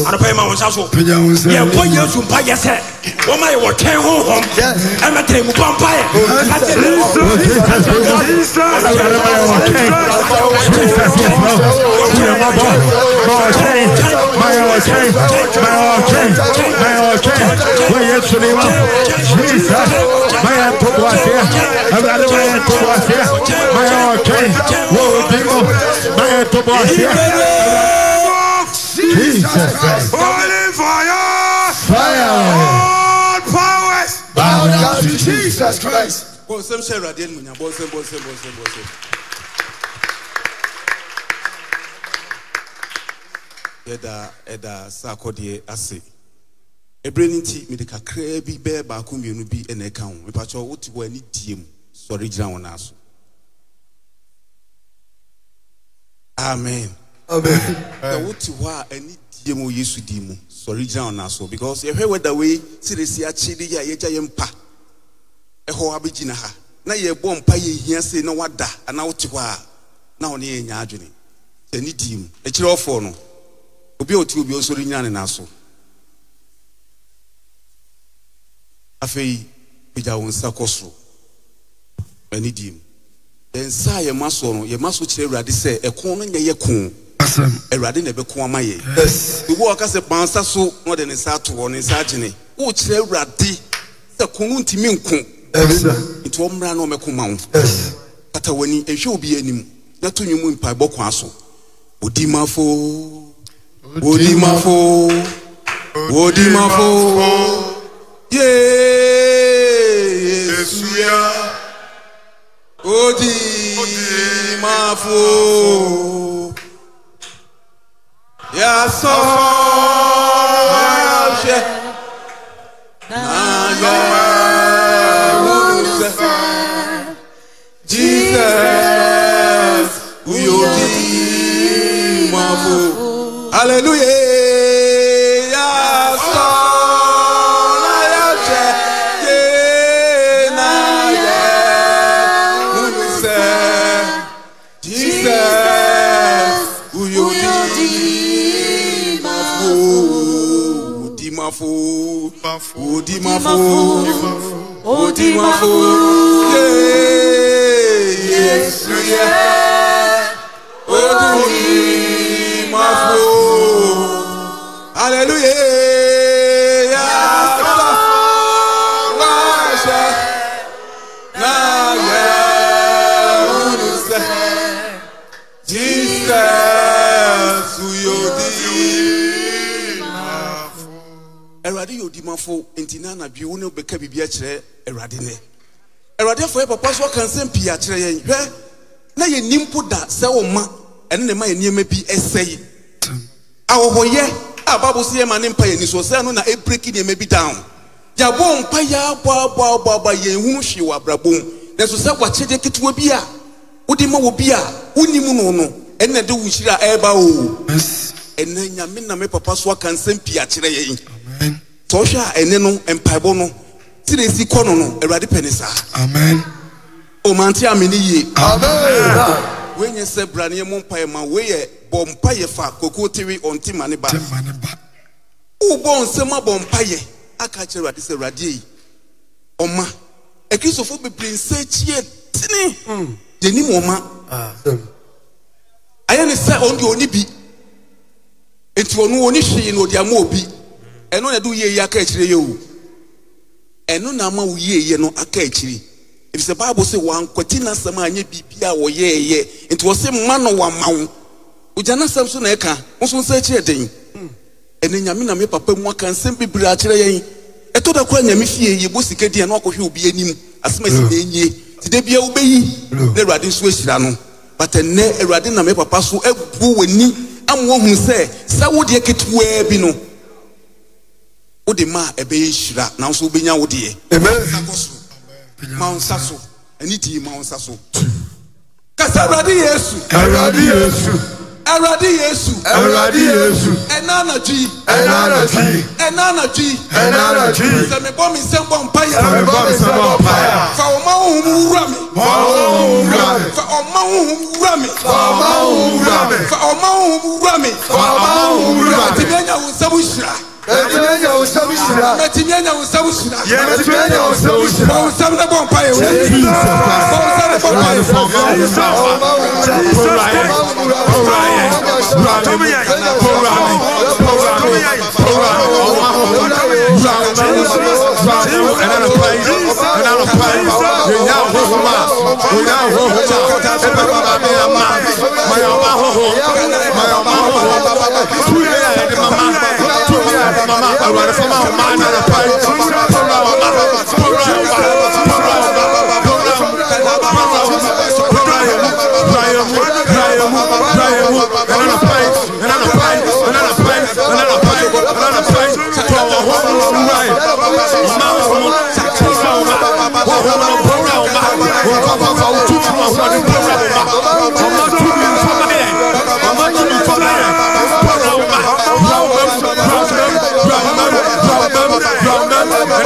anapa yɛ ma wɔn nsa so yɛ bɔ yesu mpa yɛ sɛ wɔn ayɛ wɔ twɛn hohom ɛmɛ tɛn mu bɔ mpa yɛ kase lɛ ɔ Jesus, my você, agradecendo você, mas é ok, o último, mas é tu você. Jesus, Holy fire! Fire! All powers! Bow down to Jesus Christ! Bosem se radien mwenye, bosem, bosem, bosem, bosem. yɛda é ɛda é sa akɔdeɛ ase ɛberɛ no nti mede kakraa bi bɛɛ baako mmienu bi ɛna ɛka ho mepakyɛ wote hɔ ani die mu sɔre gyina naa so amen wote hɔ a ani die mu yesu di mu sɔre gyina naa so because yɛhwɛ wɛda wei seresi yi a yɛgya yɛ mpa na yɛbɔ na wote hɔ a na di mu ɔfoɔ no obi a ɔte obi ɔsɔre nyina ne naa afei pagya wo nsa kɔ soro ani di mu nsa a yɛma so no yɛma so kyerɛ awurade sɛ ɛko no nyɛ yɛ ko awurade na ɛbɛko ama yɛ ewu ɔka sɛ pa nsa so na ɔde ne nsa ato hɔ ne nsa agyene wokyerɛ awurade sɛ ko no ntumi nko nti ɔmmra na ɔmɛko ma wo kata w'ani ɛhwɛ obi anim na to nwom mpaebɔ kwa so odimafo odimafo odimafo yee. di máa fò. Jesus uyo di máa Hallelujah. oh, máa fò òdì máa yeah, yéé yeah. ɔsɔfo nti na anadwo wo ne wobɛka biribi akyerɛ awurade nɛ awurade afɔ papa so aka nsɛm pii akyerɛ yɛn hwɛ na yɛnim po da sɛ wo ma ɛne ne ma yɛ nneɛma bi ɛsɛe ahɔhɔyɛ a bible sɛ yɛma ne mpa yɛni so sɛ no na ɛbreki nneɛma bi down yɛabɔ mpa yɛ aboaboaboaba yɛnhunu hwee wɔ abrabɔ mu nanso sɛ wakyɛdeɛ ketewa bi a wode ma wɔ bi a wonim no no ɛnna de wo nhyira ɛreba o ɛnna nyame na me papa so aka nsɛm pii akyerɛ yɛn tɔhwɛ a ɛne no mpaebɔ no ti na esi kɔ no no awurade pɛ ne saa. amen. omante ami ni yie. amen. Ah. wei nye sɛ braneɛ mu mpaeɛ ma wei yɛ bɔ mpaeɛ fa koko tiri ɔnti ma ne ba. ti ba. wobɔ nsɛm abɔ mpaeɛ aka kyerɛ awurade sɛ awurade yi ɔma akristofoɔ bebree nsa kyie tini yɛ nim hmm. ɔma. Ah, ayɛ ne sɛ ɔno deɛ ɔni bi nti ɔno ɔni hwee na ɔde ama obi. ɛno na ede wo yie aka akyire yɛ o ɛno na ama wo yie no aka akyire efisɛ baabu sɛ wankwati n'asɛm a nye biribi a wɔyɛɛyɛ nti wɔsɛ mma no wo ogya n'asɛm so na ɛka nso nsa akyire den nyame na papa mu aka nsɛm bebree akyerɛ yɛn ɛtɔ da kora nyame fie yɛ bɔ sika di ɛno akɔhwɛ obi anim asɛm ɛsi na enyie ti de bia wobɛyi na awurade nso ahyira no nnɛ awurade na me papa so abu w'ani ama wɔn ahu sɛ wode maa ɛbɛyɛ hyira nanso wobɛnya wo deɛsa kɔ so maw nsa so anidii ma nsa so asɛɛnanadsɛmebɔmnsɛm batiaya ho nsa wo yira yɛbɛtumɛnya wo nsɛm hyira yɛbɛtumɛnya wo nsɛm hyira yɛbɛtumɛnya wo nsɛm hyira bɔ nsɛm ne bɔ mpa yɛ wo bɔ nsɛm ne bɔ mpa yɛ wo Mama, I'm another place, another place, another place, another place, another place, another place, another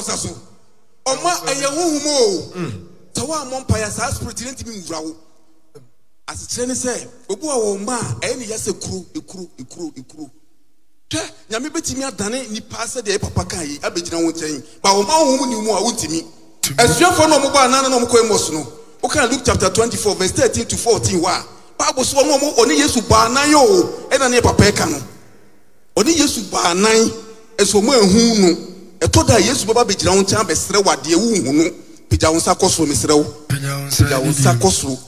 wɔn so ɔma ɛyɛ huhum o sɛ wɔn a mɔ mpaeɛ spirit ne ntumi nwura wo asekyerɛ ne sɛ a wɔn mma a ɛyɛ ne yɛsɛ kuro ekuro ekuro ekuro hwɛ nyame bɛtumi adane nipa sɛ deɛ papa kan yi nkyɛn ba ni mu a na wɔn bɔ na no luke chapter twenty four verse thirteen to fourteen wa yesu baa o papa no ɛtɔ da yesu bɛba bɛgyina wo nkyɛn abɛsrɛ wo adeɛ wonhu no pagya wo nsa kɔ soro mesrɛ wo pagya wo nsa kɔ soro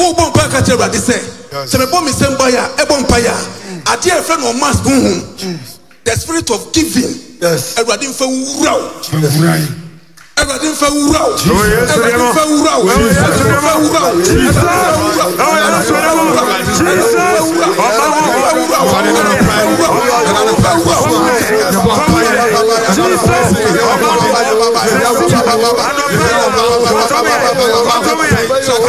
wobɔ mpa ka kyerɛ awurade sɛ sɛ mebɔ me sɛm baeɛ a ɛbɔ mpaeɛ a adeɛ a ɛfrɛ no ɔmas honhom the spirit of giving awurade mfa wura wo Ẹ̀rọ̀dì ń fẹ́ wúrà o. Ẹ̀rọ̀dì ń fẹ́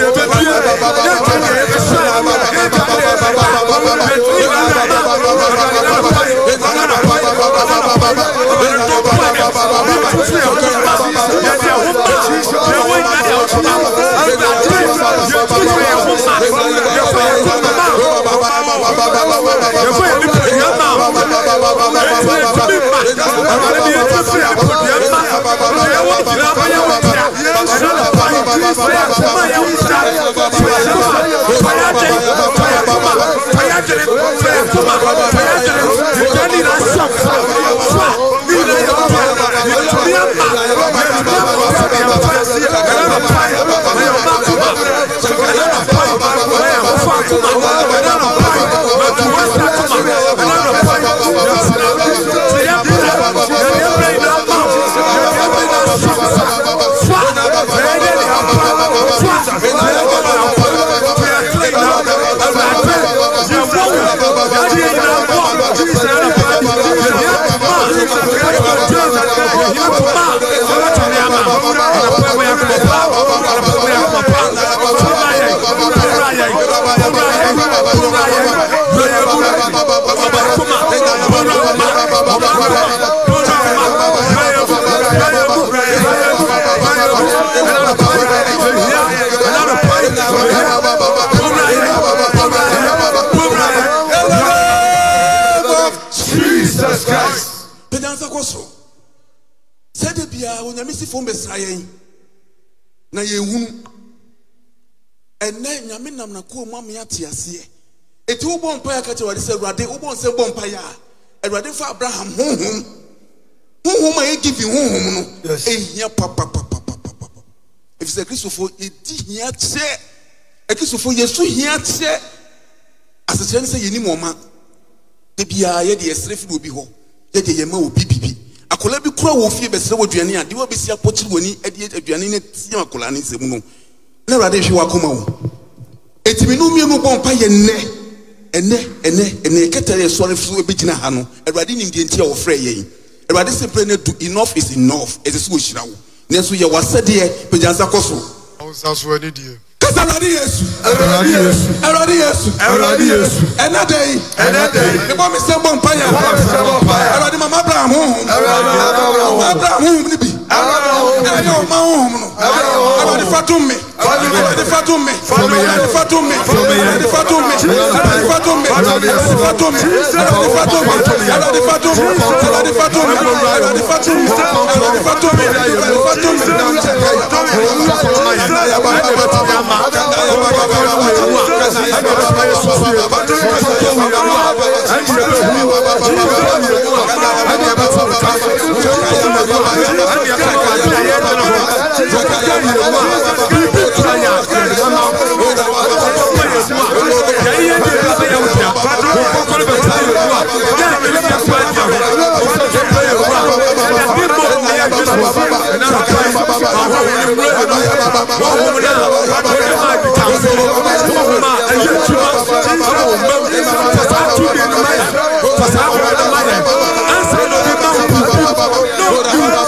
yẹ bẹ bí yẹ yẹ jẹ yẹ. Come on. onyamesifoɔ mbɛsra yɛn na yɛhunu ɛnɛ nyame nam nakoa mu ame ate aseɛ ɛti wobɔ mpa yɛ ka kyerɛ wade sɛ awurade wobɔ nsɛ bɔ mpa yɛ a awurade fa abraham honhom honhom a yɛgye fi honhom no ɛhia papapapapapa ɛfiri sɛ kristofoɔ yɛdi hia kyɛ akristofoɔ yɛso hia kyɛ asekyerɛ ne sɛ yɛnim ɔma da biara yɛde yɛsrɛ firi obi hɔ yɛde yɛma obi bibi akwadaa bi kura wɔ fie bɛsrɛ wɔ aduane a deɛ wabɛsi akɔkyere wɔ ani de aduane no tia akwadaa no nsɛm no na awurade hwɛ wɔ akoma wo ɛtumi no mmienu bɔ mpa yɛ nnɛ ɛnɛ ɛnɛ ɛnɛ kɛtɛ yɛ sɔre so ebɛgyina ha no awurade nim deɛ nti a wɔfrɛ yɛn awurade sɛ pere no do enough is enough ɛsɛ sɛ wɔhyira wo nanso yɛ wasɛdeɛ pagyansa kɔ so ɔnsa so ani deɛ kasa awurade yesu awurade yesu awurade yesu awurade yesu ɛnɛ dɛ yi ɛnɛ dɛ yi mebɔ me sɛ bɔ mpaya awurade mama abraham honhom awurade mama abraham honhom ne bi ɛyɛ ɔma ohun no awurade fa to me awurade fa to me awurade fa to me awurade fa to me awurade fa to me awurade fa to me awurade fa to me awurade fa to me awurade fa to me awurade fa to me awurade fa to me awurade fa to me Thank you. Pasal Answer no man. No, you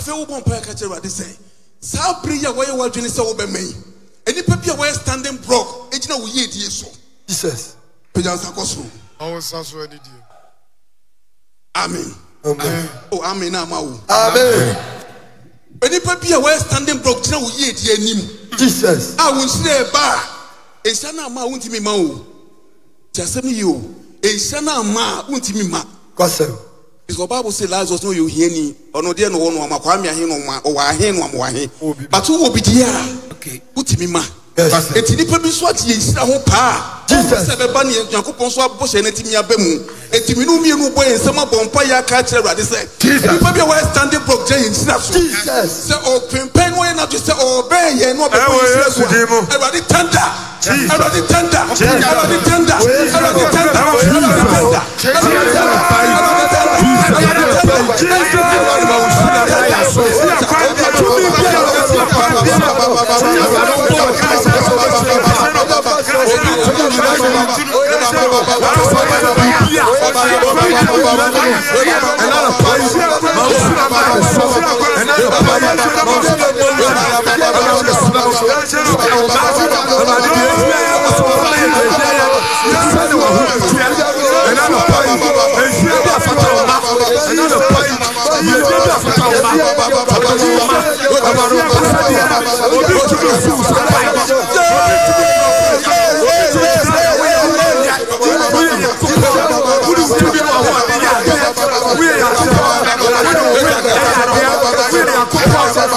afei wobɔ mpaeɛ ka kyerɛ awurade sɛ saa bere yi a wɔyɛ w'adwene sɛ wobɛma yi nnipa bi a wɔyɛ standing block gyina wo yie die so jesus pagya nsa kɔ soro ɔwosa so ani die amen amen o oh, amen na ama wo amen nnipa bi a wɔyɛ standing block gyina wo yie die anim jesus a wo nsira ɛba a nhyia no ama a wontumi ma o te asɛm yi o nhyia no ama a wontumi ma kwasɛm because bible say lazarus no yɛ ohia ni ɔno deɛ na ɔwɔ no ama kwame ahe no ɔwɔ ahe no ama wɔ ahe but wowɔ bidiɛ a wotumi ma eti nipa bi nso ati yɛ nsira ho paa sɛ bɛba ne nyankopɔn nso abɔ hyɛ no timi aba mu eti minu mmienu bɔ yɛ nsɛm abɔ mpa yɛ aka kyerɛ awurade sɛ nipa bi a wɔyɛ standing block gyɛ yɛ nsira so sɛ ɔpempɛn wɔyɛ nato sɛ ɔbɛn yɛ no ɔbɛbɔ yɛ nsira so a awurade tanda awurade tanda awurade tanda awurade tanda awurade tanda awurade tanda awurade tanda awurade tanda Obi tu mi fu sa pa.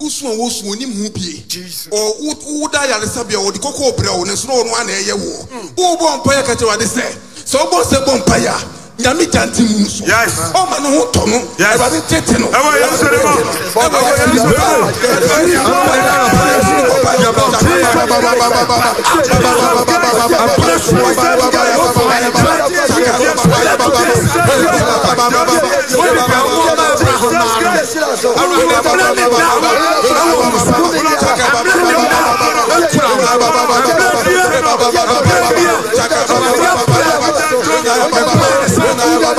usu a wosu onim hu bie ɔ woda yaresa bia wɔde kɔkɔɔ brɛ wo ne hmm. so na ɔno ana ɛyɛ woɔ wobɔ mpaeɛ ka kyerɛ wade sɛ sɛ wobɔ sɛ bɔ mpaeɛ a Yes. gyanti mu so ɔma ne ho tete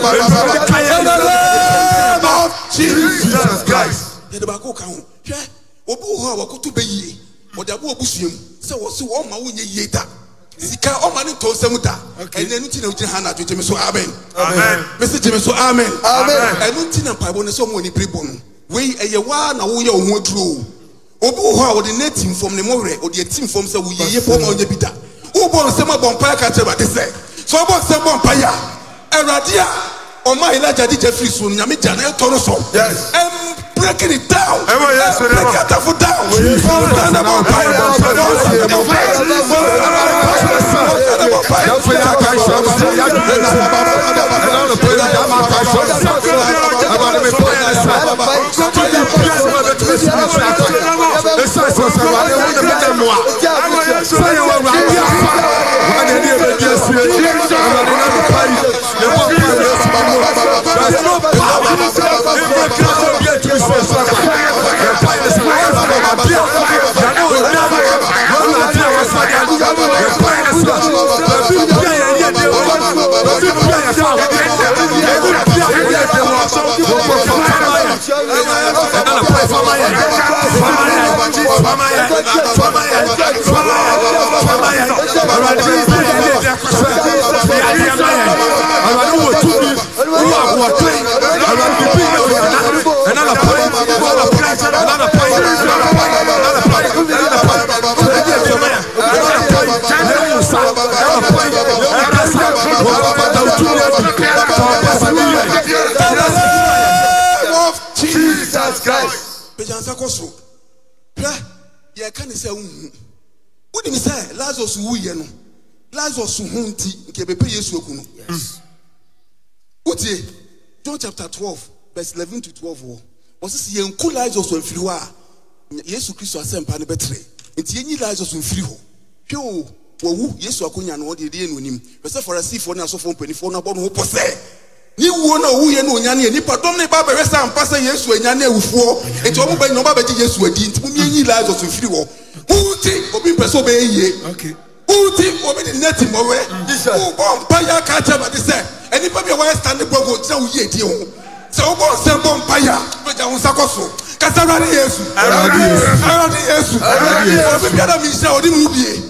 in the name of Jesus Christ. yɛde baako ka ho hwɛ obi wɔ hɔ a wakoto bɛ yie ɔde abo abusua mu sɛ wɔsi wɔn ma wɔnyɛ yie da sika ɔma ne ntɔn sɛm da ɛnna ɛnu ti na ogyina ha na atwetwe mi amen mesi gyina amen ɛnu ti na mpaebɔ ne sɛ ɔmo ani biribo no wei ɛyɛ waa na woyɛ ɔho aduro obi wɔ hɔ a ɔde ne ti nfɔm ne mɔwerɛ ɔde ati nfɔm sɛ woyɛ yie fɔm a ɔnyɛ bi da wobɔ nsɛm abɔ mpaeɛ ka ba de sɛ sɛ ɔbɔ nsɛm bɔ mpaeɛ awurade a ɔma elija jija firi so nyame gya na ɛtɔ no so break it down break it down ɔsanabɔ mpae ɔsanabɔ mpae ɔsanabɔ mpae ɔsanabɔ mpae Ọ̀rọ̀ ni wò tún mi, wúwo àwọn ọ̀tún yìí. Jesus Christ. Pèjànsá kò sùn. Pẹ́ yẹ ká ní sẹ́ wùhù. Wọ́n ní sẹ́ Lazarus wù Yesu ekun no. John chapter twelve verse eleven to twelve wọ̀. Wọ́n sisi yẹn nkú Lazarus wọ̀ Yesu Kristo asẹ́mpa ni bẹ́ẹ̀ tẹ̀lé. Nti yẹn nyi Lazarus wɔwu yesu akonya no wɔde deɛ n'onim pɛsɛ farisifoɔ ne asɔfoɔ mpanimfoɔ no abɔ ne ho pɔ sɛ ne wuo na owu yɛ no onyane yɛ nipa dɔm ne ba bɛhwɛ sɛ ampa sɛ yesu anyane awufoɔ nti wɔn bɛ nyina wɔn bɛgye yesu adi nti wɔn yɛnyi lazarus firi wɔ wuti obi mpɛ sɛ ɔbɛyɛ yie wuti obi de nɛti mɔwɛ wubɔ mpa yɛ aka kyerɛ ma de sɛ nipa bi a wɔyɛ stand bɔ ko gyina wuyi edi ho sɛ wubɔ nsɛm bɔ mpa yɛ a ɔbɛgya ho nsa kɔ so kasa awurade yesu awurade yesu awurade yesu obi bi adam yi nhyira ɔde mu bie.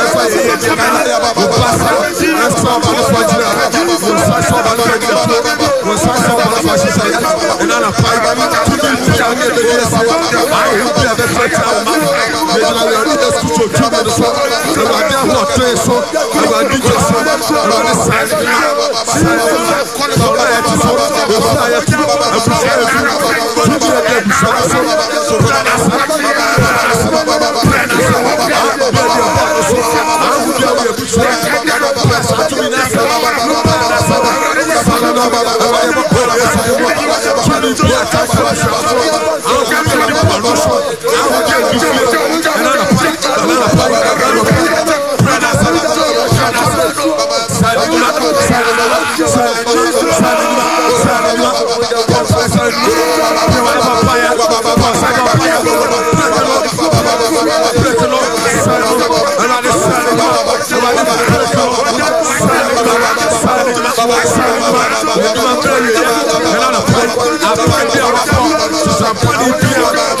Awurade ahoɔtɔn so, awurade gya so, awurade saa nyinaa. Sous un point d'épine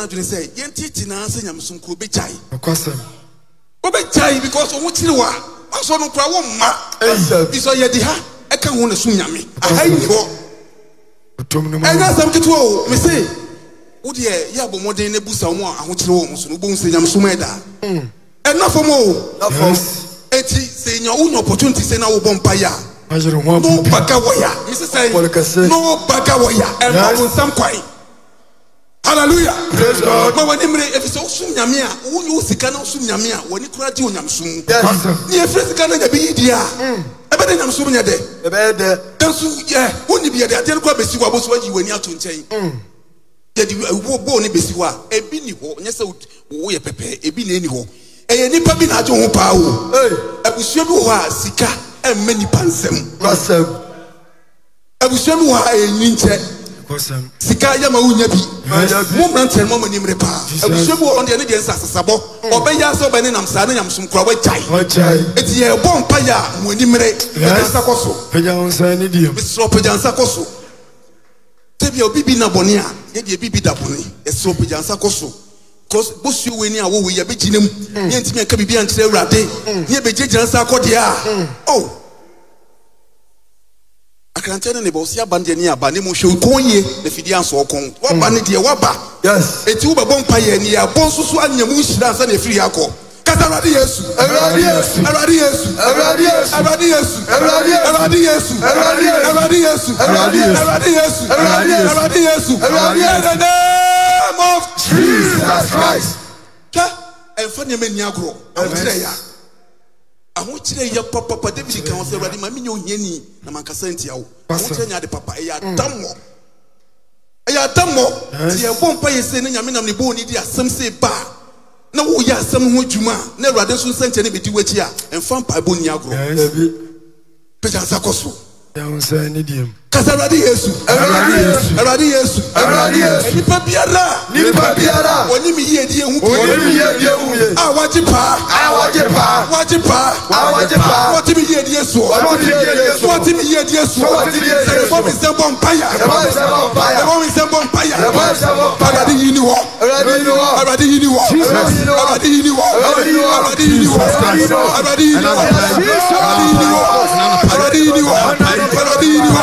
asɛ ɛeinasɛ nyaɛe ɛe beauseɔ hokyerew a asɔnokora woma s yɛdi ha ka wɔnasyamehaasɛkteo mes wodeɛyɛ mɔnsa mhokereɛnyasɛdaanafmnɛnywonya ppnity sɛni y sɛnbagawya mao nsa kae hallelujah praise god ma wani mire efi sɛ wosum nyame a wonye wo sika na wosum nyame a wani kora gye wo nyamsom ne yɛfiri sika no nyabi yi deɛ a ɛbɛdɛ mm. nyamsom nyɛ dɛ ɛbɛyɛ dɛ danso yɛ wonni biɛ dɛ adeɛ no kora bɛsi hɔ a boso wayi w'ani ato nkyɛn yɛde mm. ɛwo eh, bowl no bɛsi hɔ ebi ni hɔ nyɛ sɛ woyɛ pɛpɛ ebi na ɛni hɔ ɛyɛ nipa bi na agye ho paa o abusua bi wɔ hɔ a sika ɛmmɛ nipa nsɛm abusua bi wɔ hɔ a ɛnyi nkyɛn sika yɛ ma wo nya bi mo mmeranteɛ no ma manim re paa abusua bi wɔ ɔno deɛ ne deɛ nsa asesabɔ mm. ɔbɛyɛ sɛ ɔbɛne nam saa ne nyamsom kora wagyae ɛti yɛbɔ mpa yɛ a mo anim re pagya nsa kɔ so mesrɛ pagya nsa kɔ so obi bi na bɔne a yɛdeɛ bi bi da bɔne ɛsrɛ pagya nsa kɔ so because bosuo ni awo wei yɛbɛgyina mu mm. yɛntumi aka biribi ankyerɛ awurade mm. ne yɛbɛgyinagyina nsa akɔdeɛ a o oh, akranteɛ no ne bɔ ɔsi aba ne deɛ ne aba ne mu hwɛ okɔn yie na fidie asɔ ɔkɔn waba ne deɛ waba yes eti wo bɛ bɔ mpa yɛ ni abɔ nsoso anyamu nhyira nsa na efiri yɛ akɔ kasa awurade yesu awurade yesu awurade yesu awurade yesu awurade yesu awurade yesu awurade yesu awurade yesu awurade yesu awurade yesu awurade yesu awurade yesu awurade yesu in the name of jesus christ. kẹ́ ẹ̀fọ́ ni ẹ̀mẹ́ ní agorɔ àwọn tí ẹ̀ yá. ahokyerɛ yɛ papapa david kan ho sɛ awurade ma menyɛ wohiani na maankasantia wo hoyerɛ nya ade papa ɛyɛ adammɔ ɛyɛ adammɔ ti yɛbɔ mpa yɛ sei ne nyame nam ne bɛ ɔ nni di asɛm see baa ne woreyɛ asɛm ho adwuma a ne awurade nso nsantiɛ ne bɛdi w'akyi a ɛmfampabɔ nni agorɔ pɛgyansakɔ so sɛ n diɛ kasa awurade yesu awurade yesu awurade yesu awurade yesu nipa biara nipa biara wɔnim yie die hu pie wɔnim yie die hu pie a wagye paa a wagye paa wagye paa a wagye paa wɔte mi yie die soɔ wɔte mi yie die soɔ wɔte mi yie die soɔ wɔte mi yie die soɔ yɛbɔ mi nsɛm bɔ mpaya yɛbɔ mi nsɛm bɔ mpaya yɛbɔ mi bɔ mpaya yɛbɔ mi nsɛm bɔ awurade yi ni wɔ awurade yi ni wɔ awurade yi ni wɔ awurade yi ni wɔ awurade yi ni wɔ awurade yi ni wɔ awurade yi ni wɔ awurade yi ni wɔ awurade yi ni wɔ awurade yi ni wɔ awurade yi ni wɔ.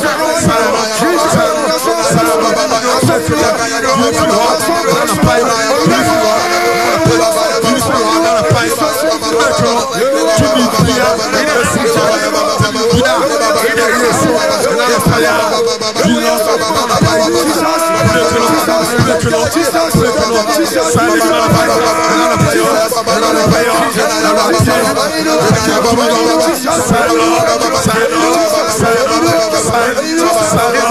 Sign up, sign up, sign up, sign up.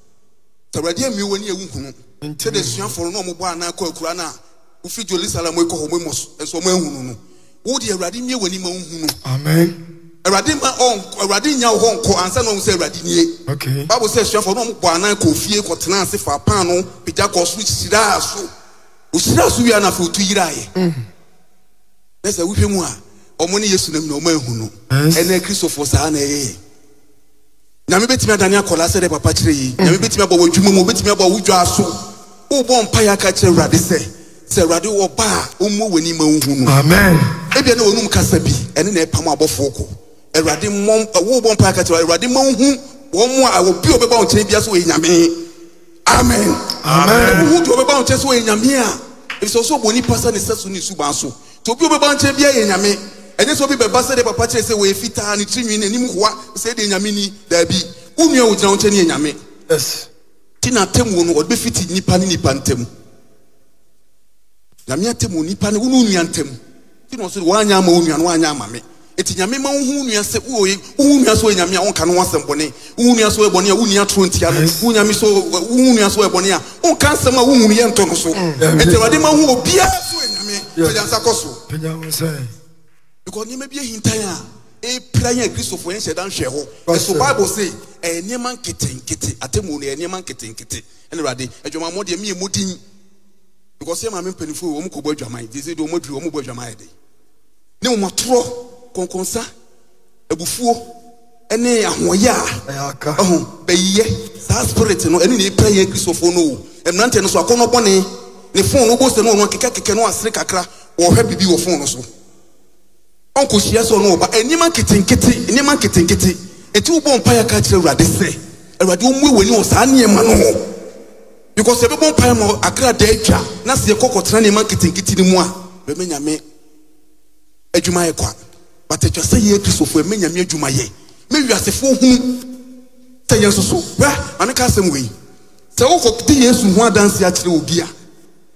tawurade emi wɔ ni ewu nkunu kyɛ de suafoɔ no a wɔn bɔ anan ekura na wofi jerusalem ekɔ hɔ wɔn nso wɔn ehunu no wo de awurade mie wɔ ni ma nhunu. amen. awurade ma ɔn awurade nya hɔ nkɔ ansa na ɔn sɛ awurade nie. okay baabu sɛ suafoɔ no a wɔn bɔ anan kɔ fie tena ase fa pan no pagya so hyira so ohyira so wia na otu yira yɛ. ɛsɛ mm. wohwɛ mu a wɔn ne yesu na wɔn ehunu ɛnna kristofoɔ saa na ɛyɛ yɛ nyame bɛtumi adane akɔla sɛ papa kyerɛ yi nyame mhm. bɛtumi abɔ w'adwuma mu bɛtumi abɔ wodwa so wobɔ mpaeɛ aka kyerɛ awurade sɛ sɛ awurade wɔ ba a ɔmmuo w'ani ma wohu no amen ebia na wɔnum kasa bi ɛne na ɛpam abɔfoɔ kɔ awurade mmɔ mpaeɛ aka kyerɛ awurade ma wohu wɔn mu a obi a ɔbɛba wɔn kyerɛ bia sɛ ɔyɛ nyame amen amen wohu deɛ ɔbɛba wɔn kyerɛ sɛ ɔyɛ nyame a ebi ɔsɛ ɔbɔ nipa sɛ ne sɛ ne suban so nti obi a ɔbɛba wɔn kyerɛ bia yɛ nyame ɛnyɛ sɛ obi bɛba sɛ deɛ papa kyerɛ sɛ wɔyɛ fitaa ne tirinwi n'anim hoa sɛ deɛ nyame ni daabi wo nua wo gyina wo nkyɛn yɛ nyame yes ti na atam wo no ɔde bɛfiti nipa ne nipa ntam nyame atam wo nipa ne wo ne wo nua ntam ti na ɔso wɔanya ama wo nua no wɔanya ama me eti nyame ma wo ho nua sɛ wo yɛ wo ho nua so yɛ nyame a wɔnka no wɔasɛm bɔne wo ho nua so yɛ bɔne a wo nua toro ntia no wo nyame so wo ho nua so yɛ bɔne a wɔnka nsɛm a wo hu yɛ ntɔ no so mm. eti awurade ma ho obiara so yɛ nyame pagyansa kɔ so pagyansa because nneɛma bi ehintan a epira yɛn kristofo yɛn hyɛ dan hwɛ hɔ ɛso bible say ɛyɛ nneɛma nketenkete atemu no ɛyɛ nneɛma nketenkete ɛna wade adwamamɔ deɛ miyɛ mu din because yɛn maame mpanyinfo wɔn kɔ bɔ adwaman de sɛ de wɔn aduru wɔn bɔ adwaman yɛ de ne wɔn atorɔ kɔnkɔnsa abufuo ɛne ahoyɛ a ɛho bɛyiyɛ saa spirit no ɛne na epira yɛn kristofo no o mmeranteɛ no so akɔnɔ bɔne ne fone no bɔ sɛ no wɔn kekɛkekɛ no asere kakra wɔhwɛ bibi wɔ fone no so ɔnkɔ hyia sɛ ɔno wɔ ba nneɛma nketenkete nneɛma nketenkete eti wobɔ mpaeɛ ka kyerɛ awurade sɛ awurade wɔmmue w'ani wɔ saa nneɛma no ho because yɛbɛbɔ mpaeɛ ma akradaa atwa na sɛ yɛkɔ kɔtena nneɛma nketenkete no mu a bɛmɛ nyame adwuma yɛ kwa but atwa sɛ yɛ kristofo ɛmɛ nyame adwuma yɛ mɛ wiasefoɔ hunu sɛ yɛn soso wɛ maame ka asɛm wei sɛ wokɔ di yesu ho adanse akyerɛ obi a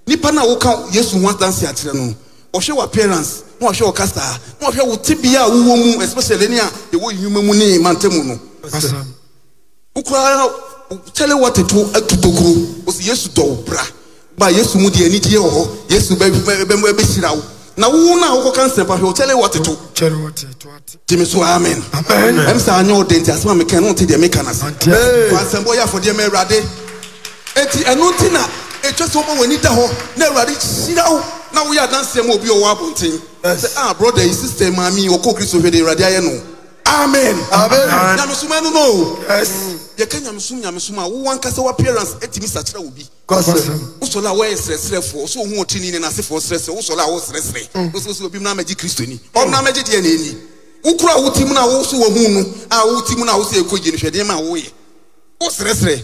nipa na woka yesu ho adanse akyerɛ no ɔhwɛ wɔ appearance mo ahwɛ ɔka saa mo ahwɛ wo tibia a wowɔ mu especially ne a ɛwɔ yuma mu ne mantam no wokora kyɛle wɔtete atutokuro ɔsi yesu dɔ wo bra ba yesu mu deɛ anigyeɛ wɔ hɔ yesu bɛhyira wo na wo na wokɔka nsɛmpa hwɛ ɔkyɛle wɔteto gyeme so amen ɛm saa nyɛ ɔde nti asɛm a meka ne wote deɛ meka no ase fa asɛmbɔ yɛ afɔdeɛ ma awurade enti ɛno nti na ɛtwa sɛ woma w'ani da hɔ na awurade hyira wo na woyɛ adanseɛ ma obi ɔwɔ abɔnten sɛ a brother yi sister maame ɔkɔ kristo hwɛ de awurade ayɛ no amen nyamesom ano no yɛka nyamesom nyamesom a wowɔ ankasa w'appearance atumi sakyerɛ wo bi wosɔre a wɔyɛ serɛserɛfoɔ sɛ ɔhu ɔtini ne nasefoɔ serɛserɛ wosɔre a wɔserɛserɛ wosɛ sɛ obi m na magye kristoni ɔm na magye deɛ na ɛni wokora a wotim no a wo so wɔhu no a wotim no a wo sɛ ɛkɔ gye no hwɛ deɛ ma woyɛ wosrɛserɛ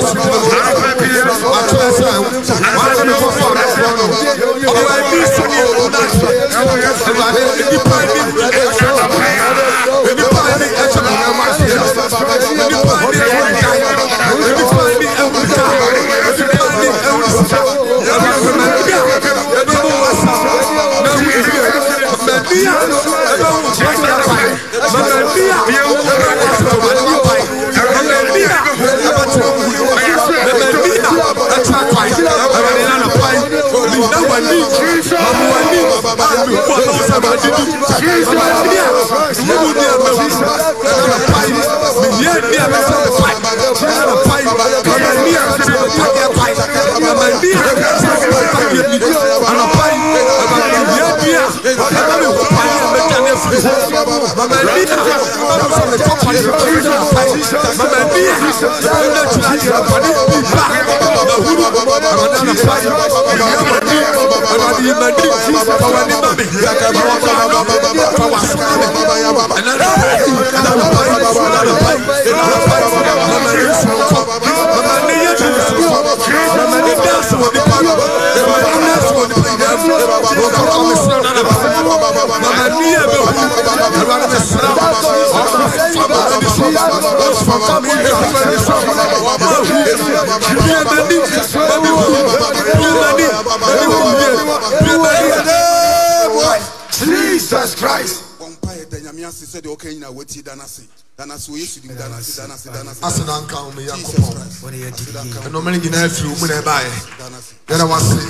i ẹ̀mí sọ̀rọ̀ ọ̀rọ̀ náà. Ẹ̀wọ̀n yẹn sọ̀rọ̀ ní you. ẹni àlùkò àtàwọn àbàdì àbàdì níbu ní àbẹ̀wò ẹ̀rọ páyì nìyẹn ní àbẹ̀wò páyì ẹ̀rọ páyì ọ̀nà ní àbẹ̀wò páyì ẹ̀rọ páyì ọ̀nà ní àbẹ̀wò páyì ẹ̀rọ páyì. Maman Lia, nous sommes les compagnies de Christ en Paris. Maman Lia, nous ne tuons pas les Maman Lia, asedankao m a ɛnɔmene nyina afii wo munbaɛ yɛna wse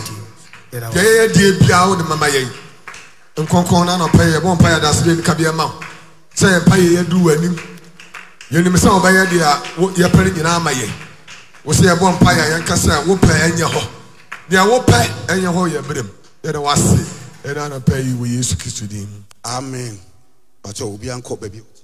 kɛyɛyɛdiɛ biawo ne mama yɛ nkonkɔn na anɔpɛ yɛ bɔ mpa yɛ daseɛ nika bi ɛma sɛ yɛ mpa yɛ yɛ duru w'anim yɛnim sɛ ɔbɛyɛ deɛ yɛpɛ ne nyinaa ama yɛ wosi yɛ bɔ mpa yɛn kasa wopɛ ɛnyɛ hɔ deɛ wopɛ ɛnyɛ hɔ yɛ mmerem yɛde wase ɛna anɔpɛ yi wɔ yesu kristo din amen bàtɛ obi ankɔ baabi.